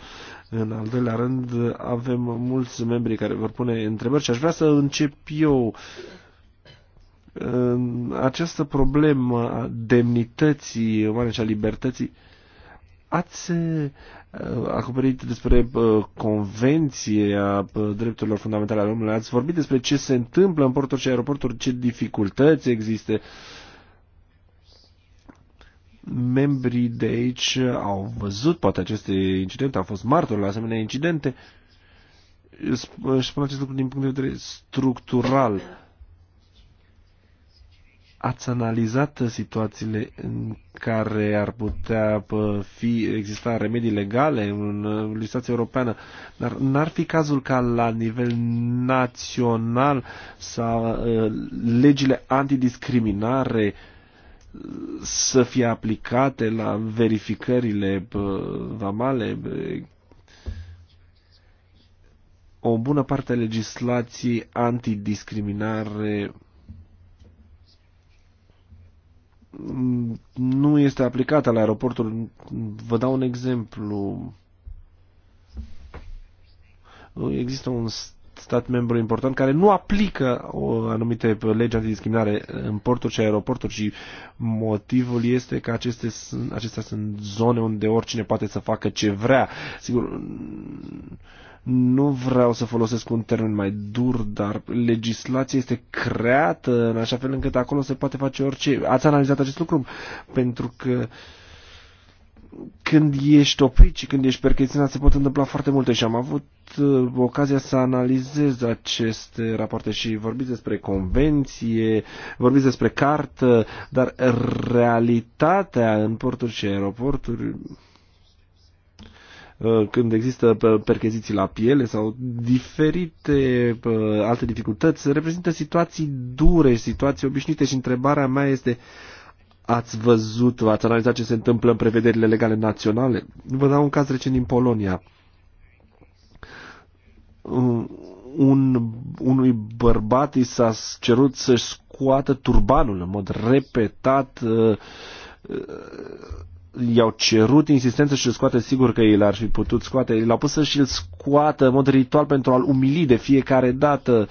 În al doilea rând, avem mulți membri care vor pune întrebări și aș vrea să încep eu această problemă a demnității umane și a libertății ați Eh, acoperit despre eh, Convenția eh, Drepturilor Fundamentale ale Omului, ați vorbit despre ce se întâmplă în porturi și aeroporturi, ce dificultăți există. Membrii de aici au văzut poate aceste incidente, au fost martori la asemenea incidente. Își spun acest lucru din punct de vedere structural Ați analizat situațiile în care ar putea fi exista remedii legale în legislația europeană, dar n-ar fi cazul ca la nivel național să ă, legile antidiscriminare ă, să fie aplicate la verificările vamale. O bună parte a legislației antidiscriminare Mm, nu este aplicată la aeroportul. Vă dau un exemplu. Există un stat membru important care nu aplică o anumite legi antidiscriminare în porturi și aeroporturi și motivul este că aceste, acestea sunt zone unde oricine poate să facă ce vrea. Sigur, nu vreau să folosesc un termen mai dur, dar legislația este creată în așa fel încât acolo se poate face orice. Ați analizat acest lucru? Pentru că când ești oprit și când ești percheținat se pot întâmpla foarte multe și am avut uh, ocazia să analizez aceste rapoarte și vorbiți despre convenție, vorbiți despre cartă, dar realitatea în porturi și aeroporturi Uh, când există percheziții la piele sau diferite uh, alte dificultăți, reprezintă situații dure, situații obișnuite și întrebarea mea este ați văzut, ați analizat ce se întâmplă în prevederile legale naționale? Vă dau un caz recent din Polonia. Uh, un, unui bărbat i s-a cerut să-și scoată turbanul în mod repetat i-au cerut insistență și îl scoate, sigur că el ar fi putut scoate, l-au pus să și îl scoată în mod ritual pentru a-l umili de fiecare dată.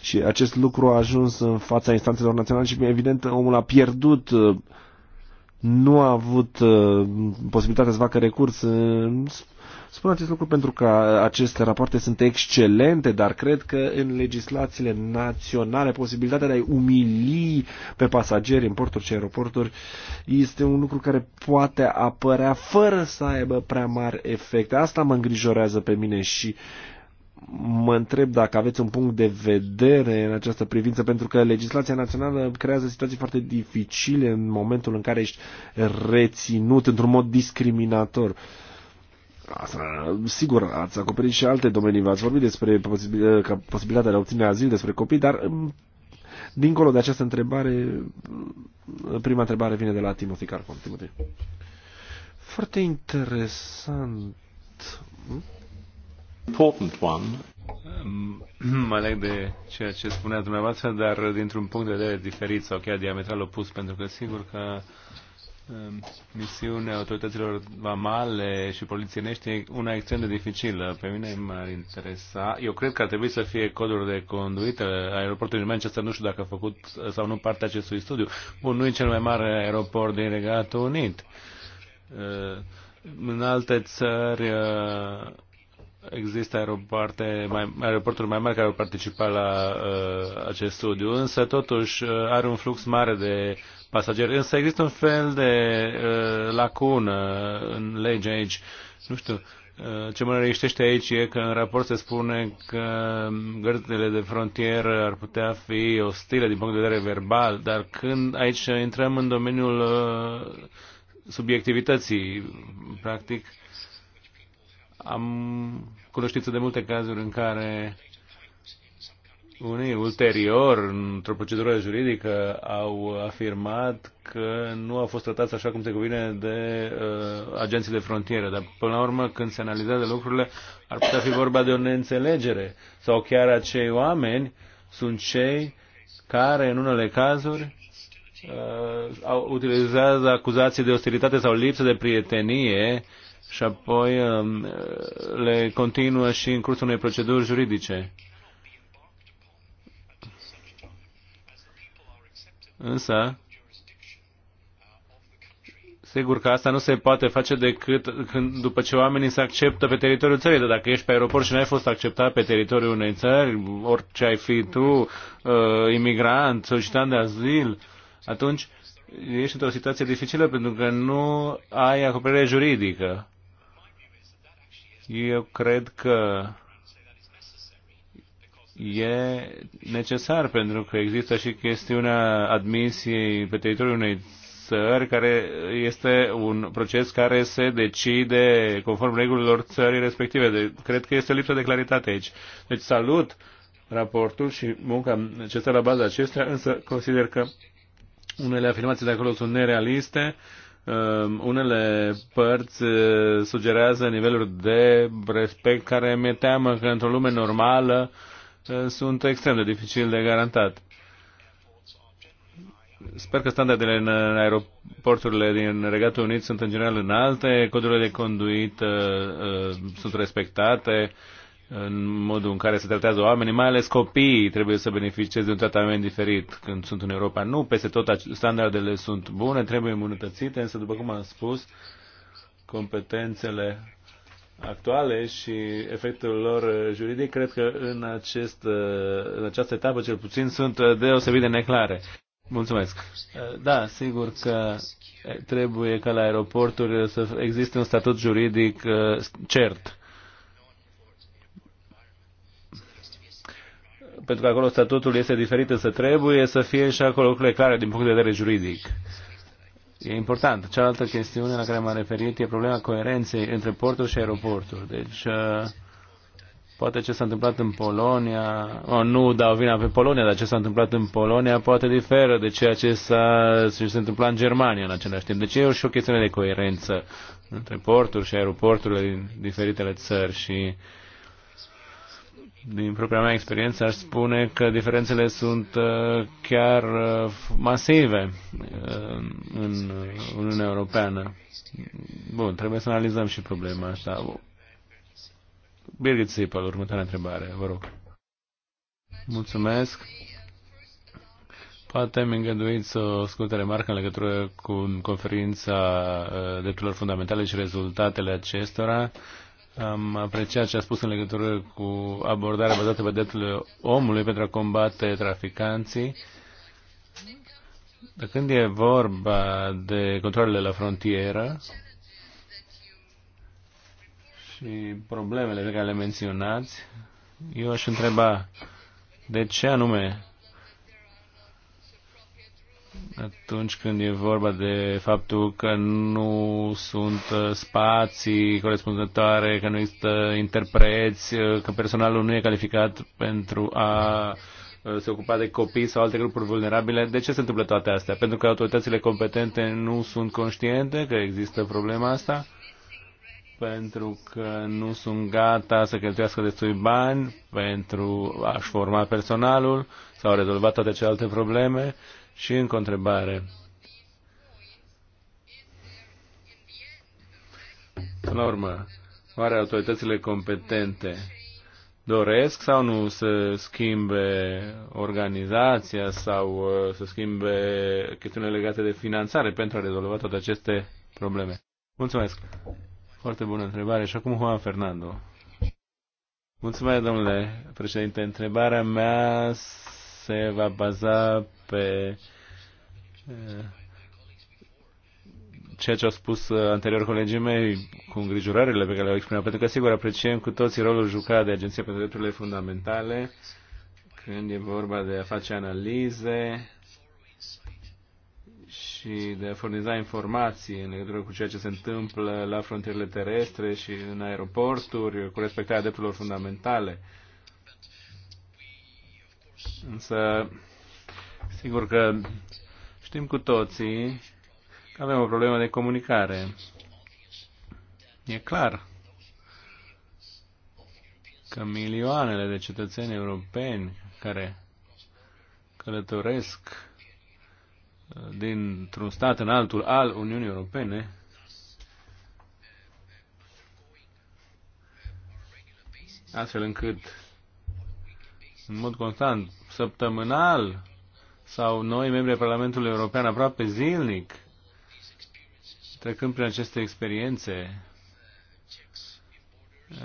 Și acest lucru a ajuns în fața instanțelor naționale și evident omul a pierdut uh, nu a avut uh, posibilitatea să facă recurs. Uh, Spun acest lucru pentru că aceste rapoarte sunt excelente, dar cred că în legislațiile naționale posibilitatea de a-i umili pe pasageri în porturi și aeroporturi este un lucru care poate apărea fără să aibă prea mari efecte. Asta mă îngrijorează pe mine și mă întreb dacă aveți un punct de vedere în această privință, pentru că legislația națională creează situații foarte dificile în momentul în care ești reținut într-un mod discriminator. Uh, Asta, sigur, ați acoperit și alte domenii, v-ați vorbit despre posibil, ca posibilitatea de a obține azil despre copii, dar mm, dincolo de această întrebare, mm, prima întrebare vine de la Timothy Carpon. Timothy. Foarte interesant. Mm? Important one. Mă leg de ceea ce spunea dumneavoastră, dar dintr-un punct de vedere diferit sau chiar diametral opus, pentru că sigur că Ehm, misiunea autorităților vamale și polițienești e una extrem de dificilă. Pe mine m-ar interesa. Eu cred că ar trebui să fie codul de conduită aeroportului din Manchester. Nu știu dacă a făcut uh, sau nu parte acestui studiu. Bun, nu e cel mai mare aeroport din Regatul Unit. Ehm, în alte țări uh, există aeroporte mai, aeroporturi mai mari care au participat la uh, acest studiu, însă totuși uh, are un flux mare de pasageri. Însă există un fel de uh, lacună în lege aici. Nu știu, uh, ce mă reiștește aici e că în raport se spune că gărdile de frontieră ar putea fi ostile din punct de vedere verbal, dar când aici intrăm în domeniul uh, subiectivității, practic, am cunoștință de multe cazuri în care unii ulterior, într-o procedură juridică, au afirmat că nu au fost tratați așa cum se cuvine de uh, agenții de frontieră. Dar, până la urmă, când se analizează lucrurile, ar putea fi vorba de o neînțelegere. Sau chiar acei oameni sunt cei care, în unele cazuri, uh, utilizează acuzații de ostilitate sau lipsă de prietenie și apoi uh, le continuă și în cursul unei proceduri juridice. Însă, Sigur că asta nu se poate face decât când, după ce oamenii se acceptă pe teritoriul țării. Dar dacă ești pe aeroport și nu ai fost acceptat pe teritoriul unei țări, orice ai fi tu, uh, imigrant, solicitant de azil, atunci ești într-o situație dificilă pentru că nu ai acoperire juridică. Eu cred că e necesar pentru că există și chestiunea admisiei pe teritoriul unei țări, care este un proces care se decide conform regulilor țării respective. De, cred că este lipsă de claritate aici. Deci salut raportul și munca ce stă la baza acestea, însă consider că unele afirmații de acolo sunt nerealiste, um, unele părți uh, sugerează niveluri de respect care mi-e teamă că într-o lume normală uh, Eh, sunt extrem de dificil de garantat. Sper că standardele în aeroporturile din Regatul Unit sunt în general înalte, codurile de conduit uh, eh, uh, sunt respectate în modul în care se tratează oamenii, mai ales copiii trebuie să beneficieze de un tratament diferit când sunt în Europa. Nu peste tot standardele sunt bune, trebuie îmbunătățite, însă, după cum am spus, competențele actuale și efectul lor uh, juridic, cred că în, acest, uh, în această etapă, cel puțin, sunt uh, deosebit de neclare. Mulțumesc. Da, sigur că trebuie ca la aeroporturi să existe un statut juridic cert. Pentru că acolo statutul este diferit, să trebuie să fie și acolo lucrurile clare din punct de vedere juridic. E important. Cealaltă chestiune la care m-am referit e problema coerenței între porturi și aeroporturi. Deci, uh, poate ce s-a întâmplat în Polonia, oh, nu dau vina pe Polonia, dar ce s-a întâmplat în Polonia poate diferă de ceea ce s-a ce întâmplat în Germania în același timp. Deci e și o chestiune de coerență între porturi și aeroporturile din diferitele țări și uh, din propria mea experiență, aș spune că diferențele sunt uh, chiar uh, masive uh, în Uniunea Europeană. Bun, trebuie să analizăm și problema asta. Birgit Sipel, următoarea întrebare, vă rog. Mulțumesc. Poate mi îngăduiți o scurtă remarcă în legătură cu conferința drepturilor fundamentale și rezultatele acestora am apreciat ce a spus în legătură cu abordarea bazată pe drepturile omului pentru a combate traficanții. De când e vorba de controlele la frontieră și problemele pe care le menționați, eu aș întreba de ce anume atunci când e vorba de faptul că nu sunt uh, spații corespunzătoare, că nu există interpreți, uh, că personalul nu e calificat pentru a uh, se ocupa de copii sau alte grupuri vulnerabile. De ce se întâmplă toate astea? Pentru că autoritățile competente nu sunt conștiente că există problema asta? Pentru că nu sunt gata să cheltuiască destui bani pentru a-și forma personalul sau a rezolva toate celelalte probleme? Și încă o întrebare. Până la urmă, oare autoritățile competente doresc sau nu să schimbe organizația sau uh, să schimbe chestiunile legate de finanțare pentru a rezolva toate aceste probleme? Mulțumesc! Foarte bună întrebare. Și acum Juan Fernando. Mulțumesc, domnule președinte. Întrebarea mea se va baza pe eh, ceea ce au spus eh, anterior colegii mei cu îngrijorările pe care le-au exprimat, pentru că sigur apreciem cu toții rolul jucat de Agenția pentru Drepturile Fundamentale când e vorba de a face analize și de a furniza informații în legătură cu ceea ce se întâmplă la frontierele terestre și în aeroporturi cu respectarea drepturilor fundamentale. Însă, sigur că știm cu toții că avem o problemă de comunicare. E clar că milioanele de cetățeni europeni care călătoresc uh, dintr-un stat în altul al Uniunii Europene astfel încât în mod constant, săptămânal, sau noi, membrii Parlamentului European, aproape zilnic, trecând prin aceste experiențe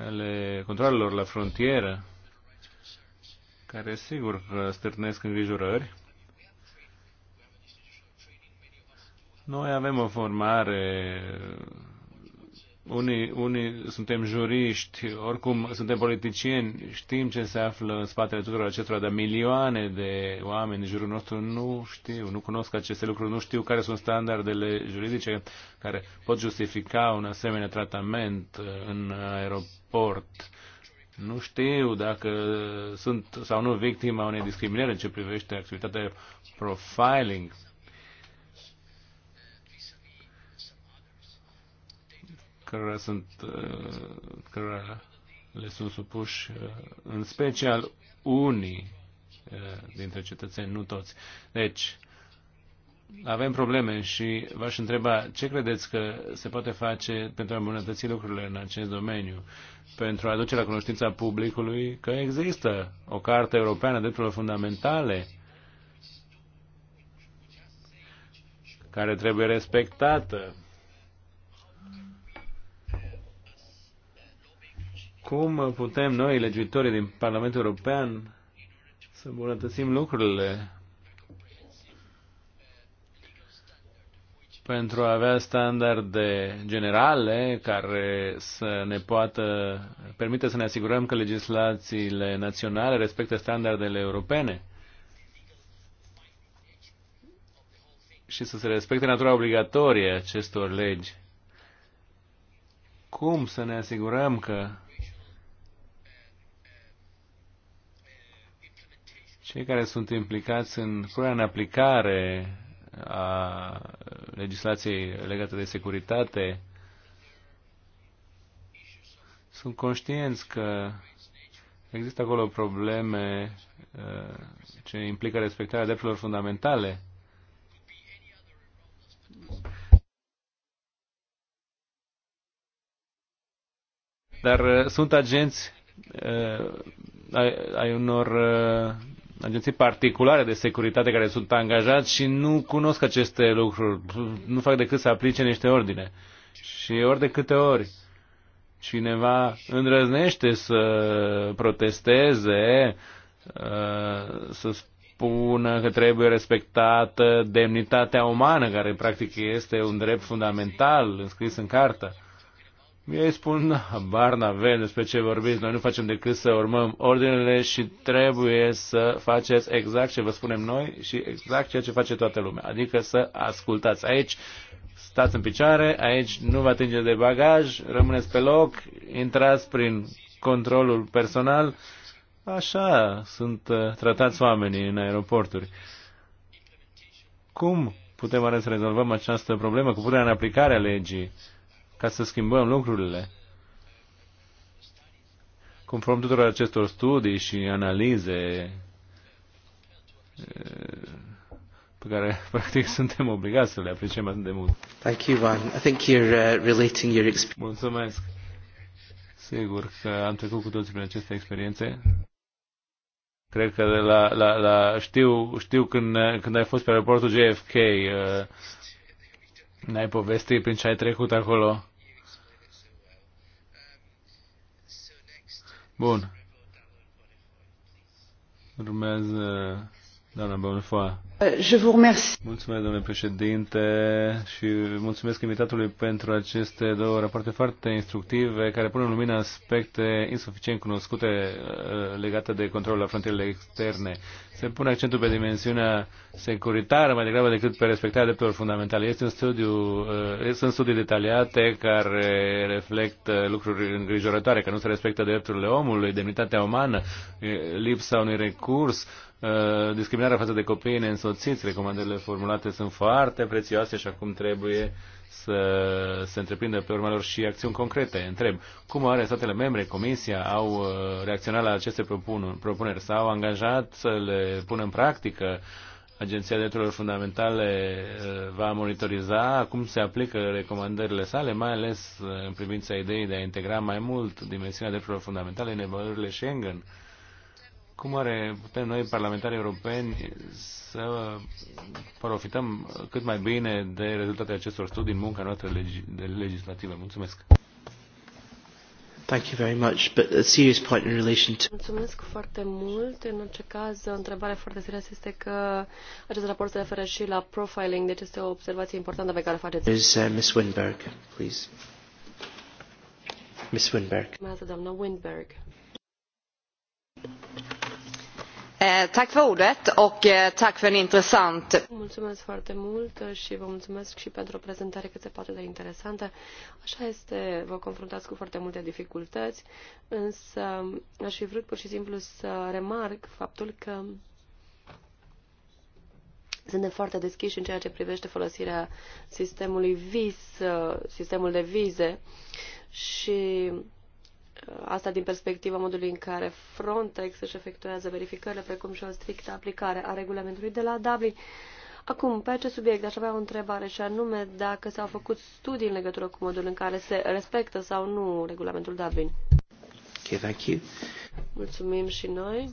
ale controlelor la frontieră, care sigur stârnesc îngrijorări. Noi avem o formare unii, unii suntem juriști, oricum suntem politicieni, știm ce se află în spatele tuturor acestora, dar milioane de oameni în jurul nostru nu știu, nu cunosc aceste lucruri, nu știu care sunt standardele juridice care pot justifica un asemenea tratament uh, în aeroport. Nu știu dacă sunt sau nu victima unei discriminări în ce privește activitatea profiling cărora, sunt, uh, cărora le sunt supuși, uh, în special unii uh, dintre cetățeni, nu toți. Deci, avem probleme și v-aș întreba ce credeți că se poate face pentru a îmbunătăți lucrurile în acest domeniu, pentru a aduce la cunoștința publicului că există o carte europeană de drepturilor fundamentale care trebuie respectată Cum putem noi, legiuitorii din Parlamentul European, să îmbunătățim lucrurile pentru a avea standarde generale care să ne poată permite să ne asigurăm că legislațiile naționale respectă standardele europene și să se respecte natura obligatorie acestor legi. Cum să ne asigurăm că cei care sunt implicați în punerea în aplicare a legislației legate de securitate sunt conștienți că există acolo probleme uh, ce implică respectarea drepturilor fundamentale. Dar uh, sunt agenți uh, ai, ai unor agenții particulare de securitate care sunt angajați și nu cunosc aceste lucruri. Nu fac decât să aplice niște ordine. Și ori de câte ori cineva îndrăznește să protesteze, uh, să spună că trebuie respectată demnitatea umană, care practic este un drept fundamental înscris în cartă. Ei spun, bar n-avem despre ce vorbiți, noi nu facem decât să urmăm ordinele și trebuie să faceți exact ce vă spunem noi și exact ceea ce face toată lumea, adică să ascultați. Aici stați în picioare, aici nu vă atingeți de bagaj, rămâneți pe loc, intrați prin controlul personal, așa sunt uh, tratați oamenii în aeroporturi. Cum putem oare să rezolvăm această problemă cu puterea în aplicare a legii? ca să schimbăm lucrurile. Conform tuturor acestor studii și analize eh, pe care practic suntem obligați să le apreciem atât de mult. Thank you, Van. I think you're uh, relating your experience. Mulțumesc. Sigur că am trecut cu toții prin aceste experiențe. Cred că de la, la, la știu, știu când, când ai fost pe aeroportul JFK, uh, n ai povestit prin ce ai trecut acolo. Bun. Urmează Doamna Bonfoa. Je vous remercie. Mulțumesc, domnule președinte, și mulțumesc invitatului pentru aceste două rapoarte foarte instructive, care pun în lumină aspecte insuficient cunoscute uh, legate de controlul la frontierele externe. Se pune accentul pe dimensiunea securitară mai degrabă decât pe respectarea drepturilor fundamentale. Este un studiu, uh, sunt studii detaliate care reflectă lucruri îngrijorătoare, că nu se respectă drepturile omului, demnitatea umană, lipsa unui recurs, Uh, discriminarea față de copiii neînsoțiți, recomandările formulate sunt foarte prețioase și acum trebuie să se întreprindă pe urma lor și acțiuni concrete. Întreb, cum are statele membre, Comisia, au uh, reacționat la aceste propuneri? S-au angajat să le pună în practică? Agenția Drepturilor Fundamentale uh, va monitoriza cum se aplică recomandările sale, mai ales în privința ideii de a integra mai mult dimensiunea drepturilor fundamentale în evaluările Schengen cum are putem noi, parlamentarii europeni, să profităm cât mai bine de rezultatele acestor studii în munca noastră de legislativă? Mulțumesc! Thank you very much, but a serious point in relation to... Mulțumesc foarte mult. În orice caz, o întrebare foarte serioasă este că acest raport se referă și la profiling, deci este o observație importantă pe care o faceți. Is, uh, Miss Winberg, please. Miss Winberg. Mulțumesc, doamna Winberg. Eh, eh, mulțumesc foarte mult eh, și vă mulțumesc și pentru o prezentare cât se poate de interesantă. Așa este, vă confruntați cu foarte multe dificultăți, însă aș fi vrut pur și simplu să remarc faptul că suntem foarte deschiși în ceea ce privește folosirea sistemului VIS, sistemul de vize și Asta din perspectiva modului în care Frontex își efectuează verificările, precum și o strictă aplicare a regulamentului de la Dublin. Acum, pe acest subiect, aș avea o întrebare și anume dacă s-au făcut studii în legătură cu modul în care se respectă sau nu regulamentul Dublin. Okay, thank you. Mulțumim și noi.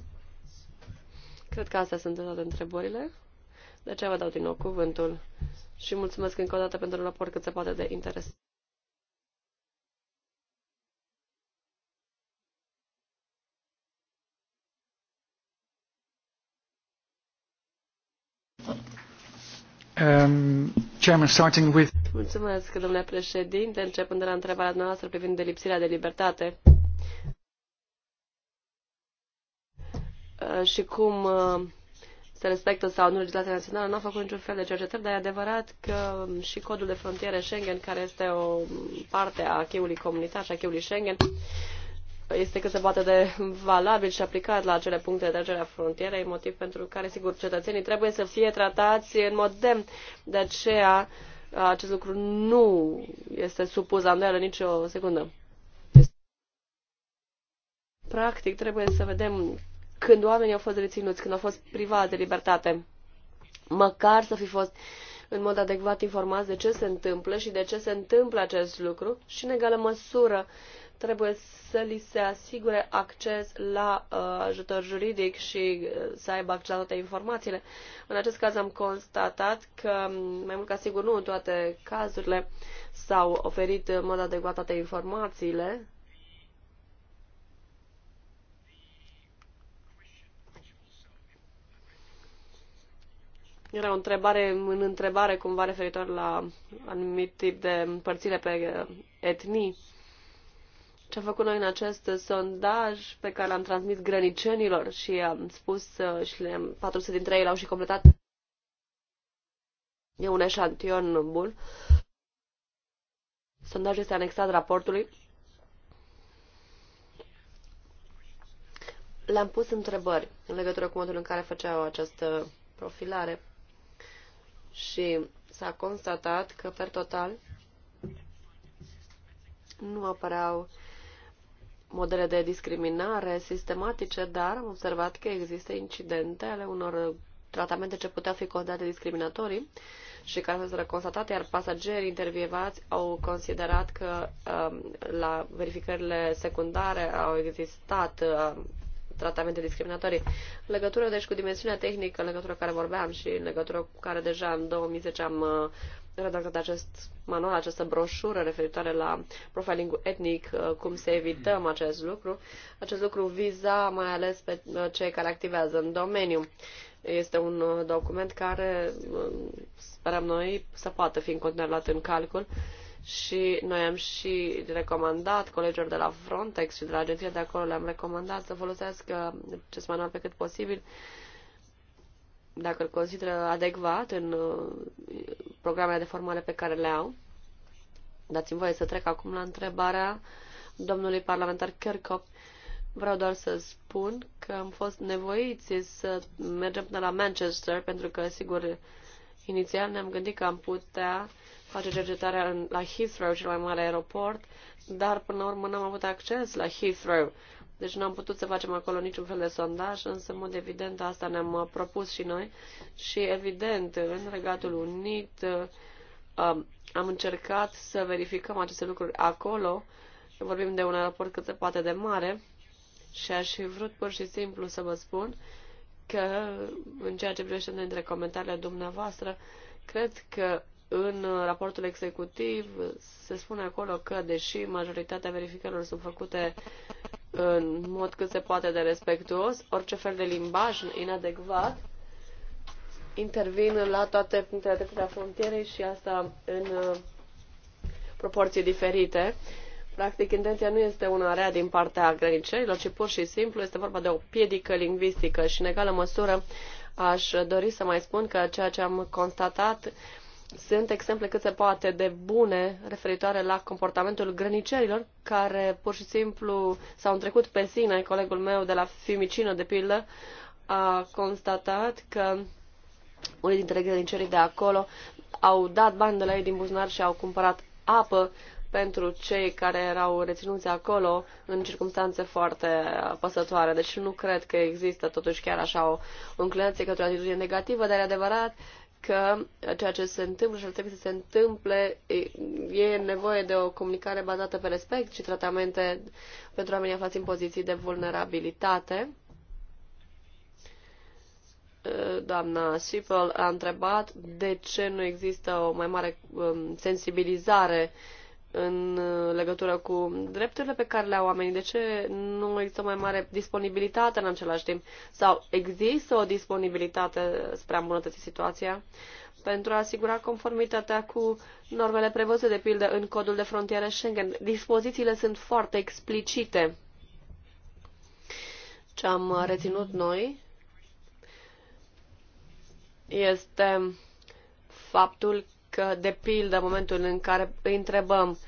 Cred că astea sunt toate întrebările. De aceea vă dau din nou cuvântul și mulțumesc încă o dată pentru raport cât se poate de interes. Um, chairman, starting with... Mulțumesc, domnule președinte, începând de la întrebarea noastră privind lipsirea de libertate. Uh, și cum uh, se respectă sau nu legislația națională, nu a făcut niciun fel de cercetări, dar e adevărat că um, și codul de frontiere Schengen, care este o parte a acheiului comunitar și a acheiului Schengen, este cât se poate de valabil și aplicat la acele puncte de tragere a frontierei, motiv pentru care, sigur, cetățenii trebuie să fie tratați în mod demn. De aceea, acest lucru nu este supus la îndoială nicio secundă. Practic, trebuie să vedem când oamenii au fost reținuți, când au fost privați de libertate, măcar să fi fost în mod adecvat informați de ce se întâmplă și de ce se întâmplă acest lucru și, în egală măsură, trebuie să li se asigure acces la uh, ajutor juridic și uh, să aibă acces la toate informațiile. În acest caz am constatat că, mm, mai mult ca sigur, nu în toate cazurile s-au oferit în mod adecvat toate informațiile. Era o întrebare în întrebare cumva referitor la anumit tip de împărțire pe uh, etnii ce am făcut noi în acest sondaj pe care l-am transmis grănicenilor și am spus uh, și le-am, 400 dintre ei l-au și completat. E un eșantion bun. Sondajul este anexat raportului. Le-am pus întrebări în legătură cu modul în care făceau această profilare și s-a constatat că, per total, nu apăreau modele de discriminare sistematice, dar am observat că există incidente ale unor tratamente ce puteau fi considerate discriminatorii și care sunt constatate, iar pasagerii intervievați au considerat că um, la verificările secundare au existat um, tratamente discriminatorii. În legătură, deci, cu dimensiunea tehnică, în legătură cu care vorbeam și în legătură cu care deja în 2010 am uh, redactat acest manual, această broșură referitoare la profiling etnic, uh, cum să evităm acest lucru. Acest lucru viza mai ales pe uh, cei care activează în domeniu. Este un uh, document care sperăm noi să poată fi în continuare luat în calcul și noi am și recomandat colegilor de la Frontex și de la agenția de acolo le-am recomandat să folosească acest manual pe cât posibil dacă îl consideră adecvat în uh, programele de formare pe care le au. Dați-mi voie să trec acum la întrebarea domnului parlamentar Kirchhoff. Vreau doar să spun că am fost nevoiți să mergem până la Manchester, pentru că, sigur, inițial ne-am gândit că am putea face cercetarea la Heathrow, cel mai mare aeroport, dar până la urmă n-am avut acces la Heathrow. Deci n-am putut să facem acolo niciun fel de sondaj, însă, în mod evident, asta ne-am uh, propus și noi. Și, evident, în Regatul Unit uh, am încercat să verificăm aceste lucruri acolo. Vorbim de un aeroport cât se poate de mare și aș fi vrut pur și simplu să vă spun că, în ceea ce privește dintre comentariile dumneavoastră, cred că în raportul executiv se spune acolo că, deși majoritatea verificărilor sunt făcute în mod cât se poate de respectuos, orice fel de limbaj inadecvat, intervin la toate punctele de a frontierei și asta în uh, proporții diferite. Practic, intenția nu este una rea din partea granicerilor, ci pur și simplu este vorba de o piedică lingvistică și, în egală măsură, aș dori să mai spun că ceea ce am constatat sunt exemple cât se poate de bune referitoare la comportamentul grănicerilor care pur și simplu s-au întrecut pe sine. Colegul meu de la Fiumicină, de pildă, a constatat că unii dintre grănicerii de acolo au dat bani de la ei din buzunar și au cumpărat apă pentru cei care erau reținuți acolo în circunstanțe foarte păsătoare. Deci nu cred că există totuși chiar așa o înclinație către o atitudine negativă, dar e adevărat că ceea ce se întâmplă și ar trebui să se întâmple e nevoie de o comunicare bazată pe respect și tratamente pentru oamenii aflați în poziții de vulnerabilitate. Doamna Schiffel a întrebat de ce nu există o mai mare um, sensibilizare uh, în legătură cu drepturile pe care le au oamenii? De ce nu există mai mare disponibilitate în același timp? Sau există o disponibilitate spre a îmbunătăți situația? pentru a asigura conformitatea cu normele prevăzute, de pildă, în codul de frontieră Schengen. Dispozițiile sunt foarte explicite. Ce am reținut noi este faptul că, de pildă, în momentul în care îi întrebăm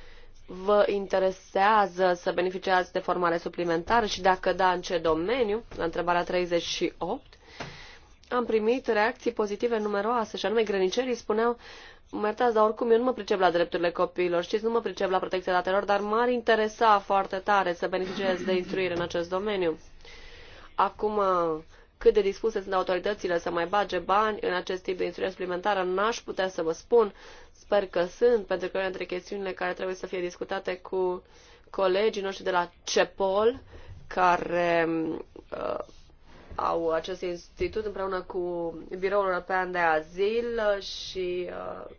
vă interesează să beneficiați de formare suplimentară și dacă da, în ce domeniu, la întrebarea 38, am primit reacții pozitive numeroase și anume grănicerii spuneau mă iertați, dar oricum eu nu mă pricep la drepturile copiilor, știți, nu mă pricep la protecția datelor, dar m-ar interesa foarte tare să beneficiez de instruire în acest domeniu. Acum, cât de dispuse sunt autoritățile să mai bage bani în acest tip de instrument suplimentar, n-aș putea să vă spun. Sper că sunt, pentru că e dintre chestiunile care trebuie să fie discutate cu colegii noștri de la CEPOL, care uh, au acest institut împreună cu Biroul European de Azil și uh,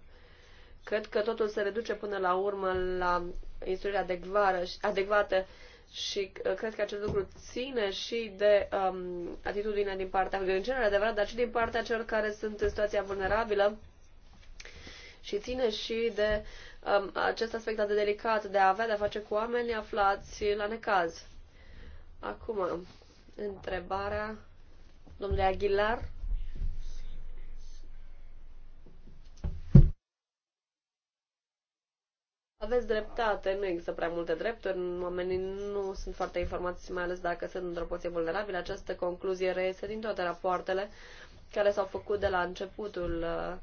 cred că totul se reduce până la urmă la instruirea adecvată, adecvată și uh, cred că acest lucru ține și de um, atitudinea din partea gâncenilor, adevărat, dar și din partea celor care sunt în situația vulnerabilă și ține și de um, acest aspect atât de delicat de a avea de-a face cu oameni aflați la necaz. Acum, întrebarea domnului Aguilar. Aveți dreptate, nu există prea multe drepturi, oamenii nu sunt foarte informați, mai ales dacă sunt într-o poziție vulnerabilă. Această concluzie reiese din toate rapoartele care s-au făcut de la începutul uh,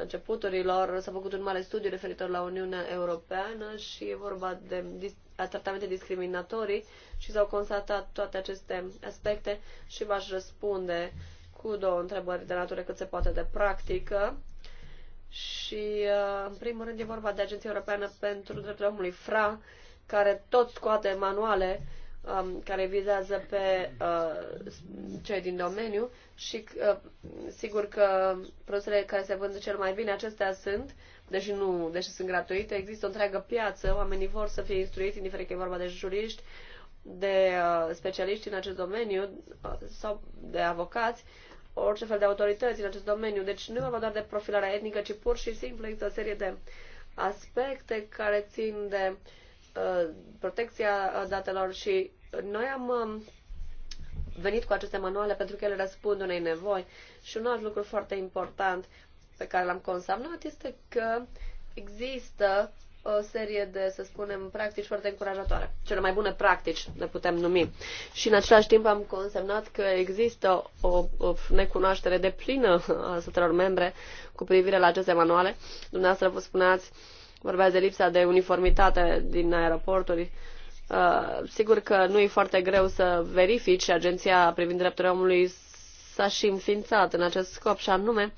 începuturilor. S-a făcut un mare studiu referitor la Uniunea Europeană și e vorba de tratamente discriminatorii și s-au constatat toate aceste aspecte și v-aș răspunde cu două întrebări de natură cât se poate de practică și, uh, în primul rând, e vorba de Agenția Europeană pentru Drepturile Omului, FRA, care tot scoate manuale um, care vizează pe uh, cei din domeniu și uh, sigur că produsele care se vând cel mai bine, acestea sunt, deși nu, deși sunt gratuite, există o întreagă piață, oamenii vor să fie instruiți, indiferent că e vorba de juriști, de uh, specialiști în acest domeniu uh, sau de avocați, orice fel de autorități în acest domeniu. Deci nu e vorba doar de profilarea etnică, ci pur și simplu există o serie de aspecte care țin de uh, protecția uh, datelor și noi am uh, venit cu aceste manuale pentru că ele răspund unei nevoi. Și un alt lucru foarte important pe care l-am consemnat este că există o serie de, să spunem, practici foarte încurajatoare. Cele mai bune practici le putem numi. Și în același timp am consemnat că există o, o necunoaștere de plină a statelor membre cu privire la aceste manuale. Dumneavoastră vă spuneați, vorbeați de lipsa de uniformitate din aeroporturi. Uh, sigur că nu e foarte greu să verifici agenția privind drepturile omului s-a și înființat în acest scop și anume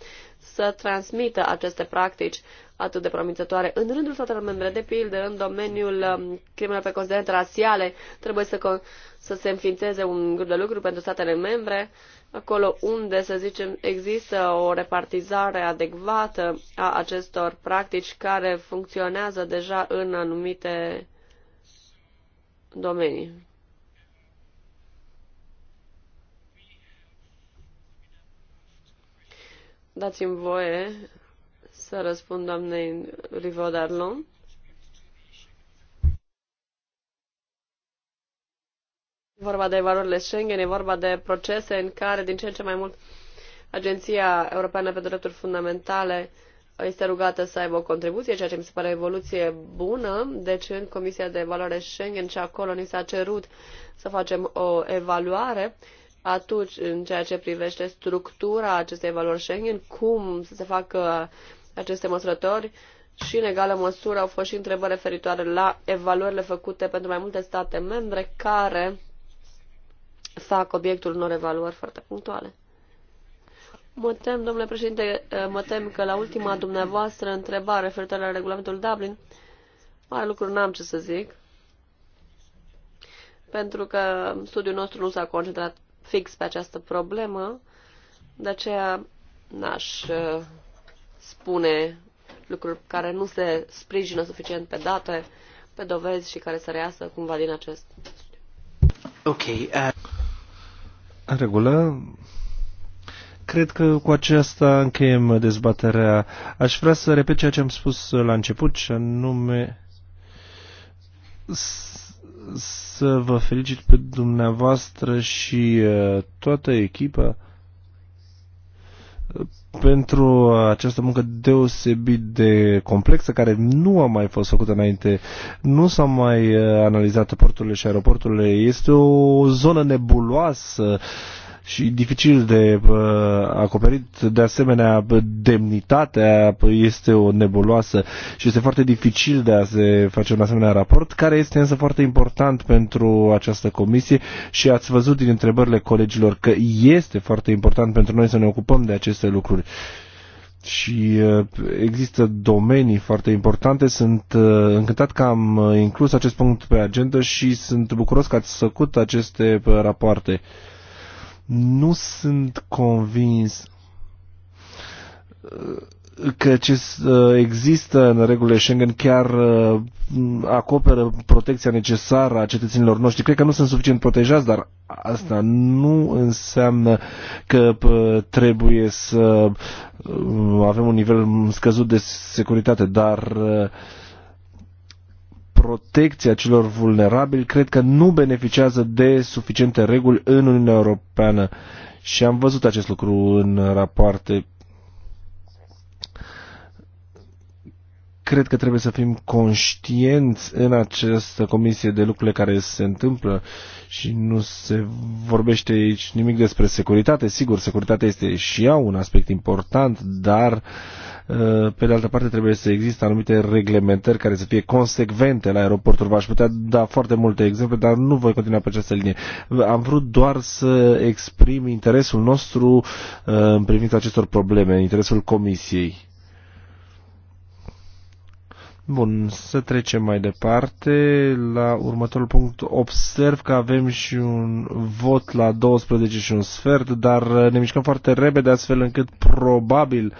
să transmită aceste practici atât de promițătoare în rândul statelor membre, de pildă în domeniul um, crimelor pe considerente rasiale. Trebuie să, să se înființeze un grup de lucru pentru statele membre, acolo unde, să zicem, există o repartizare adecvată a acestor practici care funcționează deja în anumite domenii. dați-mi voie să răspund doamnei Rivo Darlon. E vorba de valorile Schengen, e vorba de procese în care din ce în ce mai mult Agenția Europeană pentru Drepturi Fundamentale este rugată să aibă o contribuție, ceea ce mi se pare o evoluție bună. Deci în Comisia de Valoare Schengen și acolo ni s-a cerut să facem o evaluare atunci în ceea ce privește structura acestei valori Schengen, cum să se facă aceste măsurători și, în egală măsură, au fost și întrebări referitoare la evaluările făcute pentru mai multe state membre care fac obiectul unor evaluări foarte punctuale. Mă tem, domnule președinte, eh, mă tem că la ultima dumneavoastră întrebare referitoare la regulamentul Dublin, mare lucru n-am ce să zic, pentru că studiul nostru nu s-a concentrat fix pe această problemă, de aceea n-aș eh, spune lucruri care nu se sprijină suficient pe date, pe dovezi și care să reiasă cumva din acest studiu. Ok. Uh... În regulă, cred că cu aceasta încheiem dezbaterea. Aș vrea să repet ceea ce am spus la început, și anume să vă felicit pe dumneavoastră și uh, toată echipa pentru această muncă deosebit de complexă care nu a mai fost făcută înainte, nu s-au mai uh, analizat porturile și aeroporturile. Este o zonă nebuloasă uh, și dificil de uh, acoperit. De asemenea, demnitatea este o nebuloasă și este foarte dificil de a se face un asemenea raport, care este însă foarte important pentru această comisie și ați văzut din întrebările colegilor că este foarte important pentru noi să ne ocupăm de aceste lucruri și uh, există domenii foarte importante. Sunt uh, încântat că am uh, inclus acest punct pe agenda și sunt bucuros că ați făcut aceste rapoarte. Nu sunt convins uh, că ce uh, există în regulile Schengen chiar uh, acoperă protecția necesară a cetățenilor noștri. Cred că nu sunt suficient protejați, dar asta nu înseamnă că trebuie să avem un nivel scăzut de securitate, dar uh, protecția celor vulnerabili cred că nu beneficiază de suficiente reguli în Uniunea Europeană și am văzut acest lucru în rapoarte. Cred că trebuie să fim conștienți în această comisie de lucrurile care se întâmplă și nu se vorbește aici nimic despre securitate. Sigur, securitatea este și ea un aspect important, dar uh, Uh, pe de altă parte, trebuie să existe anumite reglementări care să fie consecvente la aeroporturi. V-aș putea da foarte multe exemple, dar nu voi continua pe această linie. Am vrut doar să exprim interesul nostru uh, în privința acestor probleme, interesul Comisiei. Bun, să trecem mai departe la următorul punct. Observ că avem și un vot la 12 și un sfert, dar ne mișcăm foarte repede astfel încât probabil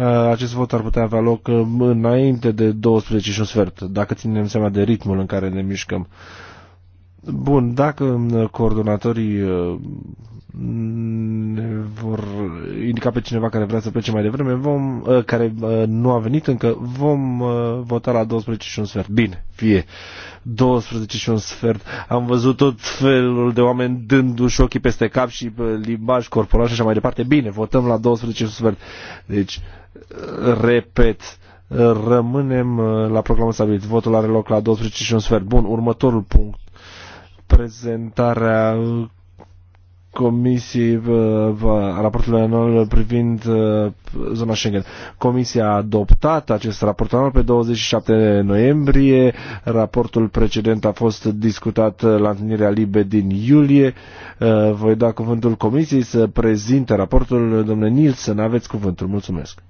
Uh, acest vot ar putea avea loc uh, înainte de 12 și un sfert, dacă ținem seama de ritmul în care ne mișcăm. Bun, dacă uh, coordonatorii ne vor indica pe cineva care vrea să plece mai devreme, vom, uh, care uh, nu a venit încă, vom uh, vota la 12 și un sfert. Bine, fie 12 și un sfert. Am văzut tot felul de oameni dându-și ochii peste cap și limbaj corporal și așa mai departe. Bine, votăm la 12 și un sfert. Deci, repet, rămânem la programul stabilit. Votul are loc la 12 și un sfert. Bun, următorul punct prezentarea Comisiei, uh, raportul anual privind uh, zona Schengen. Comisia a adoptat acest raport anual pe 27 noiembrie. Raportul precedent a fost discutat uh, la întâlnirea LIBE din iulie. Voi da cuvântul Comisiei să prezinte raportul. Domnule Nilsen, aveți cuvântul. Mulțumesc.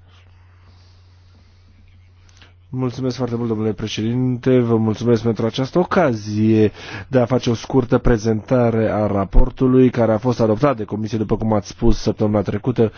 Mulțumesc foarte mult, domnule președinte. Vă mulțumesc pentru această ocazie de a face o scurtă prezentare a raportului care a fost adoptat de comisie, după cum ați spus săptămâna trecută.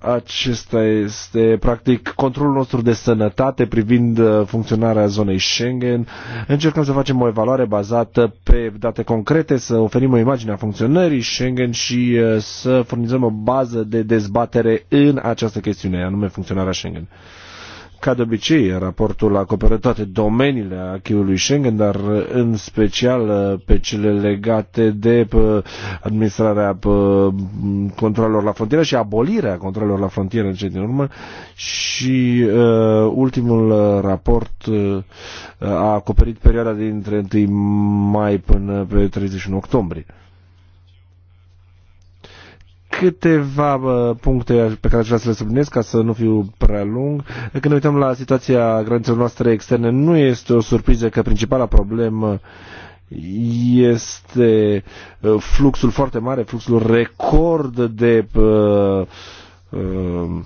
Acesta este practic controlul nostru de sănătate privind uh, funcționarea zonei Schengen. Încercăm să facem o evaluare bazată pe date concrete, să oferim o imagine a funcționării Schengen și uh, să furnizăm o bază de dezbatere în această chestiune, anume funcționarea Schengen. Ca de obicei, raportul acoperă toate domeniile acquis Schengen, dar în special pe cele legate de administrarea controlelor la frontieră și abolirea controlelor la frontieră în ce din urmă. Și uh, ultimul raport uh, a acoperit perioada dintre 1 mai până pe 31 octombrie. Câteva puncte pe care aș vrea să le subliniez ca să nu fiu prea lung. Când ne uităm la situația granițelor noastre externe, nu este o surpriză că principala problemă este uh, fluxul foarte mare, fluxul record de uh, Ehm,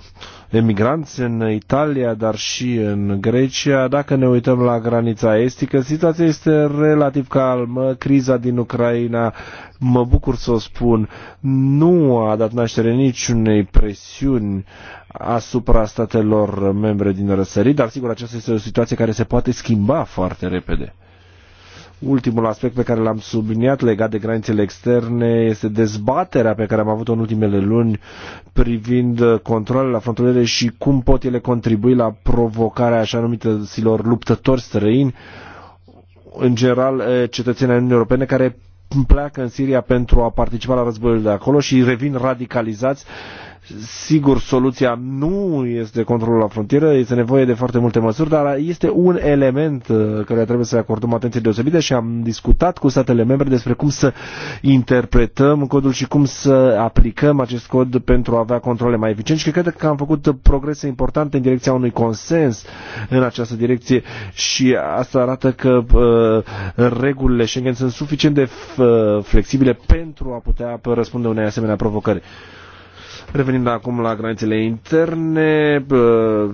emigranți în Italia, dar și în Grecia. Dacă ne uităm la granița estică, situația este relativ calmă. Criza din Ucraina, mă bucur să o spun, nu a dat naștere niciunei presiuni asupra statelor membre din răsărit, dar sigur aceasta este o situație care se poate schimba foarte repede. Ultimul aspect pe care l-am subliniat legat de granițele externe este dezbaterea pe care am avut-o în ultimele luni privind controlele la frontiere și cum pot ele contribui la provocarea așa numitilor luptători străini, în general eh, cetățenii Uniunii Europene care pleacă în Siria pentru a participa la războiul de acolo și revin radicalizați Sigur, soluția nu este controlul la frontieră, este nevoie de foarte multe măsuri, dar este un element uh, care trebuie să acordăm atenție deosebită și am discutat cu statele membre despre cum să interpretăm codul și cum să aplicăm acest cod pentru a avea controle mai eficiente și cred că am făcut progrese importante în direcția unui consens în această direcție și asta arată că uh, regulile Schengen sunt suficient de uh, flexibile pentru a putea răspunde unei asemenea provocări. Revenind acum la granițele interne,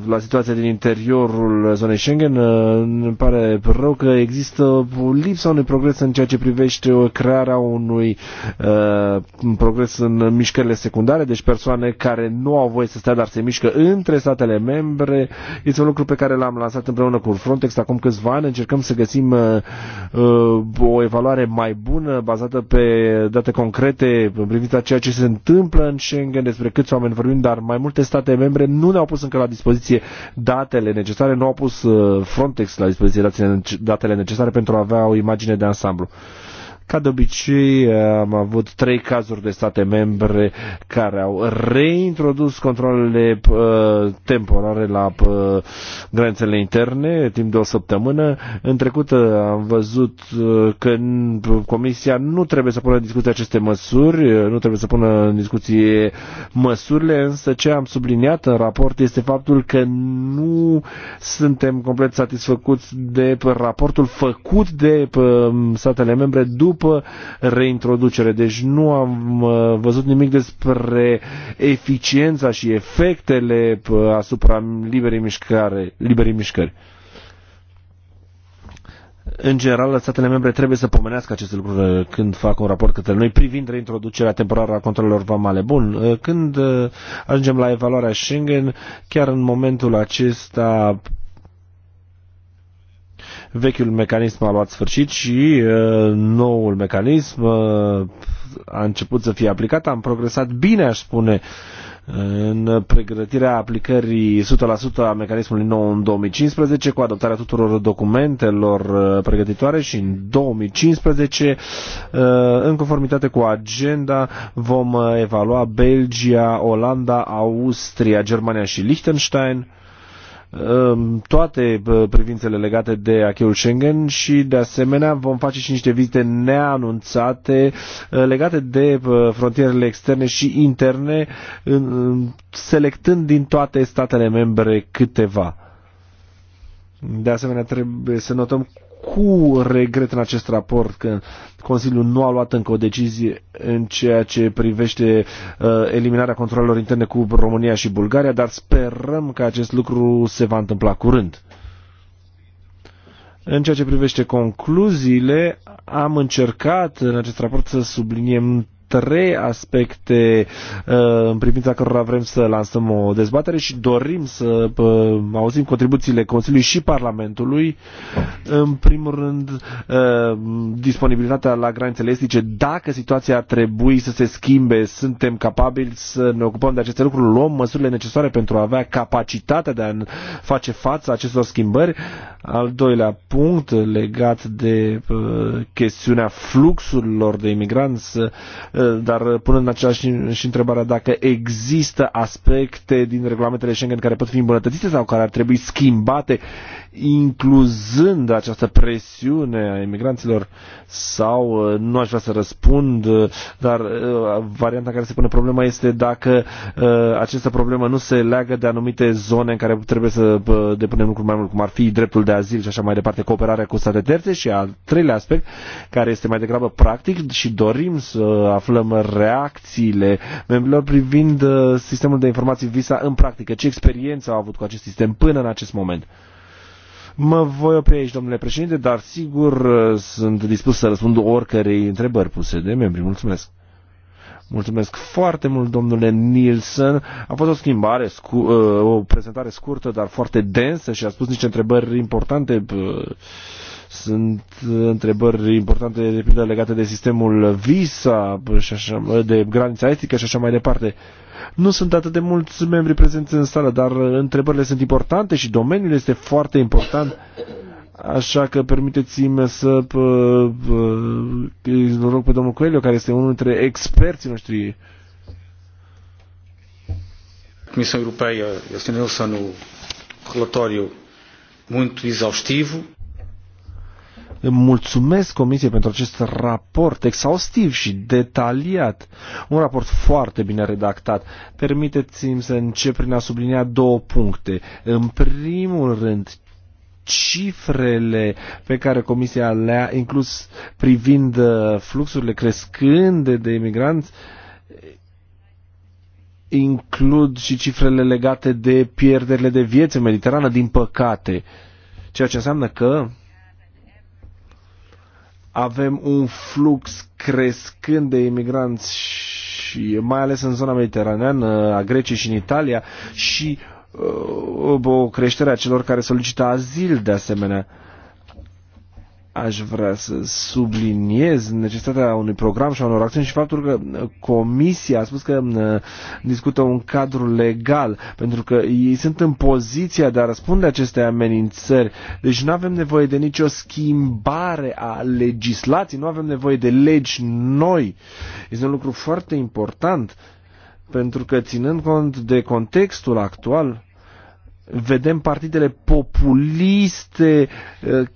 la situația din interiorul zonei Schengen, ă, îmi pare rău că există lipsa unui progres în ceea ce privește crearea unui uh, progres în mișcările secundare, deci persoane care nu au voie să stea, dar se mișcă între statele membre. Este un lucru pe care l-am lansat împreună cu Frontex acum câțiva ani. Încercăm să găsim uh, o evaluare mai bună, bazată pe date concrete în privința ceea ce se întâmplă în Schengen, despre despre câți oameni vorbim, dar mai multe state membre nu ne-au pus încă la dispoziție datele necesare, nu au pus uh, Frontex la dispoziție datele necesare pentru a avea o imagine de ansamblu. Ca de obicei, am avut trei cazuri de state membre care au reintrodus controlele uh, temporare la uh, granițele interne timp de o săptămână. În trecut uh, am văzut uh, că Comisia nu trebuie să pună în discuție aceste măsuri, uh, nu trebuie să pună în discuție măsurile, însă ce am subliniat în raport este faptul că nu suntem complet satisfăcuți de raportul făcut de uh, statele membre după după reintroducere. Deci nu am uh, văzut nimic despre eficiența și efectele uh, asupra liberei, mișcare, liberei mișcări în general, statele membre trebuie să pomenească aceste lucruri uh, când fac un raport către noi privind reintroducerea temporară a controlelor vamale. Bun, când ajungem la evaluarea Schengen, chiar în momentul acesta Vechiul mecanism a luat sfârșit și uh, noul mecanism uh, a început să fie aplicat. Am progresat bine, aș spune, în pregătirea aplicării 100% a mecanismului nou în 2015 cu adoptarea tuturor documentelor uh, pregătitoare și în 2015 în conformitate cu agenda vom evalua Belgia, Olanda, Austria, Germania și Liechtenstein Ehm, toate privințele legate de acheul Schengen și de asemenea vom face și niște vizite neanunțate eh, legate de frontierele externe și interne, selectând din toate statele membre câteva. De asemenea, trebuie să notăm cu regret în acest raport că Consiliul nu a luat încă o decizie în ceea ce privește uh, eliminarea controlelor interne cu România și Bulgaria, dar sperăm că acest lucru se va întâmpla curând. În ceea ce privește concluziile, am încercat în acest raport să subliniem trei aspecte uh, în privința cărora vrem să lansăm o dezbatere și dorim să uh, auzim contribuțiile Consiliului și Parlamentului. În primul rând, uh, disponibilitatea la granițele estice, dacă situația ar trebui să se schimbe, suntem capabili să ne ocupăm de aceste lucruri, luăm măsurile necesare pentru a avea capacitatea de a face față acestor schimbări. Al doilea punct legat de chestiunea fluxurilor de imigranți, Eh, dar punând în același și întrebarea dacă există aspecte din regulamentele Schengen care pot fi îmbunătățite sau care ar trebui schimbate, incluzând această presiune a imigranților sau, uh, nu aș vrea să răspund, uh, dar uh, varianta care se pune problema este dacă această problemă nu se leagă de anumite zone în care trebuie să depunem lucruri mai mult, cum ar fi dreptul de azil și așa mai departe, cooperarea cu state terțe și al treilea aspect, care este mai degrabă practic și dorim să aflăm reacțiile membrilor privind sistemul de informații VISA în practică. Ce experiență au avut cu acest sistem până în acest moment? Mă voi opri aici, domnule președinte, dar sigur uh, sunt dispus să răspund oricărei întrebări puse de membri. Mulțumesc! Mulțumesc foarte mult, domnule Nielsen. A fost o schimbare, scu- uh, o prezentare scurtă, dar foarte densă și a spus niște întrebări importante. Uh, sunt întrebări importante, de pildă, legate de sistemul visa și de granița estică și așa mai departe. Nu sunt atât de mulți membri prezenți în sală, dar întrebările sunt importante și domeniul este foarte important. Așa că permiteți-mi să îl rog pe domnul Coelho, care este unul dintre experții noștri. Comisia Comissão Europeia assinalou-se no relatório muito exaustivo. Mulțumesc Comisiei pentru acest raport exhaustiv și detaliat. Un raport foarte bine redactat. Permiteți-mi să încep prin a sublinia două puncte. În primul rând, cifrele pe care Comisia le-a inclus privind uh, fluxurile crescânde de imigranți includ și cifrele legate de pierderile de vieți în Mediterană, din păcate. Ceea ce înseamnă că avem un flux crescând de imigranți și mai ales în zona mediteraneană, a Greciei și în Italia și uh, o creștere a celor care solicită azil de asemenea. Uh, aș vrea să subliniez necesitatea unui program și a unor acțiuni și faptul că uh, Comisia a spus că uh, discută un cadru legal, pentru că ei sunt în poziția de a răspunde aceste amenințări. Deci nu avem nevoie de nicio schimbare a legislației, nu avem nevoie de legi noi. Este un lucru foarte important, pentru că ținând cont de contextul actual, vedem partidele populiste uh,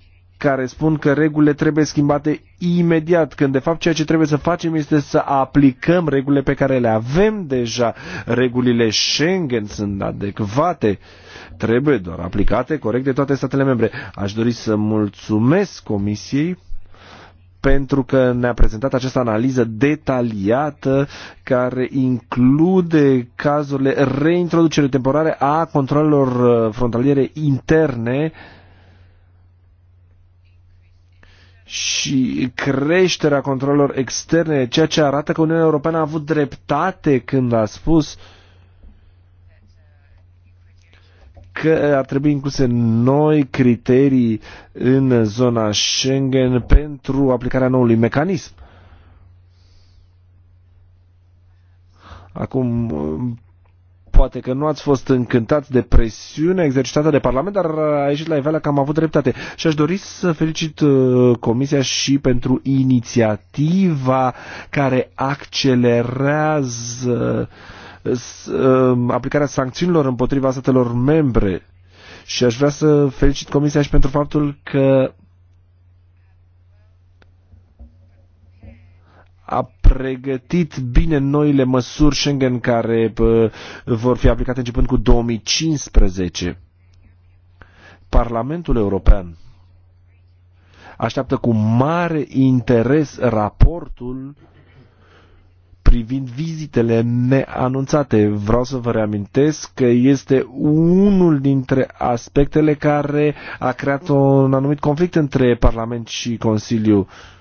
care spun că regulile trebuie schimbate imediat, când de fapt ceea ce trebuie să facem este să aplicăm regulile pe care le avem deja. Regulile Schengen sunt adecvate, trebuie doar aplicate corect de toate statele membre. Aș dori să mulțumesc Comisiei pentru că ne-a prezentat această analiză detaliată care include cazurile reintroducere temporare a controlelor uh, frontaliere interne uh, și creșterea controlelor externe, ceea ce arată că Uniunea Europeană a avut dreptate când a spus că ar trebui incluse noi criterii în zona Schengen pentru aplicarea noului mecanism. Acum, Poate că nu ați fost încântați de presiunea exercitată de Parlament, dar a ieșit la iveală că am avut dreptate. Și aș dori să felicit uh, Comisia și pentru inițiativa care accelerează um, aplicarea sancțiunilor împotriva statelor membre. Și aș vrea să felicit Comisia și pentru faptul că a pregătit bine noile măsuri Schengen care vor fi aplicate începând cu 2015. Parlamentul European așteaptă cu mare interes raportul privind vizitele neanunțate. Vreau să vă reamintesc că este unul dintre aspectele care a creat un anumit conflict între Parlament și Consiliu. Uh,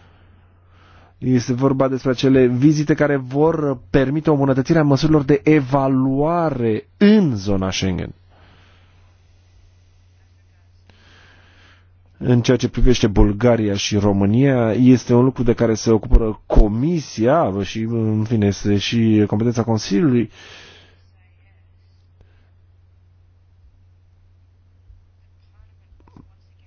este vorba despre acele vizite care vor permite o îmbunătățire a măsurilor de evaluare în zona Schengen. În ceea ce privește Bulgaria și România, este un lucru de care se ocupă Comisia și, în fine, este și competența Consiliului. Uh,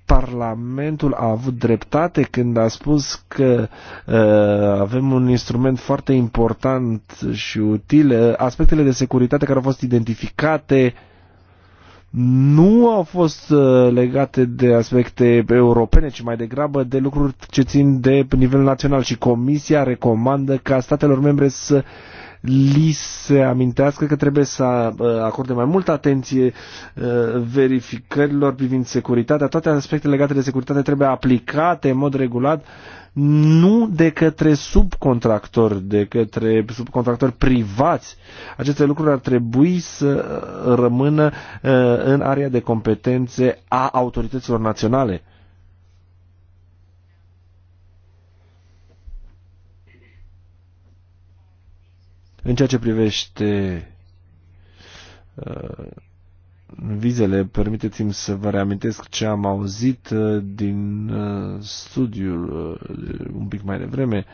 Parlamentul a avut dreptate când a spus că uh, avem un instrument foarte important și util. Aspectele de securitate care au fost identificate nu au fost uh, legate de aspecte europene, ci mai degrabă de lucruri ce țin de nivel național și Comisia recomandă ca statelor membre să uh, li se amintească că trebuie să uh, acorde mai multă atenție uh, verificărilor privind securitatea. Toate aspectele legate de securitate trebuie aplicate în mod regulat nu de către subcontractori, de către subcontractori privați. Aceste lucruri ar trebui să uh, rămână în area de competențe a autorităților naționale. În ceea ce privește uh, vizele, permiteți-mi să vă reamintesc ce am auzit uh, din uh, studiul un pic mai devreme.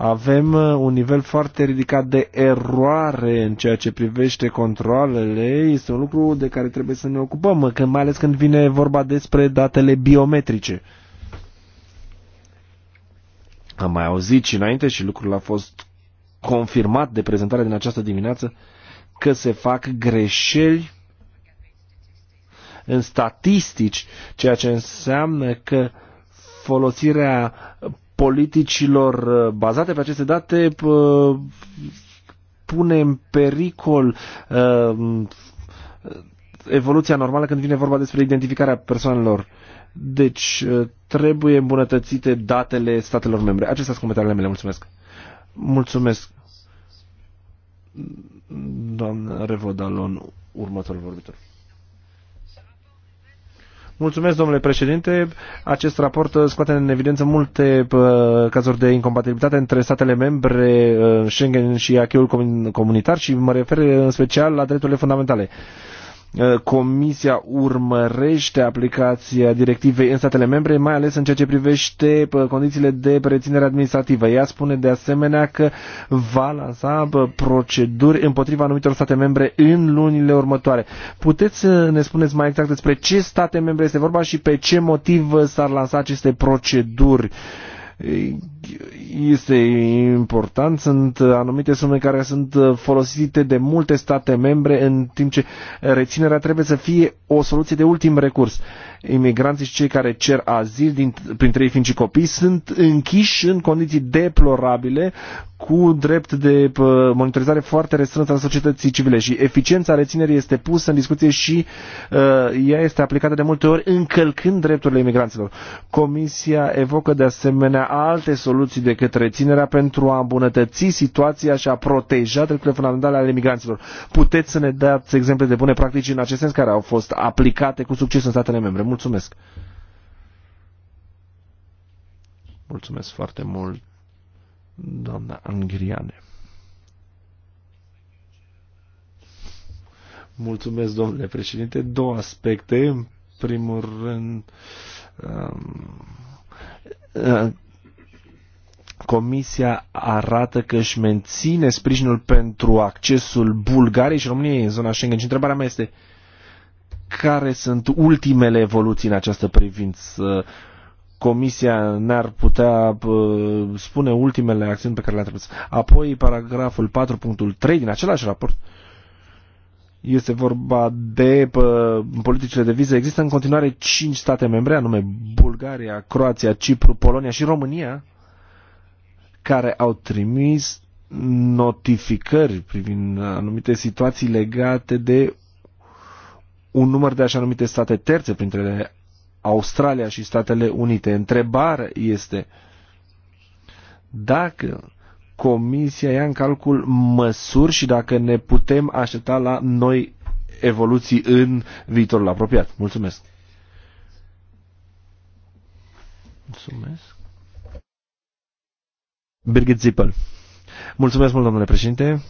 avem uh, un nivel foarte ridicat de eroare în ceea ce privește controlele. Este un lucru de care trebuie să ne ocupăm, uh, când, mai ales când vine vorba despre datele biometrice. Am mai auzit și înainte și lucrul a fost confirmat de prezentarea din această dimineață că se fac greșeli în statistici, ceea ce înseamnă că folosirea politicilor uh, bazate pe aceste date uh, pune în pericol uh, evoluția normală când vine vorba despre identificarea persoanelor. Deci trebuie îmbunătățite datele statelor membre. Acestea sunt comentariile mele. Mulțumesc. Mulțumesc. Doamna Revodalon, următorul vorbitor. Mulțumesc, domnule președinte. Acest raport uh, scoate în evidență multe uh, cazuri de incompatibilitate între statele membre uh, Schengen și acquis comunitar și mă refer în special la drepturile fundamentale. Uh, comisia urmărește aplicația directivei în statele membre, mai ales în ceea ce privește uh, condițiile de reținere administrativă. Ea spune de asemenea că va lansa uh, proceduri împotriva anumitor state membre în lunile următoare. Puteți să ne spuneți mai exact despre ce state membre este vorba și pe ce motiv s-ar lansa aceste proceduri? este important. Sunt anumite sume care sunt folosite de multe state membre, în timp ce reținerea trebuie să fie o soluție de ultim recurs. Imigranții și cei care cer azil, din, printre ei fiind și copii, sunt închiși în condiții deplorabile, cu drept de monitorizare foarte restrânsă a societății civile și eficiența reținerii este pusă în discuție și uh, ea este aplicată de multe ori încălcând drepturile imigranților. Comisia evocă de asemenea alte soluții de decât reținerea pentru a îmbunătăți situația și a proteja drepturile fundamentale ale migranților. Puteți să ne dați exemple de bune practici în acest sens care au fost aplicate cu succes în statele membre. Mulțumesc! Mulțumesc foarte mult, doamna Angriane. Mulțumesc, domnule președinte. Două aspecte. În primul rând, um, Comisia arată că își menține sprijinul pentru accesul Bulgariei și României în zona Schengen. Și întrebarea mea este care sunt ultimele evoluții în această privință? Comisia ne-ar putea spune ultimele acțiuni pe care le-a trebuit. Apoi, paragraful 4.3 din același raport este vorba de pă, politicile de viză. Există în continuare 5 state membre, anume Bulgaria, Croația, Cipru, Polonia și România, care au trimis notificări privind anumite situații legate de un număr de așa numite state terțe, printre ele Australia și Statele Unite. Întrebarea este dacă Comisia ia în calcul măsuri și dacă ne putem aștepta la noi evoluții în viitorul apropiat. Mulțumesc! Mulțumesc! Birgit Zippel. Mulțumesc mult, domnule președinte.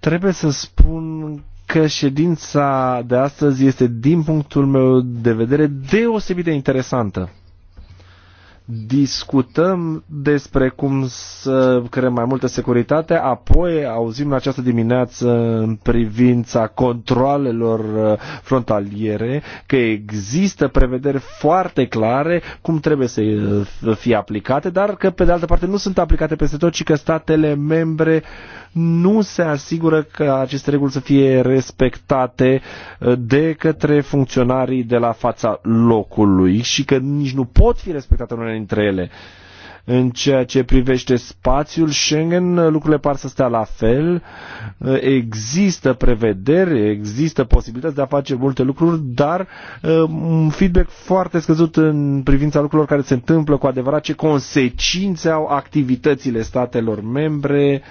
Trebuie să spun că ședința de astăzi este, din punctul meu de vedere, deosebit de interesantă discutăm despre cum să creăm mai multă securitate, apoi auzim în această dimineață în privința controalelor uh, frontaliere că există prevederi foarte clare cum trebuie să uh, fie aplicate, dar că pe de altă parte nu sunt aplicate peste tot, ci că statele membre nu se asigură că aceste reguli să fie respectate uh, de către funcționarii de la fața locului și că nici nu pot fi respectate în dintre ele. În ceea ce privește spațiul Schengen, lucrurile par să stea la fel. Există prevederi, există posibilități de a face multe lucruri, dar um, un feedback foarte scăzut în privința lucrurilor care se întâmplă cu adevărat, ce consecințe au activitățile statelor membre,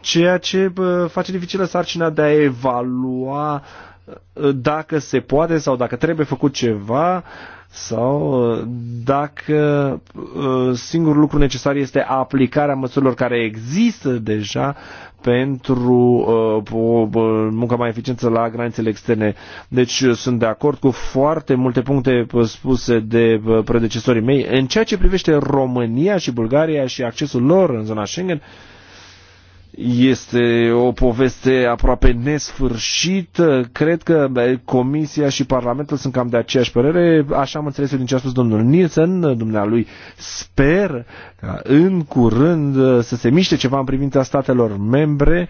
ceea ce face dificilă sarcina de a evalua uh, dacă se poate sau dacă trebuie făcut ceva sau uh, dacă uh, singurul lucru necesar este aplicarea măsurilor care există deja pentru uh, o muncă mai eficientă la granițele externe. Deci sunt de acord cu foarte multe puncte spuse de predecesorii mei. În ceea ce privește România și Bulgaria și accesul lor în zona Schengen, este o poveste aproape nesfârșită. Cred că Comisia și Parlamentul sunt cam de aceeași părere. Așa am înțeles din ce a spus domnul Nielsen, dumnealui. Sper ca în curând uh, să se miște ceva în privința statelor membre.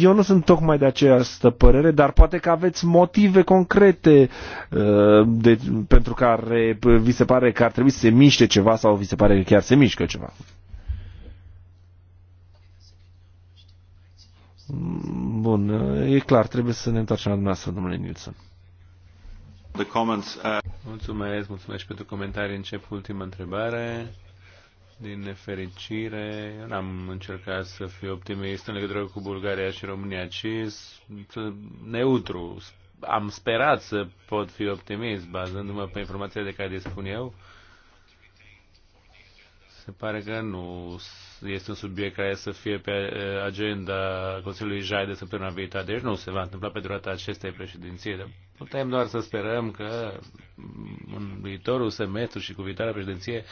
Eu nu sunt tocmai de această părere, dar poate că aveți motive concrete uh, de, pentru care vi se pare că ar trebui să se miște ceva sau vi se pare că chiar se mișcă ceva. Bun, e clar, trebuie să ne întoarcem la dumneavoastră, domnule Nilsson. The comments, uh... Mulțumesc, mulțumesc pentru comentarii. Încep ultima întrebare. Din nefericire, n-am încercat să fiu optimist în legătură cu Bulgaria și România, ci neutru. Am sperat să pot fi optimist, bazându-mă pe informația de care dispun eu. Se pare că nu este un subiect care să fie pe eh, agenda Consiliului Jai de săptămâna viitoare. Deci nu se va întâmpla pe durata acestei președinții. putem doar să sperăm că mm, în viitorul semestru și cu viitoarea președinție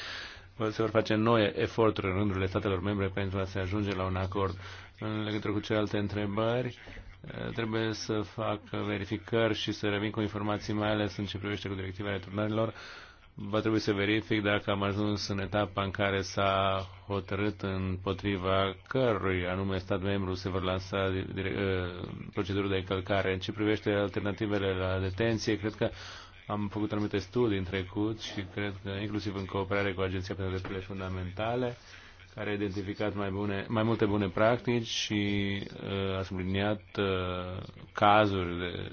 se vor face noi eforturi în rândurile statelor membre pentru a se ajunge la un acord. În legătură cu celelalte întrebări, eh, trebuie să fac verificări și să revin cu informații, mai ales în ce privește cu directiva returnărilor va trebui să verific dacă am ajuns în etapa în care s-a hotărât împotriva cărui anume stat membru se vor lansa ă, proceduri de încălcare. În ce privește alternativele la detenție, cred că am făcut anumite studii în trecut și cred că inclusiv în cooperare cu Agenția pentru Drepturile Fundamentale, care a identificat mai, bune, mai multe bune practici și uh, a subliniat uh, cazuri de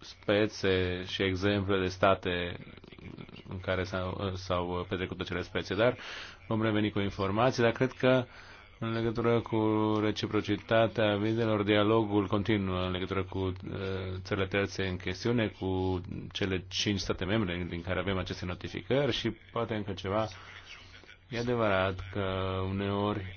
spețe și exemple de state în care s-au petrecut acele specie, Dar vom reveni cu informații, dar cred că în legătură cu reciprocitatea vizelor, dialogul continuă în legătură cu uh, țările terțe în chestiune, cu cele cinci state membre din care avem aceste notificări și poate încă ceva. E adevărat că uneori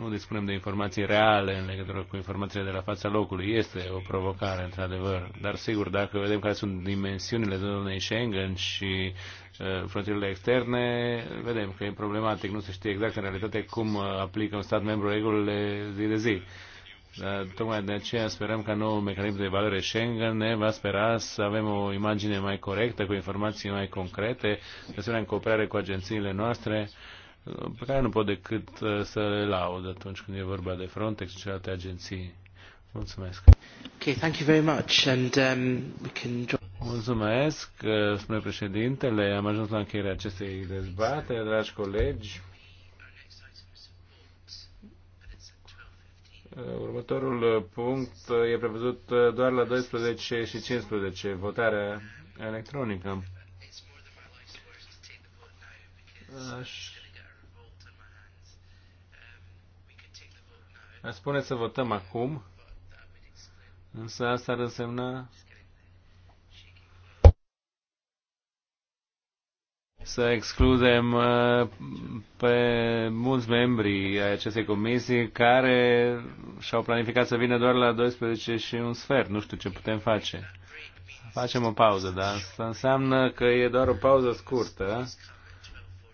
nu dispunem de informații reale în legătură cu informațiile de la fața locului. Este o provocare, într-adevăr. Dar, sigur, dacă vedem care sunt dimensiunile zonei Schengen și uh, frontierele externe, vedem că e problematic. Nu se știe exact, în realitate, cum uh, aplică un stat membru regulile zi de zi. Dar, tocmai de aceea sperăm ca nou mecanism de valoare Schengen ne va spera să avem o imagine mai corectă, cu informații mai concrete, de asemenea în cooperare cu agențiile noastre, uh, pe care nu pot decât uh, să le laud atunci când e vorba de Frontex și celelalte agenții. Mulțumesc. Okay, thank you very much and um, we can Mulțumesc, uh, spune președintele. Am ajuns la încheierea acestei dezbateri, dragi colegi. Următorul uh, punct e prevăzut doar la 12 și 15, votarea electronică. Aș A spune să votăm acum, însă asta ar însemna să excludem uh, pe mulți membri ai acestei comisii care și-au planificat să vină doar la 12 și un sfert. Nu știu ce putem face. Facem o pauză, dar asta înseamnă că e doar o pauză scurtă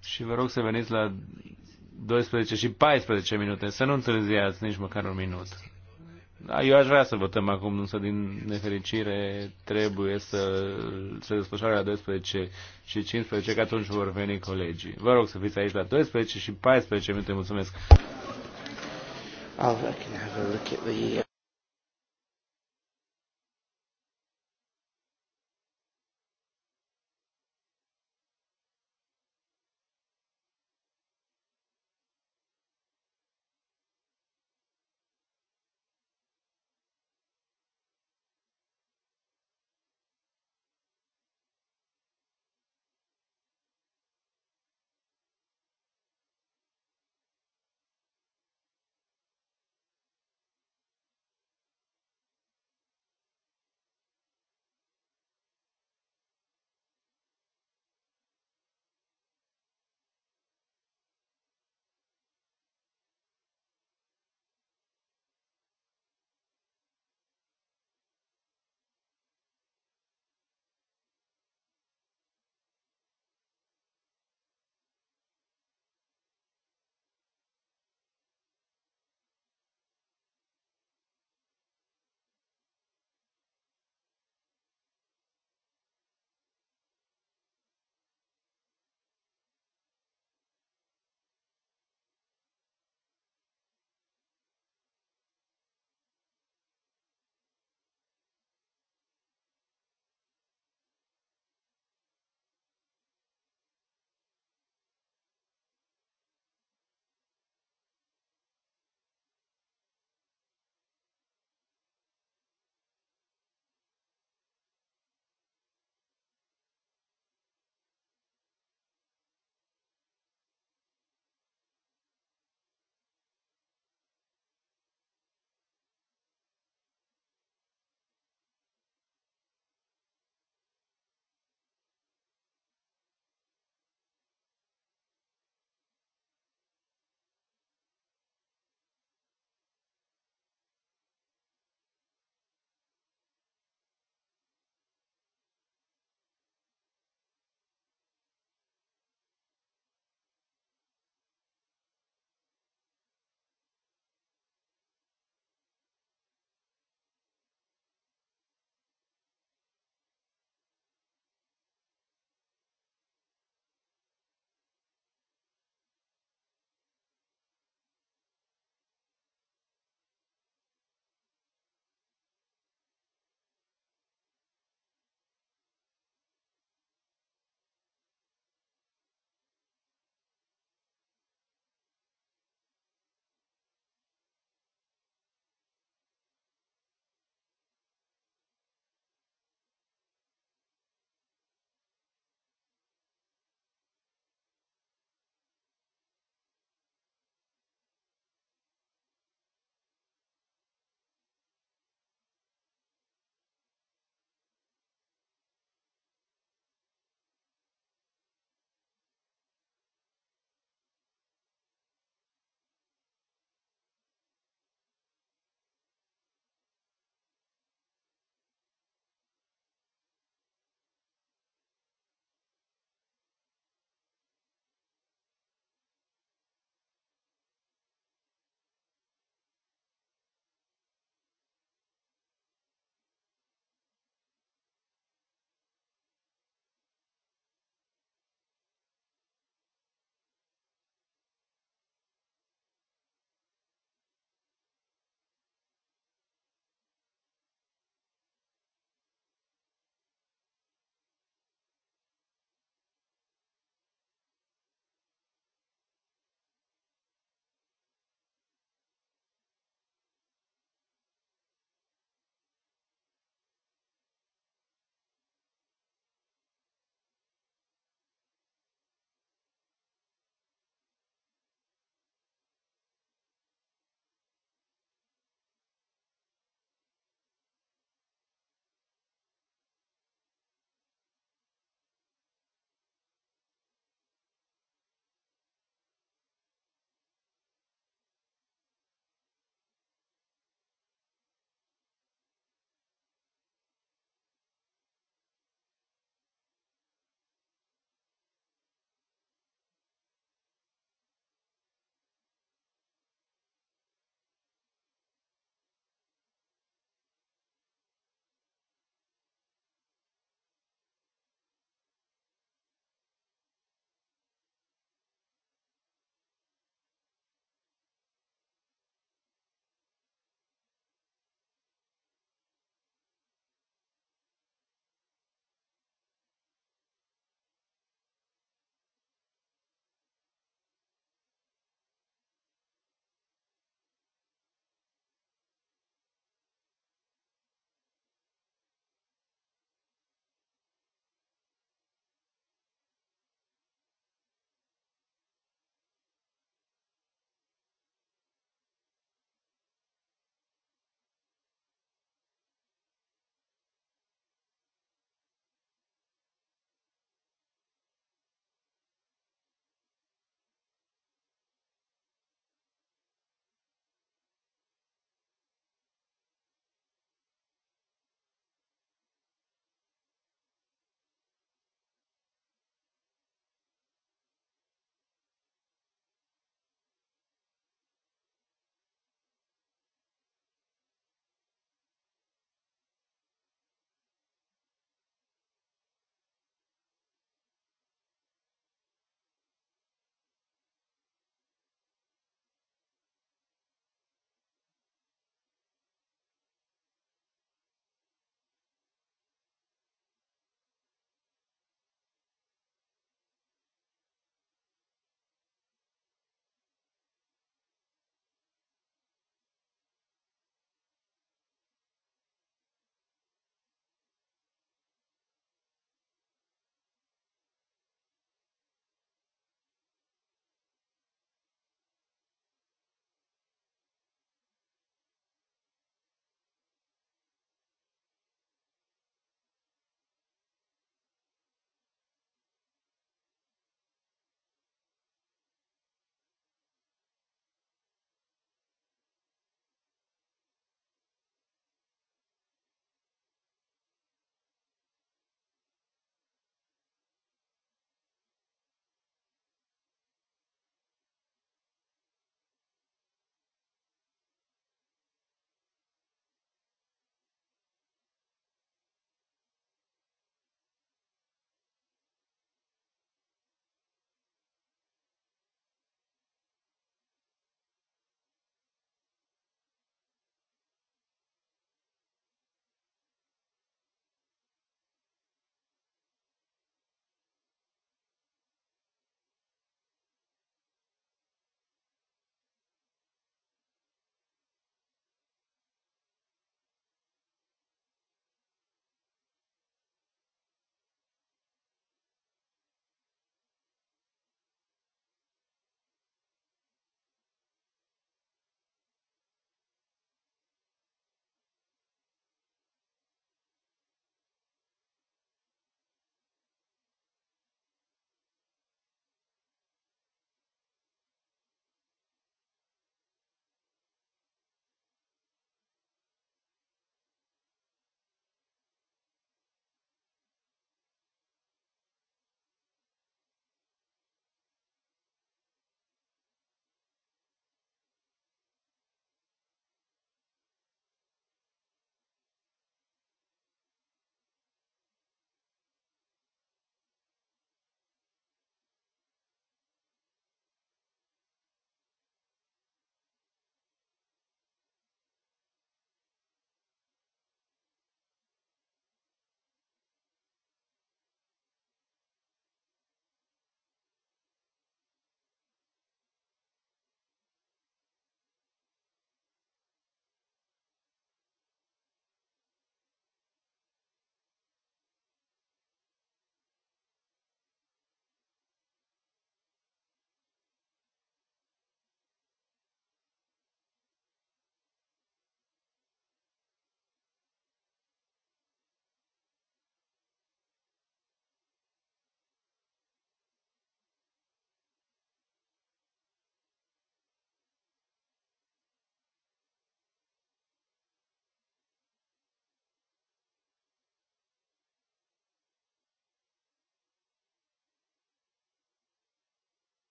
și vă rog să veniți la 12 și 14 minute. Să nu întârziați nici măcar un minut. Da, eu aș vrea să votăm acum, însă din nefericire trebuie să se desfășoare la 12 și 15, că atunci vor veni colegii. Vă rog să fiți aici la 12 și 14 minute. Mulțumesc! I'll oh, look and have a look at the uh...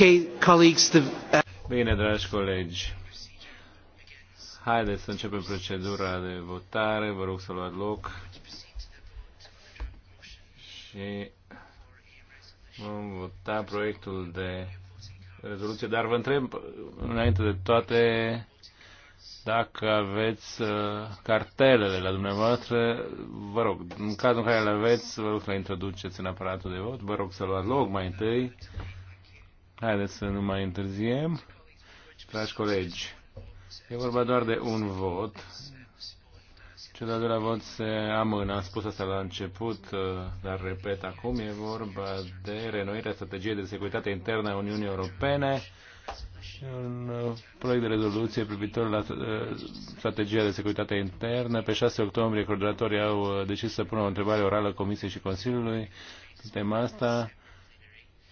Uh, Bine, dragi colegi, haideți să începem procedura de votare. Vă rog să luați loc. Și vom vota proiectul de rezoluție. Dar vă întreb, înainte de toate, dacă aveți uh, cartelele la dumneavoastră, vă rog, în cazul în care le aveți, vă rog să le introduceți în aparatul de vot, vă rog să luați loc mai întâi Haideți să nu mai întârziem. Dragi colegi, e vorba doar de un vot. Cel de la vot se amână. Am spus asta la început, uh, dar repet acum. E vorba de renoirea strategiei de securitate internă a Uniunii Europene un uh, proiect de rezoluție privitor la uh, strategia de securitate internă. Pe 6 octombrie, coordonatorii au decis să pună o întrebare orală Comisiei și Consiliului Suntem tema asta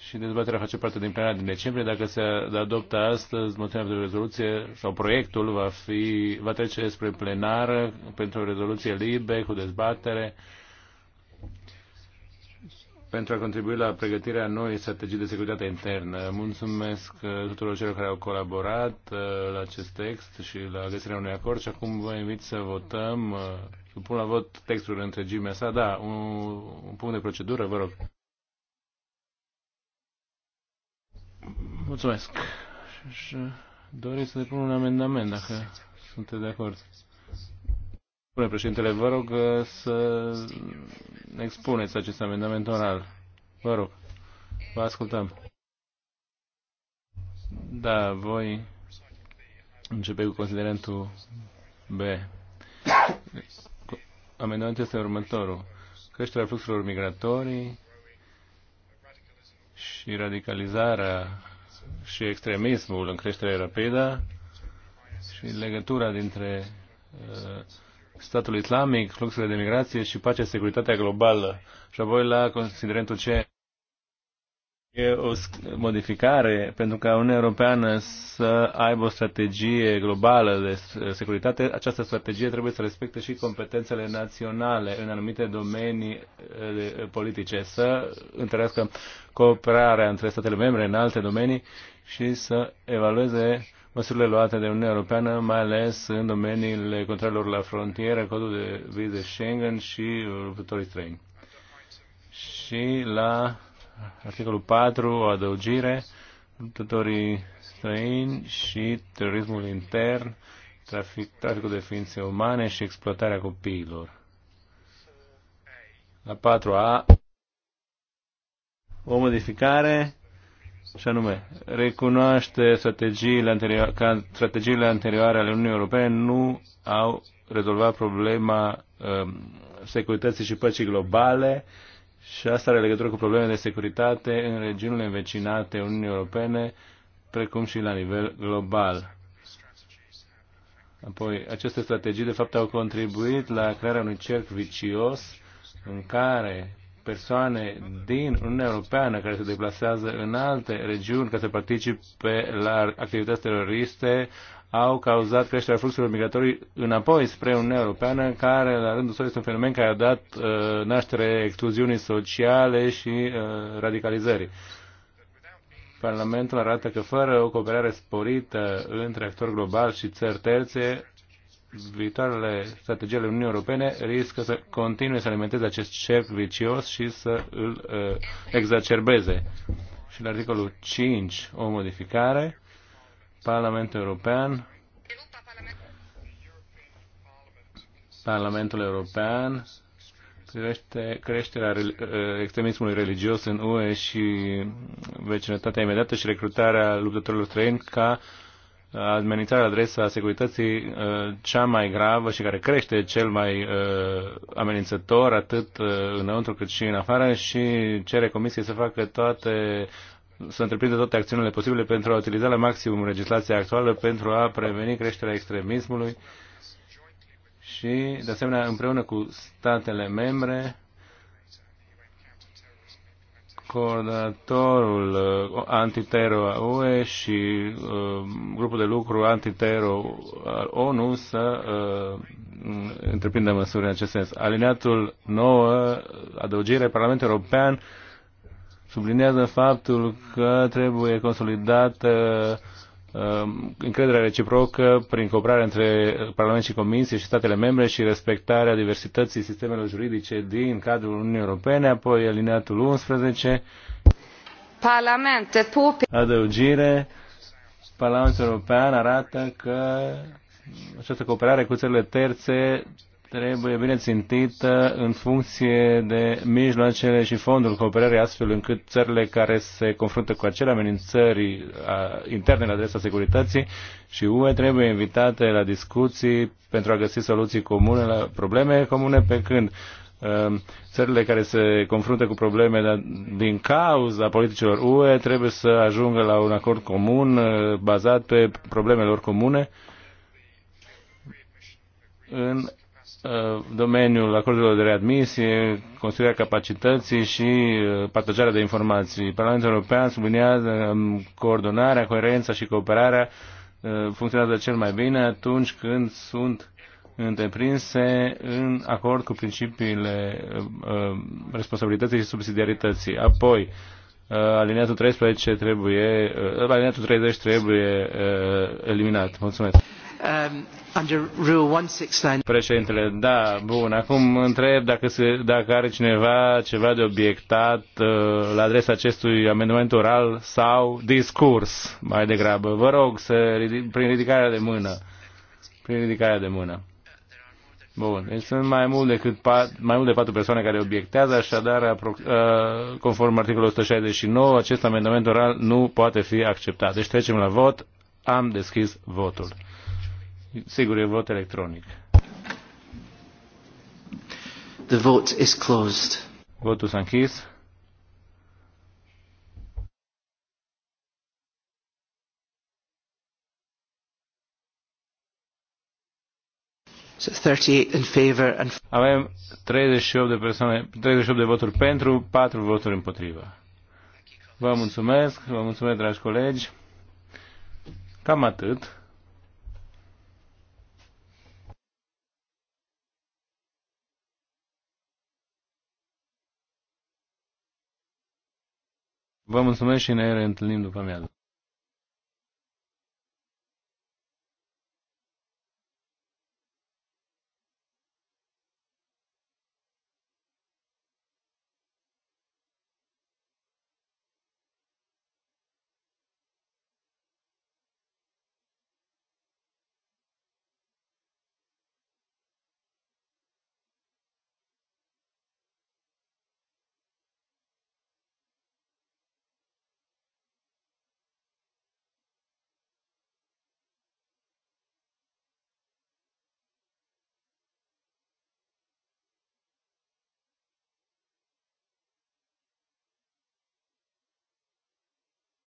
și dezbaterea face parte din plena din decembrie. Dacă se adoptă astăzi moțiunea de rezoluție sau proiectul va, fi, va trece spre plenar pentru o rezoluție libe cu dezbatere pentru a contribui la pregătirea noii strategii de securitate internă. Mulțumesc uh, tuturor celor care au colaborat uh, la acest text și la găsirea unui acord și acum vă invit să votăm. Uh, pun la vot textul întregimea sa. Da, un, un punct de procedură, vă rog. Mulțumesc. Și doresc să depun un amendament, dacă sunteți de acord. Pune președintele, vă rog uh, să expuneți acest amendament oral. Vă rog, vă ascultăm. Da, voi începe cu considerentul B. Amendamentul este următorul. Creșterea fluxurilor migratorii și radicalizarea și extremismul în creștere rapidă și legătura dintre uh, statul islamic, fluxurile de migrație și pacea și securitatea globală. Și apoi la considerentul ce E o modificare pentru ca Uniunea Europeană să aibă o strategie globală de securitate. Această strategie trebuie să respecte și competențele naționale în anumite domenii eh, eh, politice, să întărească cooperarea între statele membre în alte domenii și să evalueze măsurile luate de Uniunea Europeană, mai ales în domeniile controlelor la frontieră, codul de vize Schengen și eh, luptătorii străini. Și la Articolul 4, o adăugire, luptătorii străini și terorismul intern, trafic, traficul de ființe umane și exploatarea copiilor. La 4A, o modificare și anume, recunoaște strategiile anterioare, că strategiile anterioare ale Uniunii Europene nu au rezolvat problema um, securității și păcii globale, uh, și asta are legătură cu probleme de securitate în regiunile învecinate Uniunii Europene, precum și la nivel global. Apoi, aceste strategii, de fapt, au contribuit la crearea unui cerc vicios în care persoane din Uniunea Europeană care se deplasează în alte regiuni ca să participe la activități teroriste au cauzat creșterea fluxurilor migratorii înapoi spre Uniunea Europeană, care la rândul său este un fenomen care a dat uh, naștere excluziunii sociale și uh, radicalizării. Parlamentul arată că fără o cooperare sporită între actor global și țări terțe, viitoarele strategii ale Uniunii Europene riscă să continue să alimenteze acest cerc vicios și să îl uh, exacerbeze. Și în articolul 5, o modificare Parlamentul European Parlamentul European crește creșterea uh, extremismului religios în UE și vecinătatea imediată și recrutarea luptătorilor străini ca amenințarea adresa securității uh, cea mai gravă și care crește cel mai uh, amenințător atât înăuntru cât și în afară și cere Comisiei să facă toate să întreprindă toate acțiunile posibile pentru a utiliza la maxim legislația actuală pentru a preveni creșterea extremismului și, de asemenea, împreună cu statele membre, coordonatorul uh, antitero a UE și uh, grupul de lucru antitero al ONU să uh, întreprindă măsuri în acest sens. Alineatul 9, adăugire, Parlamentul European sublinează faptul că trebuie consolidată um, încrederea reciprocă prin cooperarea între Parlament și Comisie și statele membre și respectarea diversității sistemelor juridice din cadrul Uniunii Europene, apoi alineatul 11, pupi... adăugire, Parlamentul European arată că această cooperare cu țările terțe trebuie bine țintită în funcție de mijloacele și fondul cooperării, astfel încât țările care se confruntă cu acele amenințări interne la adresa securității și UE trebuie invitate la discuții pentru a găsi soluții comune la probleme comune, pe când țările care se confruntă cu probleme din cauza politicilor UE trebuie să ajungă la un acord comun bazat pe problemele lor comune în Uh, domeniul acordurilor de readmisie, construirea capacității și uh, partajarea de informații. Parlamentul European subliniază um, coordonarea, coerența și cooperarea uh, funcționează cel mai bine atunci când sunt întreprinse în acord cu principiile responsabilității și subsidiarității. Apoi, Uh, alineatul 13 trebuie, uh, alineatul 30 trebuie uh, eliminat. Mulțumesc. Um, under rule 169. Președintele, da, bun. Acum întreb dacă, se, dacă are cineva ceva de obiectat uh, la adresa acestui amendament oral sau discurs, mai degrabă. Vă rog să, prin ridicarea de mână, prin ridicarea de mână. Bun, deci sunt mai mult, decât pat, mai mult de patru persoane care obiectează, așadar, uh, conform articolul 169, acest amendament oral nu poate fi acceptat. Deci trecem la vot. Am deschis votul. Sigur, e vot electronic. The vote is closed. Votul s-a închis. Avem 38 de persoane, 38 de voturi pentru, 4 voturi împotriva. Vă mulțumesc, vă mulțumesc, dragi colegi. Cam atât. Vă mulțumesc și ne reîntâlnim după amiază.